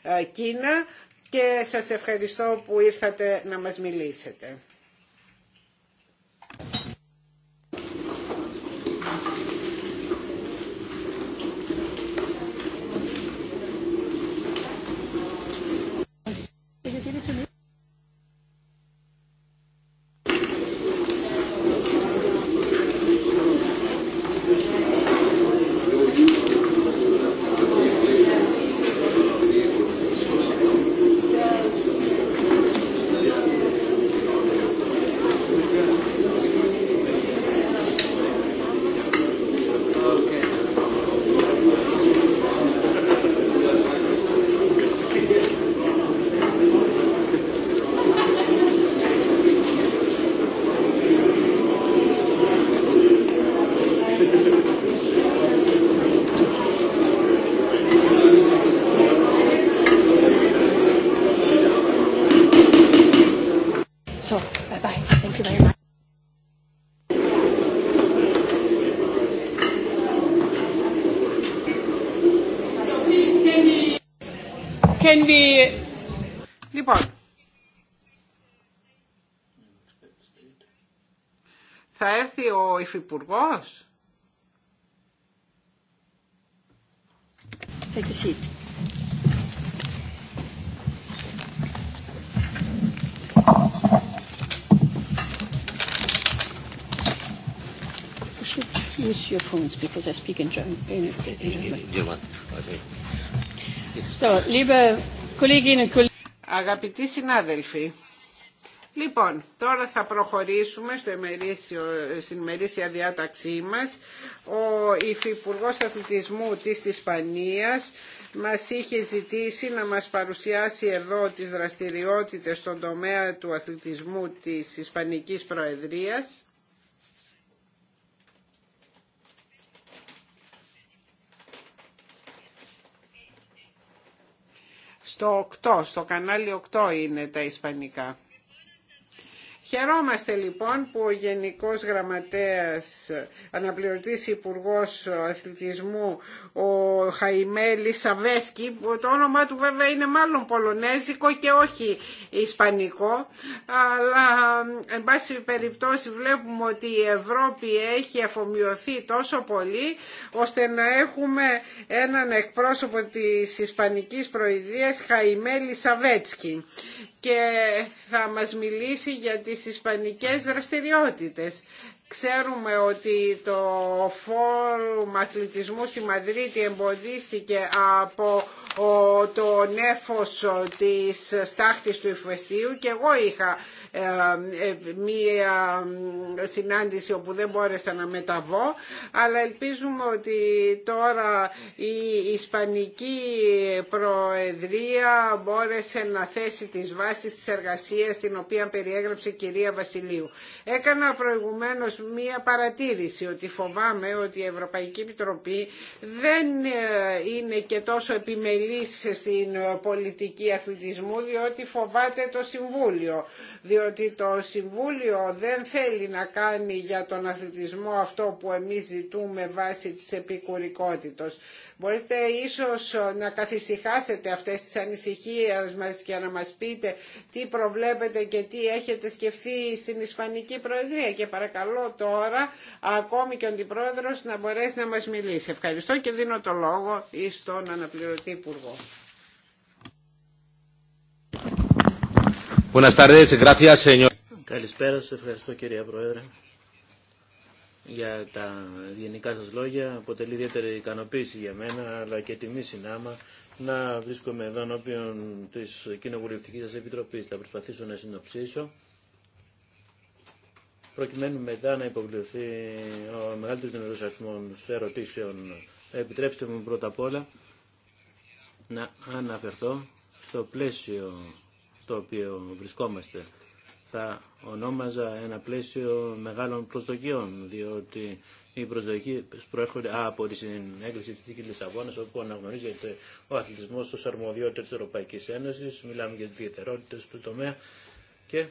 ε, Κίνα και σας ευχαριστώ που ήρθατε να μας μιλήσετε. Υφυπουργό. Take a seat. should use your phones because I speak in German. So, liebe Kolleginnen und Kollegen. Αγαπητοί συνάδελφοι, Λοιπόν, τώρα θα προχωρήσουμε στο εμερίσιο, στην ημερήσια διάταξή μας. Ο Υφυπουργό Αθλητισμού της Ισπανίας μας είχε ζητήσει να μας παρουσιάσει εδώ τις δραστηριότητες στον τομέα του αθλητισμού της Ισπανικής Προεδρίας. Στο 8, στο κανάλι 8 είναι τα ισπανικά. Χαιρόμαστε λοιπόν που ο Γενικός Γραμματέας, αναπληρωτής Υπουργός Αθλητισμού, ο Χαϊμέλη Σαβέσκι που το όνομά του βέβαια είναι μάλλον πολωνέζικο και όχι ισπανικό, αλλά εν πάση περιπτώσει βλέπουμε ότι η Ευρώπη έχει αφομοιωθεί τόσο πολύ, ώστε να έχουμε έναν εκπρόσωπο της Ισπανικής Προεδρίας, Χαϊμέλη Λισαβέτσκι. Και θα μας μιλήσει για τις ισπανικές δραστηριότητες. Ξέρουμε ότι το φόρουμ αθλητισμού στη Μαδρίτη εμποδίστηκε από το νέφος της στάχτης του ηφαιστείου και εγώ είχα ε, μία συνάντηση όπου δεν μπόρεσα να μεταβώ αλλά ελπίζουμε ότι τώρα η Ισπανική Προεδρία μπόρεσε να θέσει τις βάσεις της εργασίας την οποία περιέγραψε η κυρία Βασιλείου. Έκανα προηγουμένως μία παρατήρηση ότι φοβάμαι ότι η Ευρωπαϊκή Επιτροπή δεν ε, είναι και τόσο επιμελής στην πολιτική αθλητισμού διότι φοβάται το Συμβούλιο ότι το Συμβούλιο δεν θέλει να κάνει για τον αθλητισμό αυτό που εμείς ζητούμε βάσει της επικουρικότητος. Μπορείτε ίσως να καθησυχάσετε αυτές τις ανησυχίες μας και να μας πείτε τι προβλέπετε και τι έχετε σκεφτεί στην Ισπανική Προεδρία και παρακαλώ τώρα ακόμη και ο Αντιπρόεδρος να μπορέσει να μας μιλήσει. Ευχαριστώ και δίνω το λόγο στον αναπληρωτή Υπουργό. Καλησπέρα σας, ευχαριστώ κυρία Πρόεδρε για τα γενικά σας λόγια. Αποτελεί ιδιαίτερη ικανοποίηση για μένα, αλλά και τιμή συνάμα να βρίσκομαι εδώ ενώπιον της Κοινοβουλευτικής σας Επιτροπής. Θα προσπαθήσω να συνοψίσω προκειμένου μετά να υποβληθεί ο μεγαλύτερος δυνατός αριθμός ερωτήσεων. Επιτρέψτε μου πρώτα απ' όλα να αναφερθώ στο πλαίσιο στο οποίο βρισκόμαστε. Θα ονόμαζα ένα πλαίσιο μεγάλων προσδοκιών, διότι οι προσδοκίε προέρχονται από την έγκριση τη Δίκη Λισαβόνα, όπου αναγνωρίζεται ο αθλητισμό ω αρμοδιότητα τη Ευρωπαϊκή Ένωση. Μιλάμε για τι ιδιαιτερότητε του τομέα και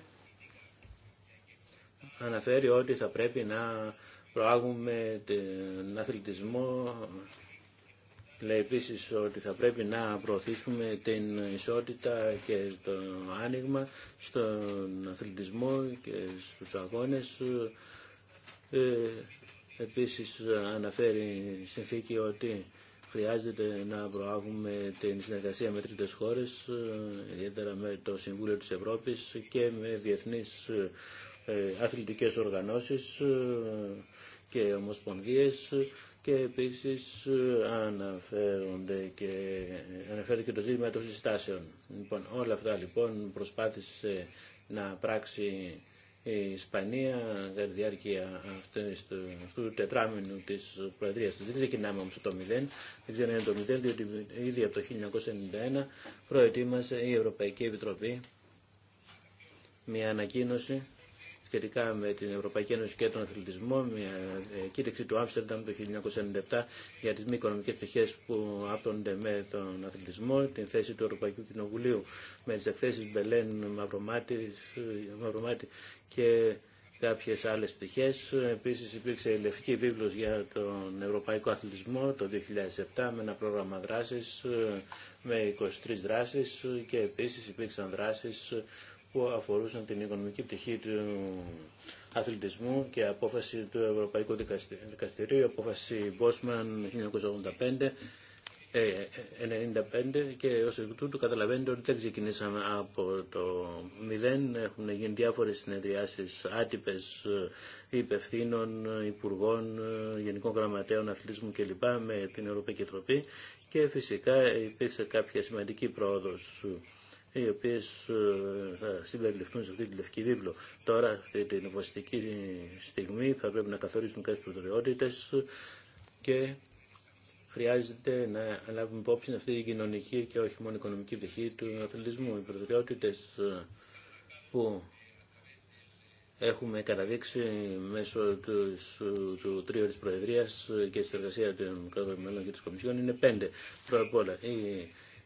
αναφέρει ότι θα πρέπει να προάγουμε τον αθλητισμό Λέει επίσης ότι θα πρέπει να προωθήσουμε την ισότητα και το άνοιγμα στον αθλητισμό και στους αγώνες. Ε, επίσης αναφέρει η συνθήκη ότι χρειάζεται να προάγουμε την συνεργασία με τρίτες χώρες, ιδιαίτερα με το Συμβούλιο της Ευρώπης και με διεθνείς ε, αθλητικές οργανώσεις ε, και ομοσπονδίες και επίσης ε, αναφέρονται και, αναφέρεται και το ζήτημα των συστάσεων. Λοιπόν, όλα αυτά λοιπόν προσπάθησε να πράξει η Ισπανία κατά τη διάρκεια αυτού του τετράμινου τη Προεδρία τη. Δεν ξεκινάμε όμω το 0, δεν ξέρω είναι το 0, διότι ήδη από το 1991 προετοίμασε η Ευρωπαϊκή Επιτροπή μια ανακοίνωση σχετικά με την Ευρωπαϊκή Ένωση και τον αθλητισμό, μια ε, κήρυξη του Άμστερνταμ το 1997 για τις μη οικονομικές πτυχές που άπτονται με τον αθλητισμό, την θέση του Ευρωπαϊκού Κοινοβουλίου με τις εκθέσεις Μπελέν Μαυρομάτη και κάποιε άλλες πτυχές. Επίσης υπήρξε λευκή βίβλος για τον ευρωπαϊκό αθλητισμό το 2007 με ένα πρόγραμμα δράση ε, με 23 δράσεις και επίσης υπήρξαν δράσεις που αφορούσαν την οικονομική πτυχή του αθλητισμού και απόφαση του Ευρωπαϊκού Δικαστηρίου, απόφαση Μπόσμαν 1985 95 ε, ε, ε, και ως εκ τούτου καταλαβαίνετε ότι δεν ξεκινήσαμε από το μηδέν. Έχουν γίνει διάφορες συνεδριάσεις άτυπες υπευθύνων, υπουργών, γενικών γραμματέων, αθλητισμού κλπ. με την Ευρωπαϊκή Τροπή και φυσικά υπήρξε κάποια σημαντική πρόοδος οι οποίε ε, θα συμπεριληφθούν σε αυτή τη λευκή βίβλο. Τώρα, αυτή την βασική στιγμή, θα πρέπει να καθορίσουν κάποιε προτεραιότητες και χρειάζεται να λάβουμε υπόψη αυτή η κοινωνική και όχι μόνο οικονομική πτυχή του αθλητισμού. Οι προτεραιότητες ε, που έχουμε καταδείξει μέσω του, του τρίου τη Προεδρίας και στη εργασία των κρατών μελών και της Κομισιόν είναι πέντε. Πρώτα απ' όλα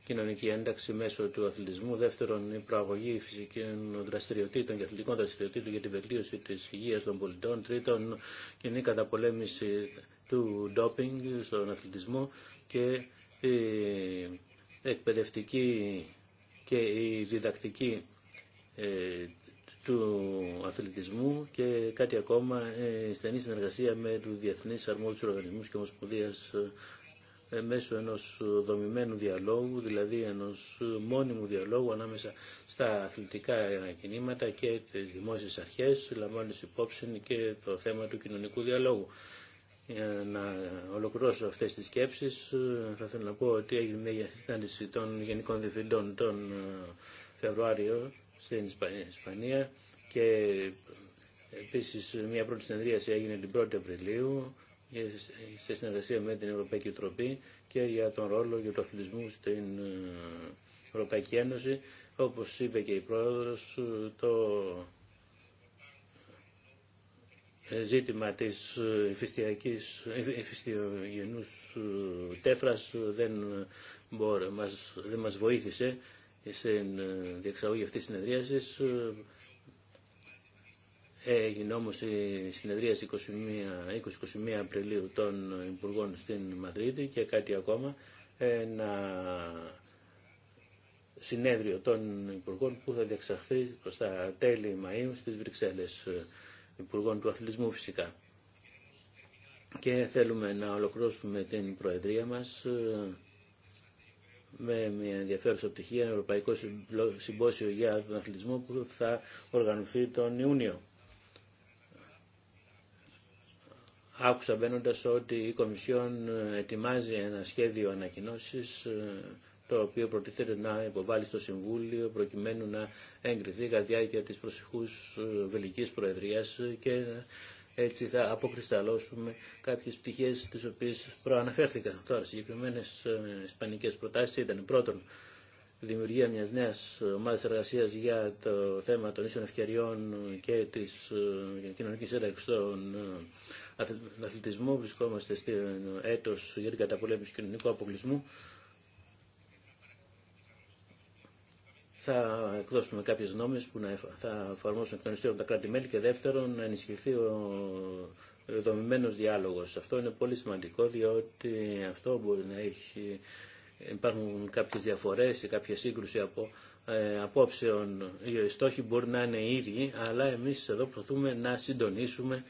κοινωνική ένταξη μέσω του αθλητισμού. Δεύτερον, η προαγωγή φυσικών δραστηριοτήτων και αθλητικών δραστηριοτήτων για την βελτίωση τη υγεία των πολιτών. Τρίτον, κοινή καταπολέμηση του ντόπινγκ στον αθλητισμό και η εκπαιδευτική και η διδακτική ε, του αθλητισμού και κάτι ακόμα ε, στενή συνεργασία με του διεθνεί αρμόδιους Οργανισμού και ομοσπονδίας ε, ε, μέσω ενός δομημένου διαλόγου, δηλαδή ενός μόνιμου διαλόγου ανάμεσα στα αθλητικά κινήματα και τις δημόσιες αρχές, λαμβάνοντας υπόψη και το θέμα του κοινωνικού διαλόγου. Για να ολοκληρώσω αυτές τις σκέψεις, ε, θα θέλω να πω ότι έγινε μια συνάντηση των Γενικών Διευθυντών τον ε, Φεβρουάριο στην Ισπανία και επίσης μια πρώτη συνεδρίαση έγινε την 1η Απριλίου σε συνεργασία με την Ευρωπαϊκή Τροπή και για τον ρόλο για το αθλητισμό στην ε, Ευρωπαϊκή Ένωση. Όπως είπε και η Πρόεδρος, το ε, ζήτημα της εφιστιογενούς ε, τέφρας δεν, μπορεί, μας, δεν μας βοήθησε στην διεξαγωγή αυτής της συνεδρίασης. Έγινε όμως η συνεδρία 20-21 Απριλίου των Υπουργών στην Μαδρίτη και κάτι ακόμα, ένα συνέδριο των Υπουργών που θα διεξαχθεί προς τα τέλη Μαΐου στις Βρυξέλλες, Υπουργών του Αθλητισμού φυσικά. Και θέλουμε να ολοκληρώσουμε την Προεδρία μας ε, με μια ενδιαφέρουσα πτυχία, ένα ευρωπαϊκό συμπόσιο για τον αθλητισμό που θα οργανωθεί τον Ιούνιο. άκουσα μπαίνοντα ότι η Κομισιόν ε, ετοιμάζει ένα σχέδιο ανακοινώσει, ε, το οποίο προτίθεται να υποβάλει στο Συμβούλιο προκειμένου να εγκριθεί κατά τη διάρκεια της προσεχούς ε, Βελικής Προεδρίας και έτσι θα αποκρισταλώσουμε κάποιες πτυχές τις οποίες προαναφέρθηκαν. Τώρα συγκεκριμένε ισπανικές προτάσεις ήταν πρώτον δημιουργία μιας νέας ομάδας εργασίας για το θέμα των ίσων ευκαιριών και της κοινωνική ένταξης των αθλητισμού. Βρισκόμαστε στο έτος για την καταπολέμηση κοινωνικού αποκλεισμού. θα εκδώσουμε κάποιες νόμες που θα εφαρμόσουν εκ των τα κράτη-μέλη και δεύτερον να ενισχυθεί ο δομημένος διάλογος. Αυτό είναι πολύ σημαντικό διότι αυτό μπορεί να έχει, υπάρχουν κάποιες διαφορές ή κάποια σύγκρουση από ε, απόψεων. Οι στόχοι μπορεί να είναι οι ίδιοι, αλλά εμείς εδώ προθούμε να συντονίσουμε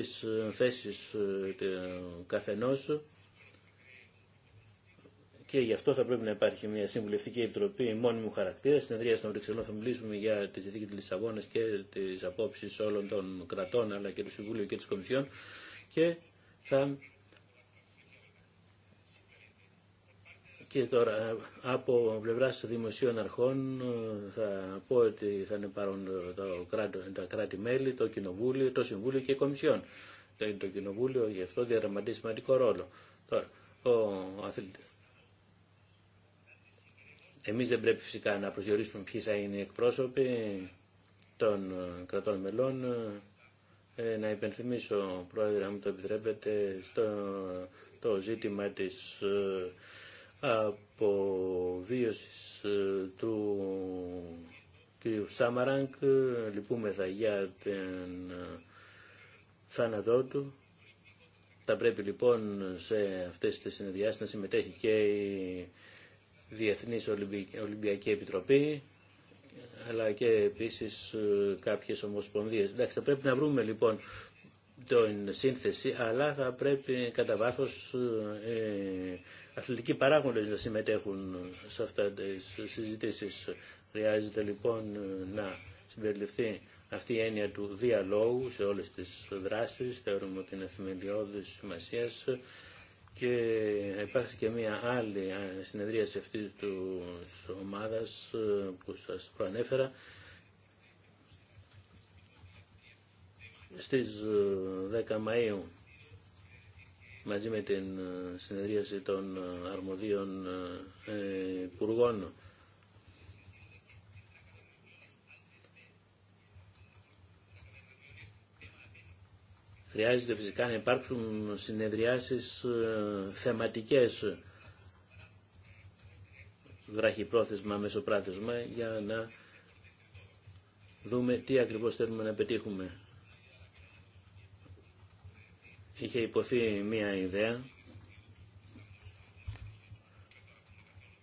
τις ε, θέσεις ε, του καθενός και γι' αυτό θα πρέπει να υπάρχει μια συμβουλευτική επιτροπή μόνιμου χαρακτήρα. Στην ενδρία στον Βρυξελών θα μιλήσουμε για τη συνθήκη τη Λισαβόνα και τι απόψει όλων των κρατών αλλά και του Συμβούλου και τη Κομισιόν και θα Και τώρα από πλευρά δημοσίων αρχών θα πω ότι θα είναι παρόν τα κράτη-μέλη, το Κοινοβούλιο, το Συμβούλιο και η Κομισιόν. Το Κοινοβούλιο γι' αυτό διαδραματίζει σημαντικό ρόλο. Τώρα, ο Εμείς δεν πρέπει φυσικά να προσδιορίσουμε ποιοι θα είναι οι εκπρόσωποι των ε, κρατών μελών. Ε, να υπενθυμίσω, Πρόεδρε, αν μου το επιτρέπετε, στο ζήτημα της ε, από αποβίωσης ε, του κ. Σάμαρανκ. Ε, λυπούμεθα για την ε, θάνατό του. Θα πρέπει λοιπόν σε αυτές τις συνεδριάσεις να συμμετέχει και η Διεθνής Ολυμπιακή Επιτροπή αλλά και επίσης κάποιες ομοσπονδίες. Εντάξει, θα πρέπει να βρούμε λοιπόν σύνθεση, αλλά θα πρέπει κατά βάθο ε, αθλητικοί παράγοντες να συμμετέχουν σε αυτά τις συζητήσεις. Χρειάζεται λοιπόν ε, να συμπεριληφθεί αυτή η έννοια του διαλόγου σε όλες τις δράσεις, θεωρούμε ότι είναι θεμελιώδης σημασία και υπάρχει και μια άλλη συνεδρίαση αυτή του ομάδας ε, που σας προανέφερα στις 10 ε, Μαΐου μαζί με την ε, συνεδρίαση των ε, αρμοδίων υπουργών Χρειάζεται φυσικά να υπάρξουν συνεδριάσεις θεματικές βραχυπρόθεσμα, μεσοπράθεσμα για να δούμε τι ακριβώς θέλουμε να πετύχουμε είχε υποθεί μία ιδέα,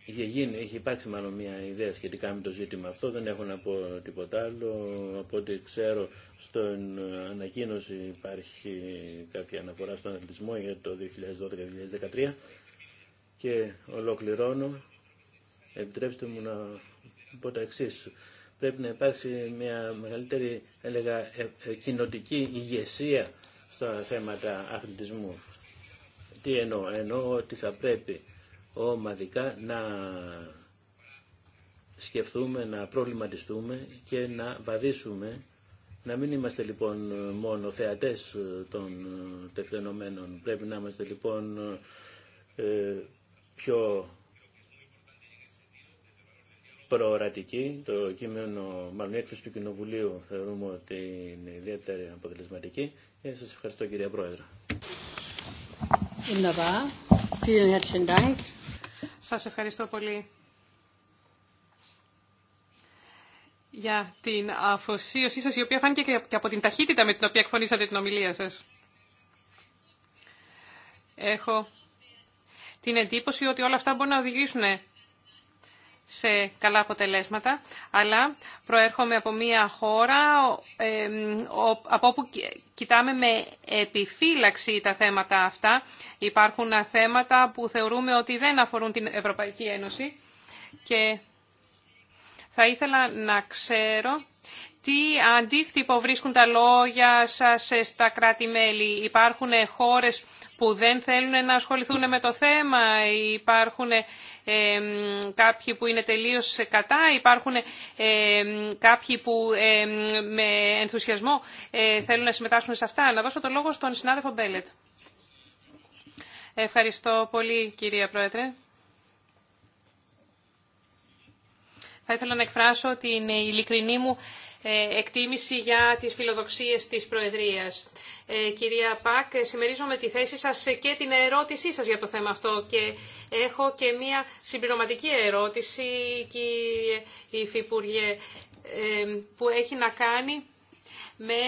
είχε, γίνει, είχε υπάρξει μάλλον μία ιδέα σχετικά με το ζήτημα αυτό, δεν έχω να πω τίποτα άλλο, από ό,τι ξέρω στον ανακοίνωση υπάρχει κάποια αναφορά στον αθλητισμό για το 2012-2013 και ολοκληρώνω, επιτρέψτε μου να πω τα εξής πρέπει να υπάρξει μια μεγαλύτερη έλεγα, ε, ε, κοινοτική ηγεσία στα θέματα αθλητισμού. Τι εννοώ, εννοώ ότι θα πρέπει ομαδικά να σκεφτούμε, να προβληματιστούμε και να βαδίσουμε, να μην είμαστε λοιπόν μόνο θεατές των τεχνομένων Πρέπει να είμαστε λοιπόν ε, πιο προορατικοί Το κείμενο, μάλλον η έκθεση του Κοινοβουλίου θεωρούμε ότι είναι ιδιαίτερα αποτελεσματική ε, σας ευχαριστώ κυρία Πρόεδρε. Σας ευχαριστώ πολύ για την αφοσίωσή σας, η οποία φάνηκε και από την ταχύτητα με την οποία εκφωνήσατε την ομιλία σας. Έχω την εντύπωση ότι όλα αυτά μπορούν να οδηγήσουν σε καλά αποτελέσματα, αλλά προέρχομαι από μια χώρα από όπου κοιτάμε με επιφύλαξη τα θέματα αυτά. Υπάρχουν θέματα που θεωρούμε ότι δεν αφορούν την Ευρωπαϊκή Ένωση και θα ήθελα να ξέρω τι αντίκτυπο βρίσκουν τα λόγια σας στα κράτη-μέλη. Υπάρχουν χώρες που δεν θέλουν να ασχοληθούν με το θέμα, υπάρχουν κάποιοι που είναι τελείως κατά, υπάρχουν κάποιοι που με ενθουσιασμό ε, θέλουν να συμμετάσχουν σε αυτά. Να δώσω το λόγο στον συνάδελφο Μπέλετ. Ευχαριστώ πολύ κυρία Πρόεδρε. Θα ήθελα να εκφράσω την ειλικρινή μου ε, εκτίμηση για τις φιλοδοξίες της Προεδρίας. Ε, κυρία Πακ, ε, συμμερίζομαι τη θέση σας και την ερώτησή σας για το θέμα αυτό και έχω και μία συμπληρωματική ερώτηση, κύριε Υφυπουργέ, που έχει να κάνει με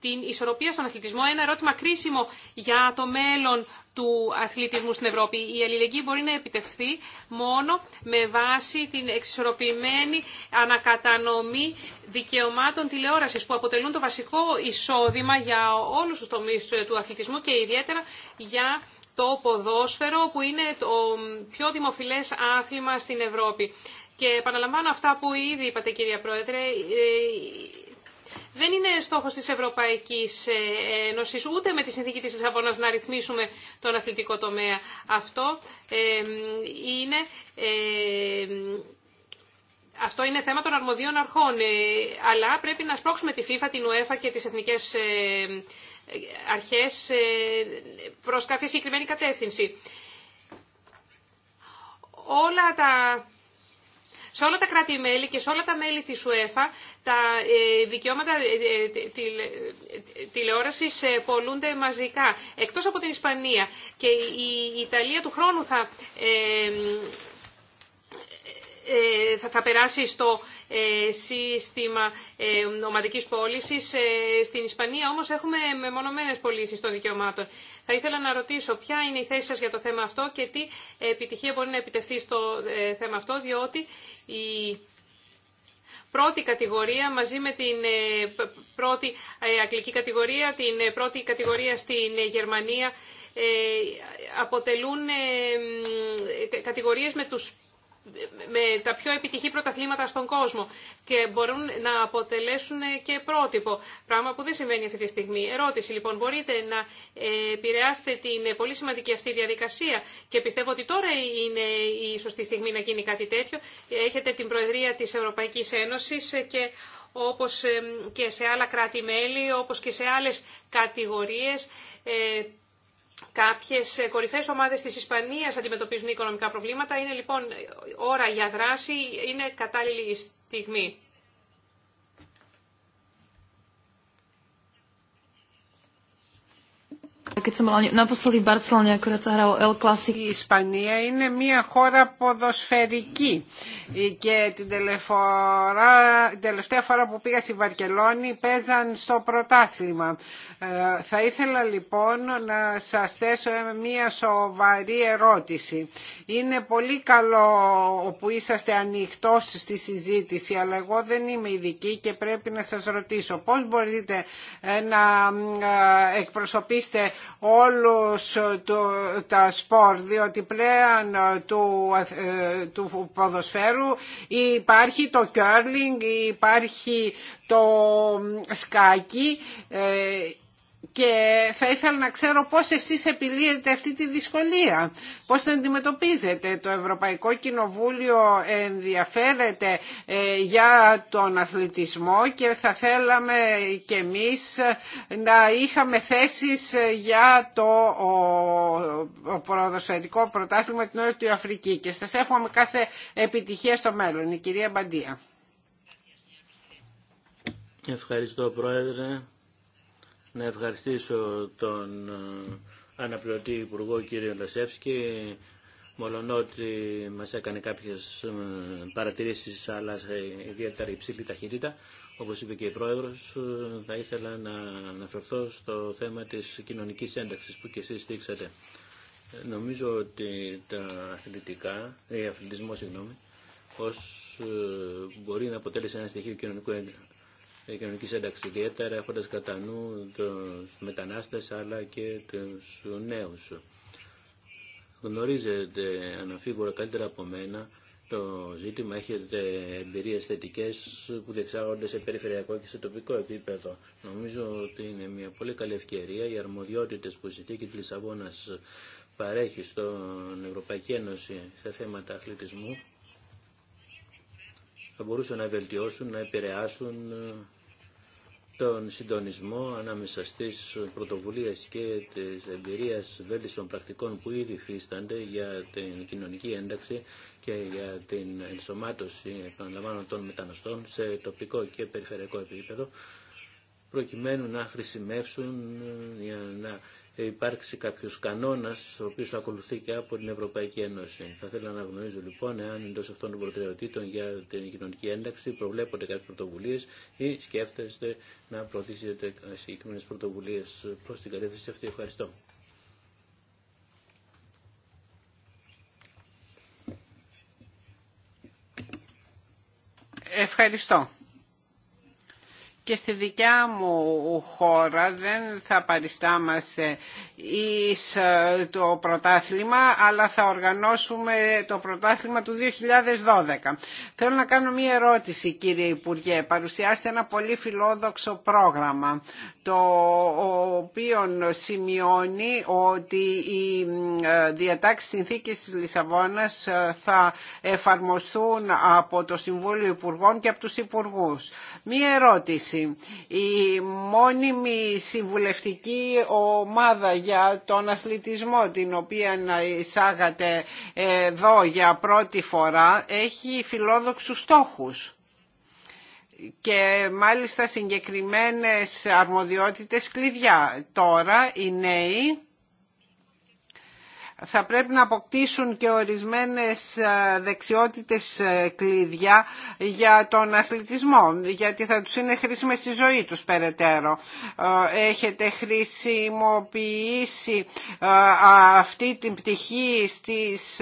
την ισορροπία στον αθλητισμό, ένα ερώτημα κρίσιμο για το μέλλον του αθλητισμού στην Ευρώπη. Η αλληλεγγύη μπορεί να επιτευχθεί μόνο με βάση την εξισορροπημένη ανακατανομή δικαιωμάτων τηλεόρασης που αποτελούν το βασικό εισόδημα για όλους τους τομείς του αθλητισμού και ιδιαίτερα για το ποδόσφαιρο που είναι το πιο δημοφιλέ άθλημα στην Ευρώπη. Και επαναλαμβάνω αυτά που ήδη είπατε κυρία Πρόεδρε, ε, δεν είναι στόχο τη Ευρωπαϊκή ε, Ένωση ούτε με τη συνθήκη τη Λισαβόνα να ρυθμίσουμε τον αθλητικό τομέα. Αυτό ε, είναι. Ε, αυτό είναι θέμα των αρμοδίων αρχών, αλλά πρέπει να σπρώξουμε τη FIFA, την UEFA και τις εθνικές αρχές προς κάποια συγκεκριμένη κατεύθυνση. Όλα τα σε όλα τα κράτη-μέλη και σε όλα τα μέλη της UEFA τα ε, δικαιώματα ε, ε, τηλεόρασης πολλούνται μαζικά. Εκτός από την Ισπανία και η Ιταλία του χρόνου θα ε, θα περάσει στο ε, σύστημα ε, ομαδικής πώληση. Στην Ισπανία όμως έχουμε μεμονωμένες πωλήσει των δικαιωμάτων. Θα ήθελα να ρωτήσω ποια είναι η θέση σας για το θέμα αυτό και τι επιτυχία μπορεί να επιτευχθεί στο θέμα αυτό, διότι η πρώτη κατηγορία μαζί με την πρώτη αγγλική κατηγορία, την πρώτη κατηγορία στην Γερμανία αποτελούν κατηγορίες με τους με τα πιο επιτυχή πρωταθλήματα στον κόσμο και μπορούν να αποτελέσουν και πρότυπο, πράγμα που δεν συμβαίνει αυτή τη στιγμή. Ερώτηση λοιπόν, μπορείτε να ε, επηρεάσετε την πολύ σημαντική αυτή διαδικασία και πιστεύω ότι τώρα είναι η σωστή στιγμή να γίνει κάτι τέτοιο. Έχετε την Προεδρία της Ευρωπαϊκής Ένωσης και όπως ε, και σε άλλα κράτη-μέλη, όπως και σε άλλες κατηγορίες, ε, Κάποιε ε, κορυφαίες ομάδες τη Ισπανία αντιμετωπίζουν οικονομικά προβλήματα. Είναι λοιπόν ώρα για δράση, είναι κατάλληλη στιγμή. Η Ισπανία είναι μια χώρα ποδοσφαιρική και την τελευταία φορά που πήγα στη Βαρκελόνη παίζαν στο πρωτάθλημα. Ε, θα ήθελα λοιπόν να σας θέσω μια σοβαρή ερώτηση. Είναι πολύ καλό που είσαστε ανοιχτός στη συζήτηση αλλά εγώ δεν είμαι ειδική και πρέπει να σας ρωτήσω πώς μπορείτε ε, να ε, εκπροσωπήσετε όλους το, τα σπορ διότι πλέον ε, του, ε, του ποδοσφαίρου υπάρχει το curling, υπάρχει το σκάκι ε, και θα ήθελα να ξέρω πώς εσείς επιλύετε αυτή τη δυσκολία, πώς την αντιμετωπίζετε. Το Ευρωπαϊκό Κοινοβούλιο ενδιαφέρεται ε, για τον αθλητισμό και θα θέλαμε και εμείς να είχαμε θέσεις για το προοδοσφαιρικό πρωτάθλημα την του Αφρική και σας εύχομαι κάθε επιτυχία στο μέλλον. Η κυρία Μπαντία. Ευχαριστώ Πρόεδρε να ευχαριστήσω τον ε, αναπληρωτή Υπουργό κύριο Λασεύσκη μολονότι μας έκανε κάποιες ε, παρατηρήσεις αλλά σε ιδιαίτερη υψηλή ταχύτητα όπως είπε και η Πρόεδρος ε, θα ήθελα να αναφερθώ στο θέμα της κοινωνικής ένταξης που και εσείς στήξατε. Νομίζω ότι τα αθλητικά, η αθλητισμό συγγνώμη, ως μπορεί να αποτέλεσε ένα στοιχείο κοινωνικού ε, κοινωνική ένταξη. ιδιαίτερα έχοντα κατά νου του μετανάστες αλλά και του νέου. Γνωρίζετε αναφίβολα καλύτερα από μένα το ζήτημα, έχετε εμπειρίε θετικέ που διεξάγονται σε περιφερειακό και σε τοπικό επίπεδο. Νομίζω ότι είναι μια πολύ καλή ευκαιρία οι αρμοδιότητε που η συνθήκη τη Λισαβόνα παρέχει στον Ευρωπαϊκή Ένωση σε θέματα αθλητισμού θα μπορούσαν να βελτιώσουν, να επηρεάσουν ε, τον συντονισμό ανάμεσα στις πρωτοβουλίες και της εμπειρίας βέλτιστων πρακτικών που ήδη φύστανται για την κοινωνική ένταξη και για την ενσωμάτωση επαναλαμβάνω των μεταναστών σε τοπικό και περιφερειακό επίπεδο προκειμένου να χρησιμεύσουν ε, για να ε, υπάρξει κάποιο κανόνα ο οποίο θα ακολουθεί και από την Ευρωπαϊκή Ένωση. Θα ήθελα να γνωρίζω λοιπόν εάν εντός αυτών των προτεραιοτήτων για την κοινωνική ένταξη προβλέπονται κάποιε πρωτοβουλίε ή σκέφτεστε να προωθήσετε συγκεκριμένε πρωτοβουλίε προς την κατεύθυνση αυτή. Ευχαριστώ. Ευχαριστώ και στη δικιά μου χώρα δεν θα παριστάμαστε εις ε, το πρωτάθλημα αλλά θα οργανώσουμε το πρωτάθλημα του 2012. Θέλω να κάνω μία ερώτηση κύριε Υπουργέ. Παρουσιάστε ένα πολύ φιλόδοξο πρόγραμμα το οποίο σημειώνει ότι οι ε, διατάξεις συνθήκες της Λισαβόνας ε, θα εφαρμοστούν από το Συμβούλιο Υπουργών και από τους Υπουργούς. Μία ερώτηση. Η μόνιμη συμβουλευτική ομάδα για τον αθλητισμό την οποία εισάγατε εδώ για πρώτη φορά έχει φιλόδοξους στόχους και μάλιστα συγκεκριμένες αρμοδιότητες κλειδιά. Τώρα οι νέοι θα πρέπει να αποκτήσουν και ορισμένες ε, δεξιότητες ε, κλειδιά για τον αθλητισμό, γιατί θα τους είναι χρήσιμες στη ζωή τους περαιτέρω. Ε, έχετε χρησιμοποιήσει αυτή την πτυχή στις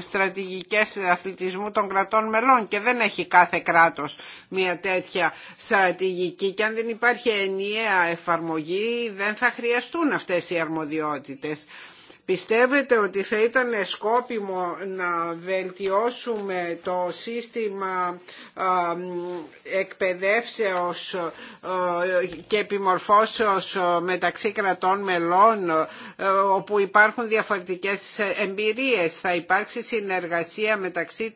στρατηγικές αθλητισμού των κρατών μελών και δεν έχει κάθε κράτος μια τέτοια στρατηγική και αν δεν υπάρχει ενιαία εφαρμογή δεν θα χρειαστούν αυτές οι αρμοδιότητες. Πιστεύετε ότι θα ήταν σκόπιμο να βελτιώσουμε το σύστημα εκπαιδεύσεως και επιμορφώσεως μεταξύ κρατών μελών όπου υπάρχουν διαφορετικές εμπειρίες. Θα υπάρξει συνεργασία μεταξύ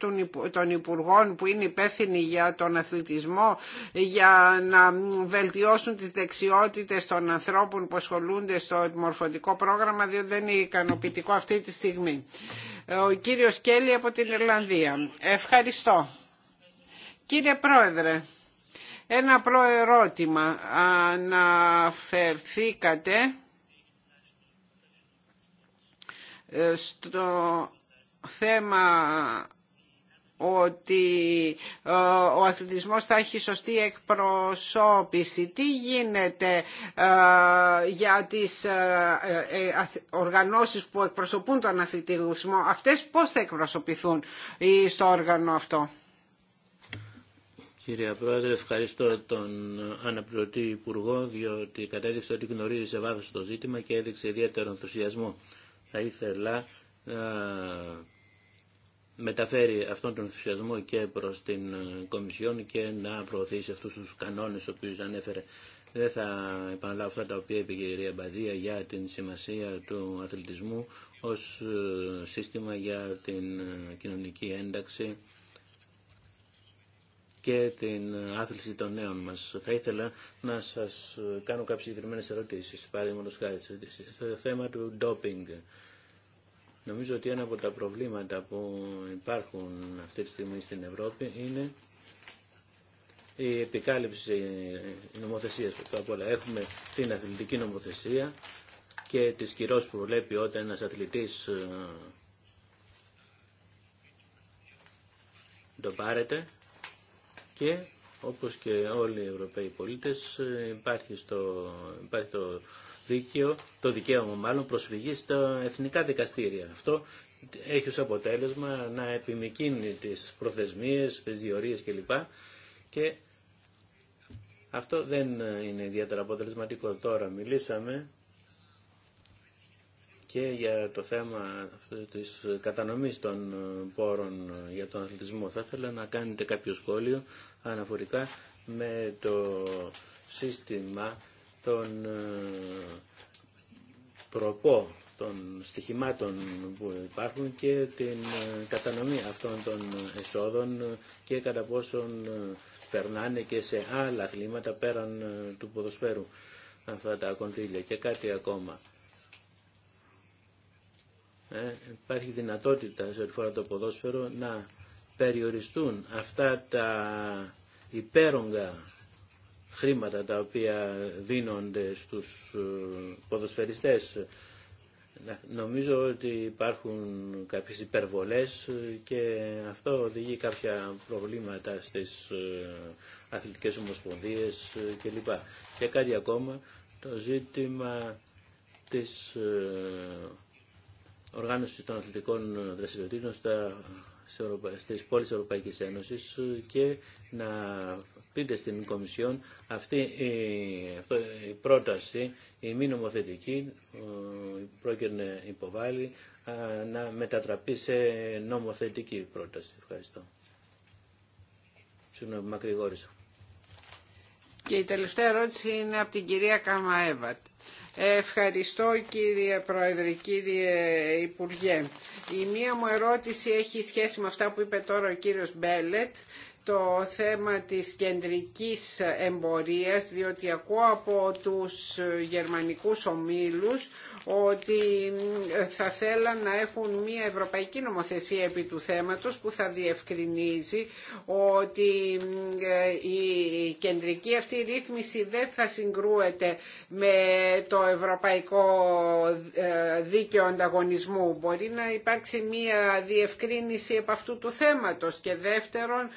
των υπουργών που είναι υπεύθυνοι για τον αθλητισμό για να βελτιώσουν τις δεξιότητες των ανθρώπων που ασχολούνται στο επιμορφωτικό πρόγραμμα διότι δεν ικανοποιητικό αυτή τη στιγμή. Ο κύριος Κέλλη από την Ιρλανδία. Ευχαριστώ. Κύριε Πρόεδρε, ένα προερώτημα. Αναφερθήκατε ε, στο θέμα ότι ε, ο αθλητισμός θα έχει σωστή εκπροσώπηση. Τι γίνεται ε, για τις ε, οργανώσεις που εκπροσωπούν τον αθλητισμό. Αυτές πώς θα εκπροσωπηθούν στο όργανο αυτό. Κύριε Πρόεδρε, ευχαριστώ τον αναπληρωτή Υπουργό, διότι κατέδειξε ότι γνωρίζει σε βάθος το ζήτημα και έδειξε ιδιαίτερο ενθουσιασμό. Θα ήθελα μεταφέρει αυτόν τον ενθουσιασμό και προς την ε, Κομισιόν και να προωθήσει αυτούς τους κανόνες του οποίους ανέφερε. Δεν θα επαναλάβω αυτά τα οποία είπε η κυρία Μπαδία για την σημασία του αθλητισμού ως ε, σύστημα για την ε, κοινωνική ένταξη και την άθληση των νέων μας. Θα ήθελα να σας κάνω κάποιες συγκεκριμένες ερωτήσεις, παραδείγματος χάρη, στο θέμα του ντόπινγκ. Νομίζω ότι ένα από τα προβλήματα που υπάρχουν αυτή τη στιγμή στην Ευρώπη είναι η επικάλυψη νομοθεσίας Έχουμε την αθλητική νομοθεσία και τις κυρώσεις που βλέπει όταν ένας αθλητής ε, το πάρεται και όπως και όλοι οι Ευρωπαίοι πολίτες ε, υπάρχει, στο, υπάρχει το δίκαιο, το δικαίωμα μάλλον προσφυγή στα εθνικά δικαστήρια. Αυτό έχει ως αποτέλεσμα να επιμηκύνει τις προθεσμίες, τις διορίες κλπ. Και αυτό δεν είναι ιδιαίτερα αποτελεσματικό. Τώρα μιλήσαμε και για το θέμα της κατανομής των πόρων για τον αθλητισμό. Θα ήθελα να κάνετε κάποιο σχόλιο αναφορικά με το σύστημα τον ε, προπό των στοιχημάτων που υπάρχουν και την ε, κατανομή αυτών των εσόδων και κατά πόσον ε, περνάνε και σε άλλα αθλήματα πέραν του ποδοσφαίρου αυτά τα κοντήλια. και κάτι ακόμα. Ε, υπάρχει δυνατότητα σε ό,τι φορά το ποδόσφαιρο να περιοριστούν αυτά τα υπέρογγα χρήματα τα οποία δίνονται στους ε, ποδοσφαιριστές. Νομίζω ότι υπάρχουν κάποιες υπερβολές και αυτό οδηγεί κάποια προβλήματα στις ε, αθλητικές ομοσπονδίες ε, κλπ. Και κάτι ακόμα, το ζήτημα της οργάνωσης των αθλητικών δραστηριοτήτων στα στις πόλεις Ευρωπαϊκής Ένωσης και να πείτε στην Κομισιόν αυτή η πρόταση, η μη νομοθετική, υποβάλει, υποβάλλει, να μετατραπεί σε νομοθετική πρόταση. Ευχαριστώ. Συγγνώμη, μακρηγόρησα. Και η τελευταία ερώτηση είναι από την κυρία Καμαέβατ. Ευχαριστώ κύριε Πρόεδρε, κύριε Υπουργέ. Η μία μου ερώτηση έχει σχέση με αυτά που είπε τώρα ο κύριος Μπέλετ το θέμα της κεντρικής εμπορίας διότι ακούω από τους γερμανικούς ομίλους ότι θα θέλαν να έχουν μια ευρωπαϊκή νομοθεσία επί του θέματος που θα διευκρινίζει ότι ε, η κεντρική αυτή ρύθμιση δεν θα συγκρούεται με το ευρωπαϊκό ε, δίκαιο ανταγωνισμού. Μπορεί να υπάρξει μια διευκρίνηση επ' αυτού του θέματος και δεύτερον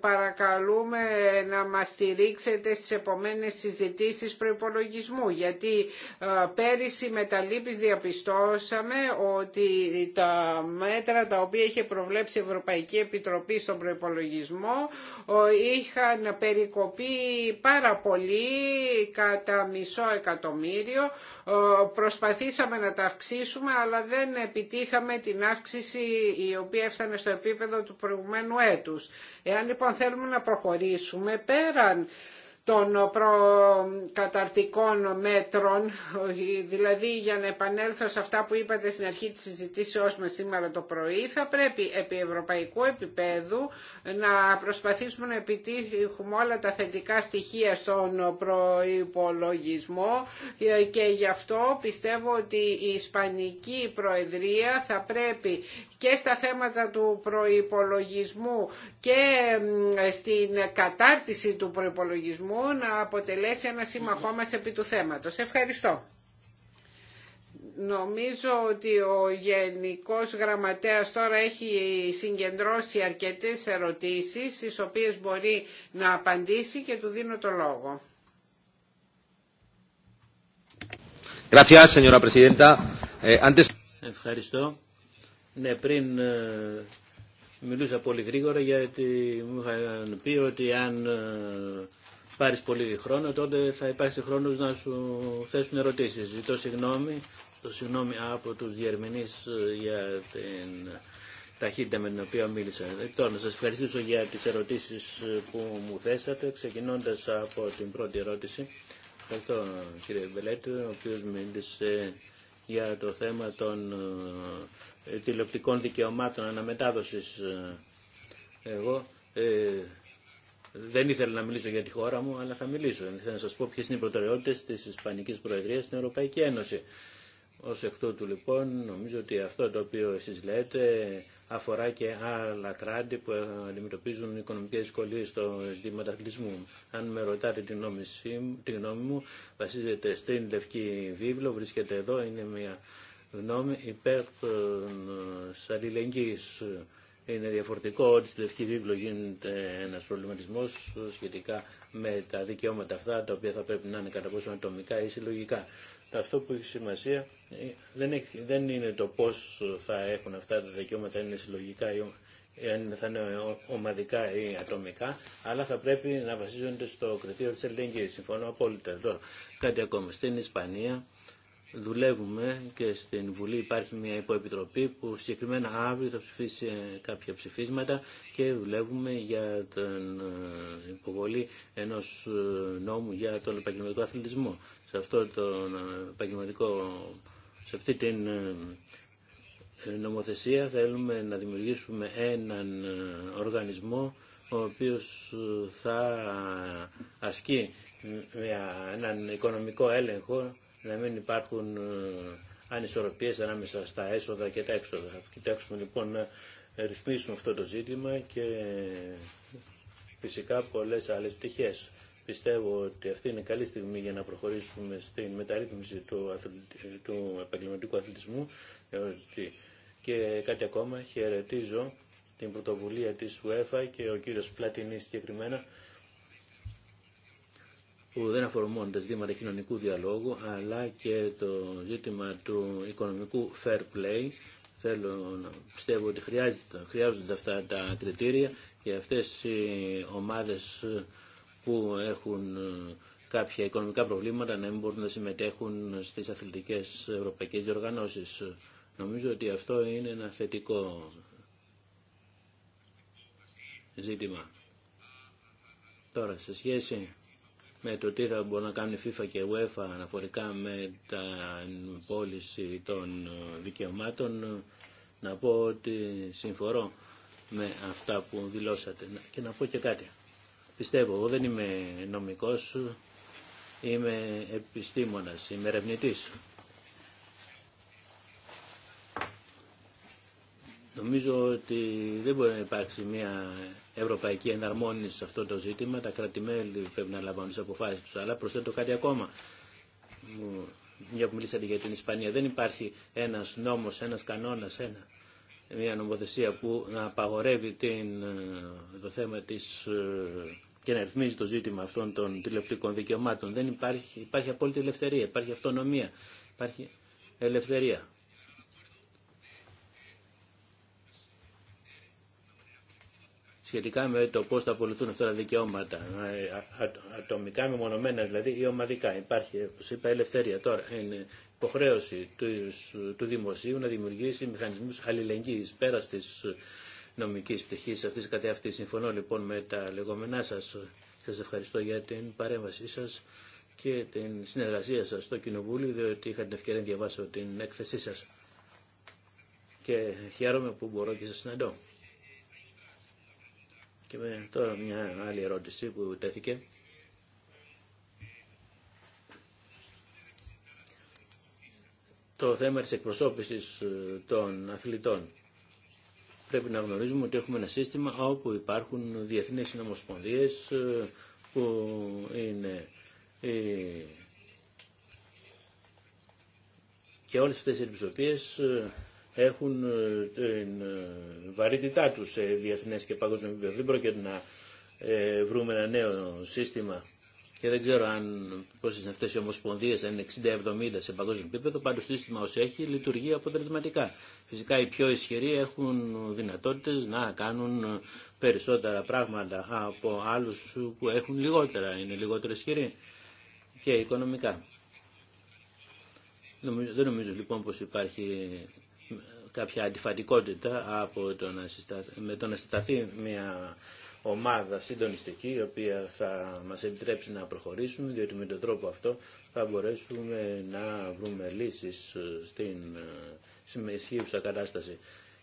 παρακαλούμε να μας στηρίξετε στις επόμενες συζητήσεις προϋπολογισμού γιατί ε, πέρυσι με τα λύπης διαπιστώσαμε ότι τα μέτρα τα οποία είχε προβλέψει η Ευρωπαϊκή Επιτροπή στον προϋπολογισμό ε, είχαν περικοπεί πάρα πολύ κατά μισό εκατομμύριο ε, προσπαθήσαμε να τα αυξήσουμε αλλά δεν επιτύχαμε την αύξηση η οποία έφτανε στο επίπεδο του προηγουμένου έτους. Εάν λοιπόν θέλουμε να προχωρήσουμε πέραν των προκαταρτικών μέτρων, δηλαδή για να επανέλθω σε αυτά που είπατε στην αρχή της συζητήσεώς μας σήμερα το πρωί, θα πρέπει επί ευρωπαϊκού επίπεδου να προσπαθήσουμε να επιτύχουμε όλα τα θετικά στοιχεία στον προϋπολογισμό και γι' αυτό πιστεύω ότι η Ισπανική Προεδρία θα πρέπει και στα θέματα του προϋπολογισμού και στην κατάρτιση του προϋπολογισμού να αποτελέσει ένα σύμμαχό μας επί του θέματος. Ευχαριστώ. Νομίζω ότι ο Γενικός Γραμματέας τώρα έχει συγκεντρώσει αρκετές ερωτήσεις στις οποίες μπορεί να απαντήσει και του δίνω το λόγο. Ε, Ευχαριστώ. Ναι, πριν ε, μιλούσα πολύ γρήγορα γιατί μου είχαν πει ότι αν ε, πάρεις πολύ χρόνο τότε θα υπάρξει χρόνο να σου θέσουν ερωτήσεις. Ζητώ συγγνώμη, το συγγνώμη από τους διερμηνείς ε, για την ταχύτητα με την οποία μίλησα. Τώρα να σας ευχαριστήσω για τις ερωτήσεις που μου θέσατε, ξεκινώντας από την πρώτη ερώτηση. Ευχαριστώ κύριε Μπελέτη, ο οποίος μίλησε για το θέμα των ε, τηλεοπτικών δικαιωμάτων αναμετάδοσης ε, εγώ ε, δεν ήθελα να μιλήσω για τη χώρα μου, αλλά θα μιλήσω. Θέλω να σας πω ποιες είναι οι προτεραιότητες της Ισπανικής Προεδρίας στην Ευρωπαϊκή Ένωση. Ως εκ τούτου λοιπόν νομίζω ότι αυτό το οποίο εσείς λέτε αφορά και άλλα κράτη που αντιμετωπίζουν οικονομικές δυσκολίε στο ζήτημα αθλητισμού. Αν με ρωτάτε τη γνώμη, τη γνώμη μου βασίζεται στην Λευκή Βίβλο, βρίσκεται εδώ, είναι μια γνώμη υπέρ της ε, αλληλεγγύης. Είναι διαφορετικό ότι στη Λευκή Βίβλο γίνεται ένας προβληματισμός σχετικά με τα δικαιώματα αυτά, τα οποία θα πρέπει να είναι κατά πόσο ατομικά ή συλλογικά. Αυτό που έχει σημασία ε, δεν, έχει, δεν είναι το πώς θα έχουν αυτά τα δικαιώματα, είναι συλλογικά ή αν θα είναι ομαδικά ή ατομικά, αλλά θα πρέπει να βασίζονται στο κριτήριο της ελληνικής. Συμφωνώ απόλυτα. Τώρα, κάτι ακόμα. Στην Ισπανία δουλεύουμε και στην Βουλή υπάρχει μια υποεπιτροπή που συγκεκριμένα αύριο θα ψηφίσει ε, κάποια ψηφίσματα και δουλεύουμε για την ε, υποβολή ενός ε, νόμου για τον επαγγελματικό αθλητισμό. Σε, αυτό τον επαγγελματικό, σε αυτή την νομοθεσία θέλουμε να δημιουργήσουμε έναν οργανισμό ο οποίος θα ασκεί έναν οικονομικό έλεγχο να μην υπάρχουν ε, ανισορροπίες ανάμεσα στα έσοδα και τα έξοδα. Θα Κοιτάξουμε λοιπόν να ρυθμίσουμε αυτό το ζήτημα και φυσικά πολλές άλλες πτυχές. Πιστεύω ότι αυτή είναι καλή στιγμή για να προχωρήσουμε στην μεταρρύθμιση του, του επαγγελματικού αθλητισμού και κάτι ακόμα χαιρετίζω την πρωτοβουλία της UEFA και ο κύριος Πλατινής συγκεκριμένα που δεν αφορούν μόνο τα ζητήματα κοινωνικού διαλόγου, αλλά και το ζήτημα του οικονομικού fair play. Θέλω να πιστεύω ότι χρειάζεται, χρειάζονται αυτά τα κριτήρια και αυτές οι ομάδες που έχουν ε, κάποια οικονομικά προβλήματα να μην μπορούν να συμμετέχουν στις αθλητικές ευρωπαϊκές διοργανώσεις. Νομίζω ότι αυτό είναι ένα θετικό ζήτημα. Τώρα, σε σχέση με το τι θα μπορούν να κάνουν η FIFA και η UEFA αναφορικά με την πώληση των δικαιωμάτων να πω ότι συμφορώ με αυτά που δηλώσατε και να πω και κάτι. Πιστεύω, εγώ δεν είμαι νομικός, είμαι επιστήμονας, είμαι ερευνητής. Νομίζω ότι δεν μπορεί να υπάρξει μια ευρωπαϊκή εναρμόνιση σε αυτό το ζήτημα. Τα κρατημέλη πρέπει να λαμβάνουν τι αποφάσει του. Αλλά προσθέτω κάτι ακόμα. Μια που μιλήσατε για την Ισπανία, δεν υπάρχει ένα νόμο, ένα κανόνα, ένα, μια νομοθεσία που να απαγορεύει την, ε, το θέμα τη ε, και να ρυθμίζει το ζήτημα αυτών των τηλεοπτικών δικαιωμάτων. Δεν υπάρχει, υπάρχει απόλυτη ελευθερία, υπάρχει αυτονομία, υπάρχει ελευθερία. σχετικά με το πώς θα απολυθούν αυτά τα δικαιώματα, ε, ατομικά, μεμονωμένα δηλαδή ή ομαδικά. Υπάρχει, όπως είπα, ελευθερία τώρα. Είναι υποχρέωση του, του δημοσίου να δημιουργήσει μηχανισμούς αλληλεγγύης πέρα τη νομικής πτυχής αυτής κατά αυτή. Συμφωνώ λοιπόν με τα λεγόμενά σας. Σας ευχαριστώ για την παρέμβασή σας και την συνεργασία σας στο Κοινοβούλιο, διότι είχα την ευκαιρία να διαβάσω την έκθεσή σας. Και χαίρομαι που μπορώ και σας συναντώ. Και με τώρα μια άλλη ερώτηση που τέθηκε. Το θέμα της εκπροσώπησης ε, των αθλητών. Πρέπει να γνωρίζουμε ότι έχουμε ένα σύστημα όπου υπάρχουν διεθνείς νομοσπονδίες ε, που είναι και όλες αυτές οι αντιπροσωπείες ε, έχουν ε, την ε, βαρύτητά τους σε διεθνές και παγκόσμιο επίπεδο. Δεν πρόκειται να ε, βρούμε ένα νέο σύστημα και δεν ξέρω αν πόσε είναι αυτέ οι ομοσπονδίε, αν είναι 60-70 σε παγκόσμιο επίπεδο, πάντω το σύστημα όσο έχει λειτουργεί αποτελεσματικά. Φυσικά οι πιο ισχυροί έχουν δυνατότητε να κάνουν περισσότερα πράγματα από άλλου που έχουν λιγότερα, είναι λιγότερο ισχυροί και οικονομικά. Δεν νομίζω λοιπόν πως υπάρχει κάποια αντιφατικότητα από το να με το να συσταθεί μια ομάδα συντονιστική η οποία θα μας επιτρέψει να προχωρήσουμε διότι με τον τρόπο αυτό θα μπορέσουμε να βρούμε λύσεις στην συμμεσχύουσα κατάσταση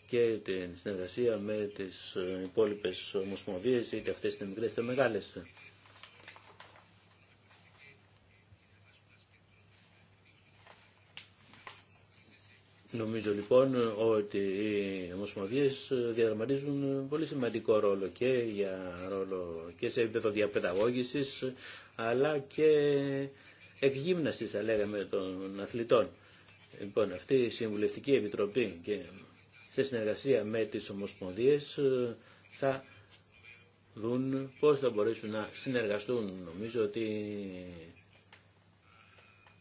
και την συνεργασία με τις υπόλοιπες ομοσπονδίες είτε αυτές είναι μικρές είτε μεγάλες. Νομίζω λοιπόν ότι οι ομοσπονδίες διαδραματίζουν πολύ σημαντικό ρόλο και, για ρόλο και σε επίπεδο διαπαιδαγώγησης αλλά και εκγύμνασης θα λέγαμε των αθλητών. Λοιπόν αυτή η Συμβουλευτική Επιτροπή και σε συνεργασία με τις ομοσπονδίες θα δουν πώς θα μπορέσουν να συνεργαστούν. Νομίζω ότι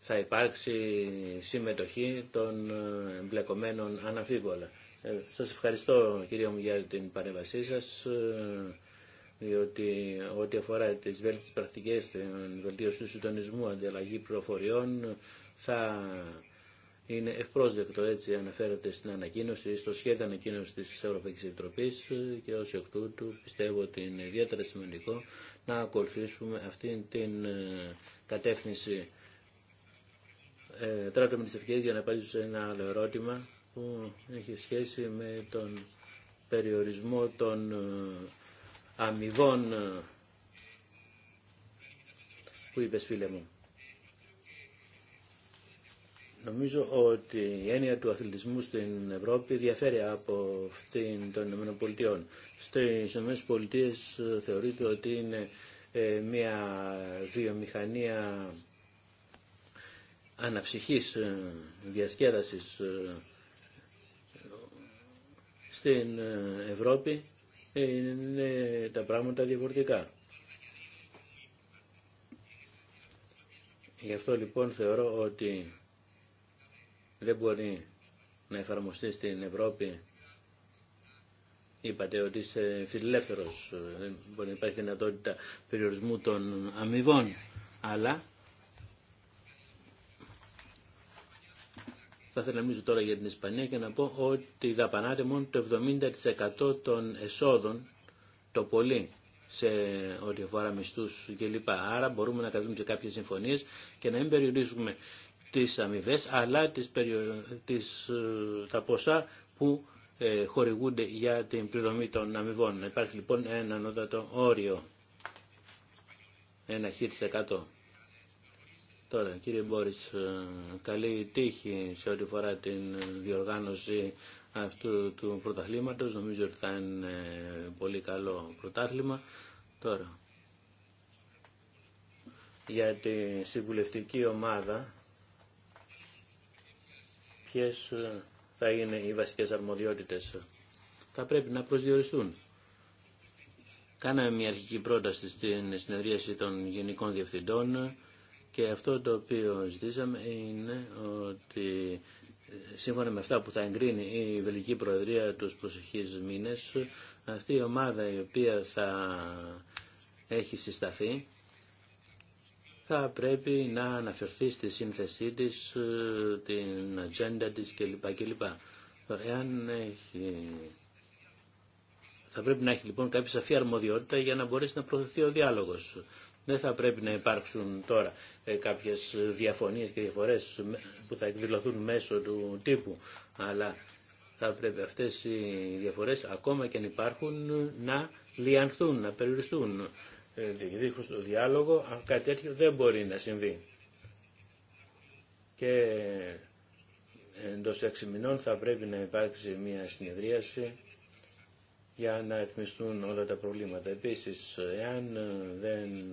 θα υπάρξει συμμετοχή των ε, εμπλεκομένων αναφίβολα. Ε, σας ευχαριστώ κύριε μου για την παρέμβασή σας ε, διότι ό,τι αφορά τις βέλτιστες πρακτικές, την βελτίωση του συντονισμού, ανταλλαγή πληροφοριών, θα είναι ευπρόσδεκτο έτσι αναφέρεται στην ανακοίνωση, στο σχέδιο ανακοίνωση της Ευρωπαϊκής Επιτροπής και ως εκ τούτου πιστεύω ότι είναι ιδιαίτερα σημαντικό να ακολουθήσουμε αυτή την κατεύθυνση ε, με τις ευκαιρίες για να απαντήσω σε ένα άλλο ερώτημα που έχει σχέση με τον περιορισμό των ε, αμοιβών ε, που είπες φίλε μου. Νομίζω ότι η έννοια του αθλητισμού στην Ευρώπη διαφέρει από αυτήν των Πολιτειών. Στις Πολιτείες θεωρείται ότι είναι ε, μια βιομηχανία αναψυχής ε, διασκέδασης ε, στην ε, Ευρώπη είναι τα πράγματα διαφορετικά. Γι' αυτό λοιπόν θεωρώ ότι δεν μπορεί να εφαρμοστεί στην Ευρώπη Είπατε ότι είσαι φιλελεύθερος, δεν μπορεί να υπάρχει δυνατότητα περιορισμού των αμοιβών, αλλά Θα ήθελα να μιλήσω τώρα για την Ισπανία και να πω ότι δαπανάται μόνο το 70% των εσόδων το πολύ σε ό,τι αφορά μισθού κλπ. Άρα μπορούμε να κάνουμε και κάποιε συμφωνίε και να μην περιορίζουμε τι αμοιβέ αλλά τις, τις, ε, τα ποσά που ε, χορηγούνται για την πληρωμή των αμοιβών. Υπάρχει λοιπόν ένα ανώτατο όριο, ένα χ% Τώρα, κύριε Μπόρις, ε, καλή τύχη σε ό,τι φορά την διοργάνωση αυτού του πρωταθλήματος. Νομίζω ότι θα είναι ε, πολύ καλό πρωτάθλημα. Τώρα, για τη συμβουλευτική ομάδα, ποιες ε, θα είναι οι βασικές αρμοδιότητες. Θα πρέπει να προσδιοριστούν. Κάναμε μια αρχική πρόταση στην συνεδρίαση των Γενικών Διευθυντών και αυτό το οποίο ζητήσαμε είναι ότι σύμφωνα με αυτά που θα εγκρίνει η Βελική Προεδρία τους προσεχείς μήνες, αυτή η ομάδα η οποία θα έχει συσταθεί θα πρέπει να αναφερθεί στη σύνθεσή της, την ατζέντα της κλπ. κλπ. Εάν έχει... Θα πρέπει να έχει λοιπόν κάποια σαφή αρμοδιότητα για να μπορέσει να προωθηθεί ο διάλογος δεν θα πρέπει να υπάρξουν τώρα ε, κάποιες διαφωνίες και διαφορές που θα εκδηλωθούν μέσω του τύπου, αλλά θα πρέπει αυτές οι διαφορές ακόμα και αν υπάρχουν να λιανθούν, να περιοριστούν. Ε, Δίχως το διάλογο, αν κάτι τέτοιο δεν μπορεί να συμβεί. Και εντός έξι μηνών θα πρέπει να υπάρξει μια συνεδρίαση για να ρυθμιστούν όλα τα προβλήματα. Επίσης, εάν ε, δεν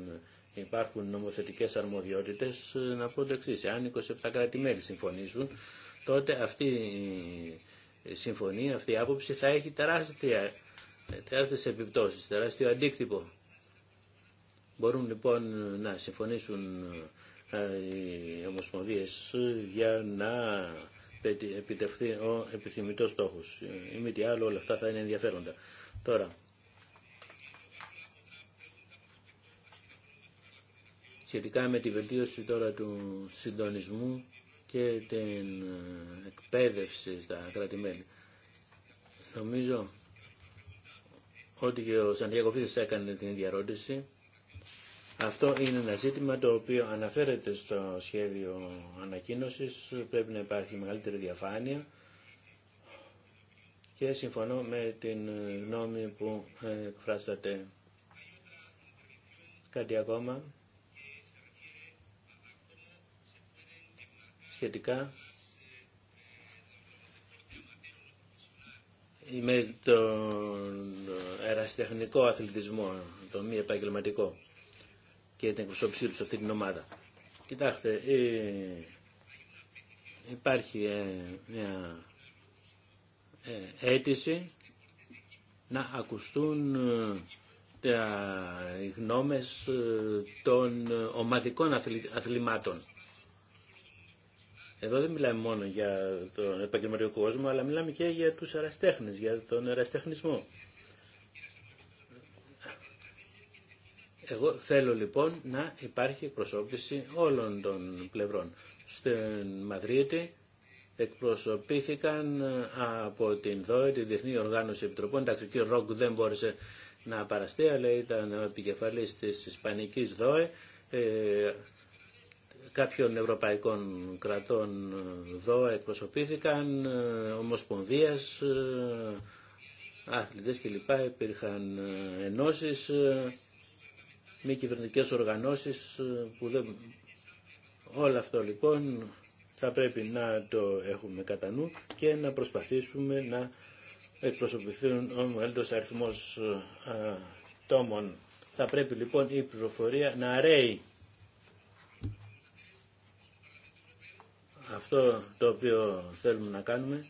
υπάρχουν νομοθετικές αρμοδιότητες, ε, να πω το εξής, εάν 27 κράτη-μέλη συμφωνήσουν, τότε αυτή η συμφωνία, αυτή η άποψη θα έχει τεράστια, τεράστιες επιπτώσεις, τεράστιο αντίκτυπο. Μπορούν λοιπόν να συμφωνήσουν ε, οι ομοσπονδίες για να επιτευχθεί ο επιθυμητός στόχος. Ή τι άλλο όλα αυτά θα είναι ενδιαφέροντα. Τώρα, σχετικά με τη βελτίωση τώρα του συντονισμού και την ε, εκπαίδευση στα κρατη Νομίζω ότι και ο Σαντιακοφίδης έκανε την ίδια ερώτηση. Αυτό είναι ένα ζήτημα το οποίο αναφέρεται στο σχέδιο ανακοίνωσης. Πρέπει να υπάρχει μεγαλύτερη διαφάνεια και συμφωνώ με την γνώμη που εκφράσατε. Κάτι ακόμα σχετικά με τον ερασιτεχνικό αθλητισμό, το μη επαγγελματικό και την εκπροσώπησή του σε αυτή την ομάδα. Κοιτάξτε, ε, υπάρχει ε, μια ε, αίτηση να ακουστούν ε, τα γνώμες των ομαδικών αθλημάτων. Εδώ δεν μιλάμε μόνο για τον επαγγελματικό κόσμο, αλλά μιλάμε και για τους αραστέχνες, για τον αραστέχνισμό. Εγώ θέλω λοιπόν να υπάρχει εκπροσώπηση όλων των πλευρών. Στην Μαδρίτη εκπροσωπήθηκαν ε, από την ΔΟΕ, τη Διεθνή Οργάνωση Επιτροπών. Εντάξει, ο κ. δεν μπόρεσε να παραστεί, αλλά ήταν ο επικεφαλής της Ισπανικής ΔΟΕ, ε, κάποιων ευρωπαϊκών κρατών ε, ΔΟΕ εκπροσωπήθηκαν, ε, ομοσπονδίας, άθλητες κλπ. Υπήρχαν ενώσεις, μη κυβερνητικές οργανώσεις ε, που δεν... Όλο αυτό λοιπόν θα πρέπει να το έχουμε κατά νου και να προσπαθήσουμε να εκπροσωπηθούν ο μεγαλύτερο αριθμός ε, τόμων. Θα πρέπει λοιπόν η πληροφορία να ρέει. Αυτό το οποίο θέλουμε να κάνουμε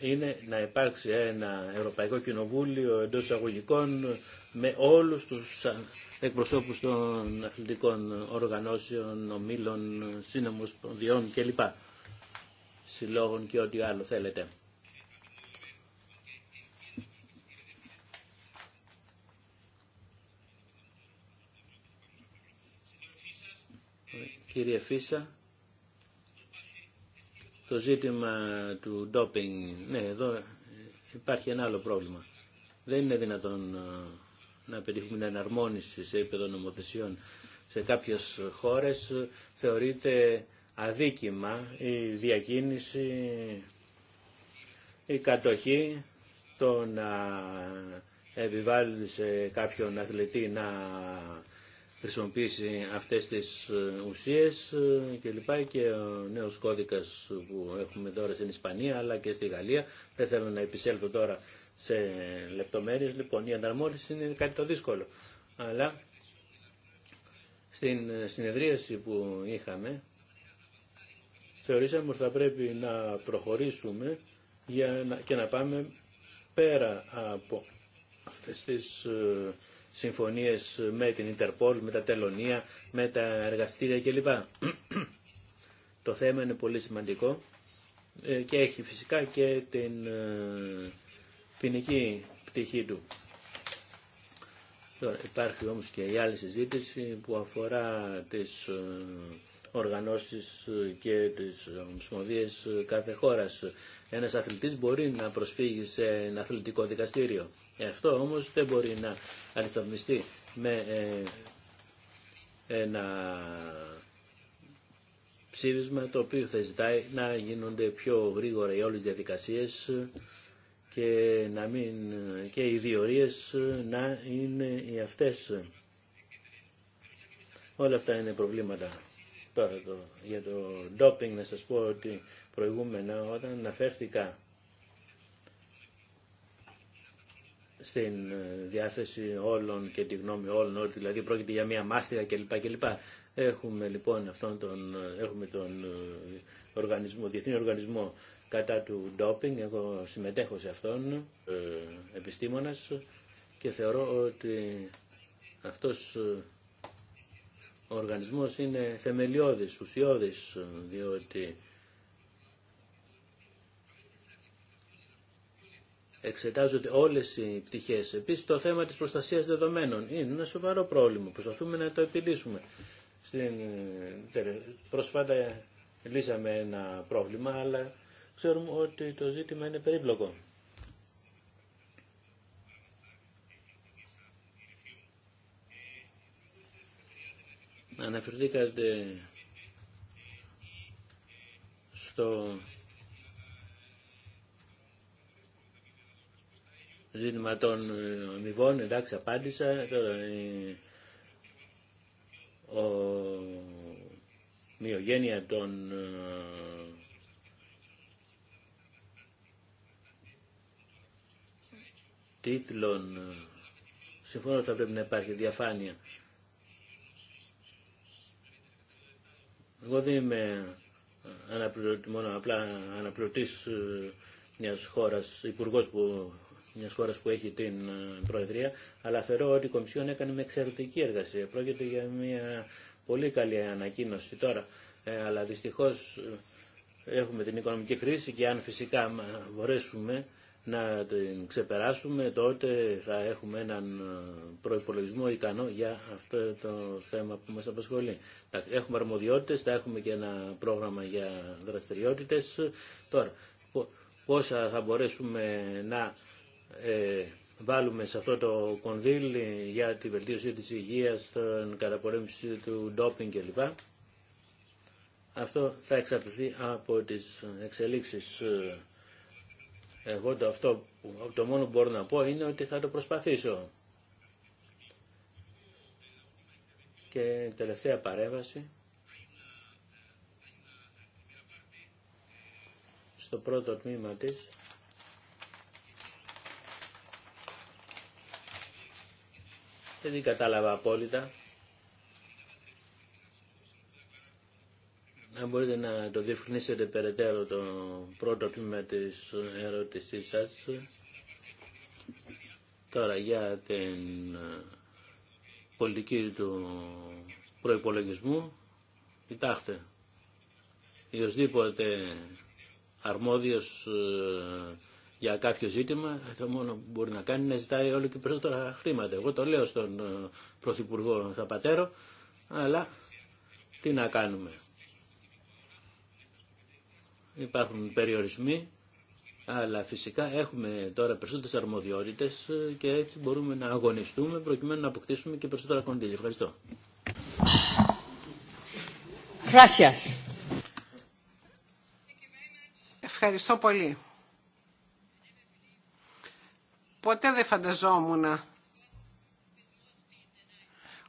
είναι να υπάρξει ένα Ευρωπαϊκό Κοινοβούλιο εντός εισαγωγικών με όλους τους εκπροσώπους των αθλητικών οργανώσεων, ομίλων, διών κλπ. Συλλόγων και ό,τι άλλο θέλετε. Κύριε Φίσα, το ζήτημα του ντόπινγκ, ναι, εδώ υπάρχει ένα άλλο πρόβλημα. Δεν είναι δυνατόν ε, να πετύχουμε την εναρμόνιση σε επίπεδο νομοθεσιών σε κάποιες χώρες θεωρείται αδίκημα η διακίνηση, η κατοχή, το να επιβάλλει σε κάποιον αθλητή να χρησιμοποιήσει αυτές τις ουσίες και λοιπά και ο νέος κώδικας που έχουμε τώρα στην Ισπανία αλλά και στη Γαλλία. Δεν θέλω να επισέλθω τώρα σε λεπτομέρειες. Λοιπόν, η ανταρμόνιση είναι κάτι το δύσκολο. Αλλά στην συνεδρίαση που είχαμε, θεωρήσαμε ότι θα πρέπει να προχωρήσουμε για και να πάμε πέρα από αυτές τις ε, συμφωνίες με την Ιντερπόλ, με τα τελωνία, με τα εργαστήρια κλπ. Το θέμα είναι πολύ σημαντικό ε, και έχει φυσικά και την ε, ποινική πτυχή του. Τώρα, υπάρχει όμως και η άλλη συζήτηση που αφορά τις ε, οργανώσεις και τις ομοσπονδίες κάθε χώρας. Ένας αθλητής μπορεί να προσφύγει σε ένα αθλητικό δικαστήριο. Ε, αυτό όμως δεν μπορεί να αντισταθμιστεί με ε, ένα ψήφισμα το οποίο θα ζητάει να γίνονται πιο γρήγορα οι όλες οι διαδικασίες και, να μην, και οι διορίες να είναι οι αυτές. Όλα αυτά είναι προβλήματα. Τώρα για το ντόπινγκ να σας πω ότι προηγούμενα όταν αναφέρθηκα στην διάθεση όλων και τη γνώμη όλων, ότι δηλαδή πρόκειται για μια μάστιγα κλπ. Έχουμε λοιπόν αυτόν τον, έχουμε τον ε, οργανισμό, διεθνή οργανισμό κατά του ντόπινγκ, εγώ συμμετέχω σε αυτόν, ε, επιστήμονας και θεωρώ ότι αυτός ε, ο οργανισμός είναι θεμελιώδης, ουσιώδης, διότι εξετάζονται όλες οι πτυχές. Επίσης το θέμα της προστασίας δεδομένων είναι ένα σοβαρό πρόβλημα. Προσπαθούμε να το επιλύσουμε. Στην... Ε, πρόσφατα λύσαμε ένα πρόβλημα, αλλά ξέρουμε ότι το ζήτημα είναι περίπλοκο. Αναφερθήκατε στο ζήτημα των ε, αμοιβών, εντάξει απάντησα, τώρα ε, ο μειογένεια των ε, τίτλων. Ε, συμφωνώ ότι θα πρέπει να υπάρχει διαφάνεια. Εγώ δεν είμαι μόνο απλά αναπληρωτής ε, μιας χώρας, υπουργός που, μιας χώρας που έχει την ε, Προεδρία, αλλά θεωρώ ότι η Κομισιόν έκανε με εξαιρετική εργασία. Πρόκειται για μια πολύ καλή ανακοίνωση τώρα, αλλά δυστυχώς έχουμε την οικονομική κρίση και αν φυσικά μπορέσουμε να την ξεπεράσουμε, τότε θα έχουμε έναν ε, προϋπολογισμό ικανό για αυτό το θέμα που μας απασχολεί. Έχουμε αρμοδιότητες, θα έχουμε και ένα πρόγραμμα για δραστηριότητες. Τώρα, πόσα θα μπορέσουμε να ε, βάλουμε σε αυτό το κονδύλι για τη βελτίωση της υγείας, την καταπολέμηση του ντόπινγκ κλπ. Αυτό θα εξαρτηθεί από τις εξελίξεις ε, εγώ το, αυτό, το μόνο που μπορώ να πω είναι ότι θα το προσπαθήσω. Και τελευταία παρέμβαση. Στο πρώτο τμήμα της. Δεν την κατάλαβα απόλυτα. Αν μπορείτε να το διευκρινίσετε περαιτέρω το πρώτο τμήμα της ερώτησής σας. Τώρα για την ε, πολιτική του προϋπολογισμού, κοιτάξτε, οποιοδήποτε αρμόδιος ε, για κάποιο ζήτημα, το μόνο που μπορεί να κάνει είναι να ζητάει όλο και περισσότερα χρήματα. Εγώ το λέω στον ε, Πρωθυπουργό Θαπατέρο, αλλά τι να κάνουμε υπάρχουν περιορισμοί, αλλά φυσικά έχουμε τώρα περισσότερες αρμοδιότητες και έτσι μπορούμε να αγωνιστούμε προκειμένου να αποκτήσουμε και περισσότερα κονδύλια. Ευχαριστώ. Gracias. Ευχαριστώ πολύ. Ποτέ δεν φανταζόμουν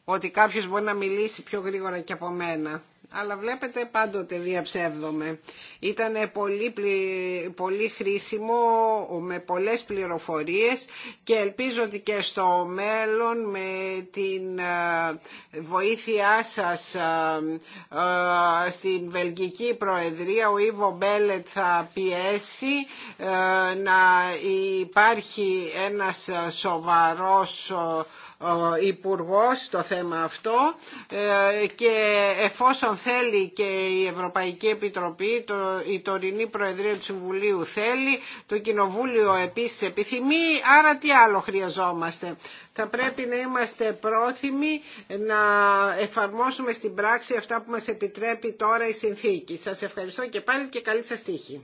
ότι κάποιος μπορεί να μιλήσει πιο γρήγορα και από μένα αλλά βλέπετε πάντοτε διαψεύδομαι. Ήταν πολύ, πολύ χρήσιμο με πολλές πληροφορίες και ελπίζω ότι και στο μέλλον με την ε, βοήθειά σας ε, ε, στην Βελγική Προεδρία ο Ιβο Μπέλετ θα πιέσει να υπάρχει ένας σοβαρός υπουργό στο θέμα αυτό ε, και εφόσον θέλει και η Ευρωπαϊκή Επιτροπή, το, η τωρινή Προεδρία του Συμβουλίου θέλει, το Κοινοβούλιο επίσης επιθυμεί, άρα τι άλλο χρειαζόμαστε. Θα πρέπει να είμαστε πρόθυμοι να εφαρμόσουμε στην πράξη αυτά που μας επιτρέπει τώρα η συνθήκη. Σας ευχαριστώ και πάλι και καλή σας τύχη.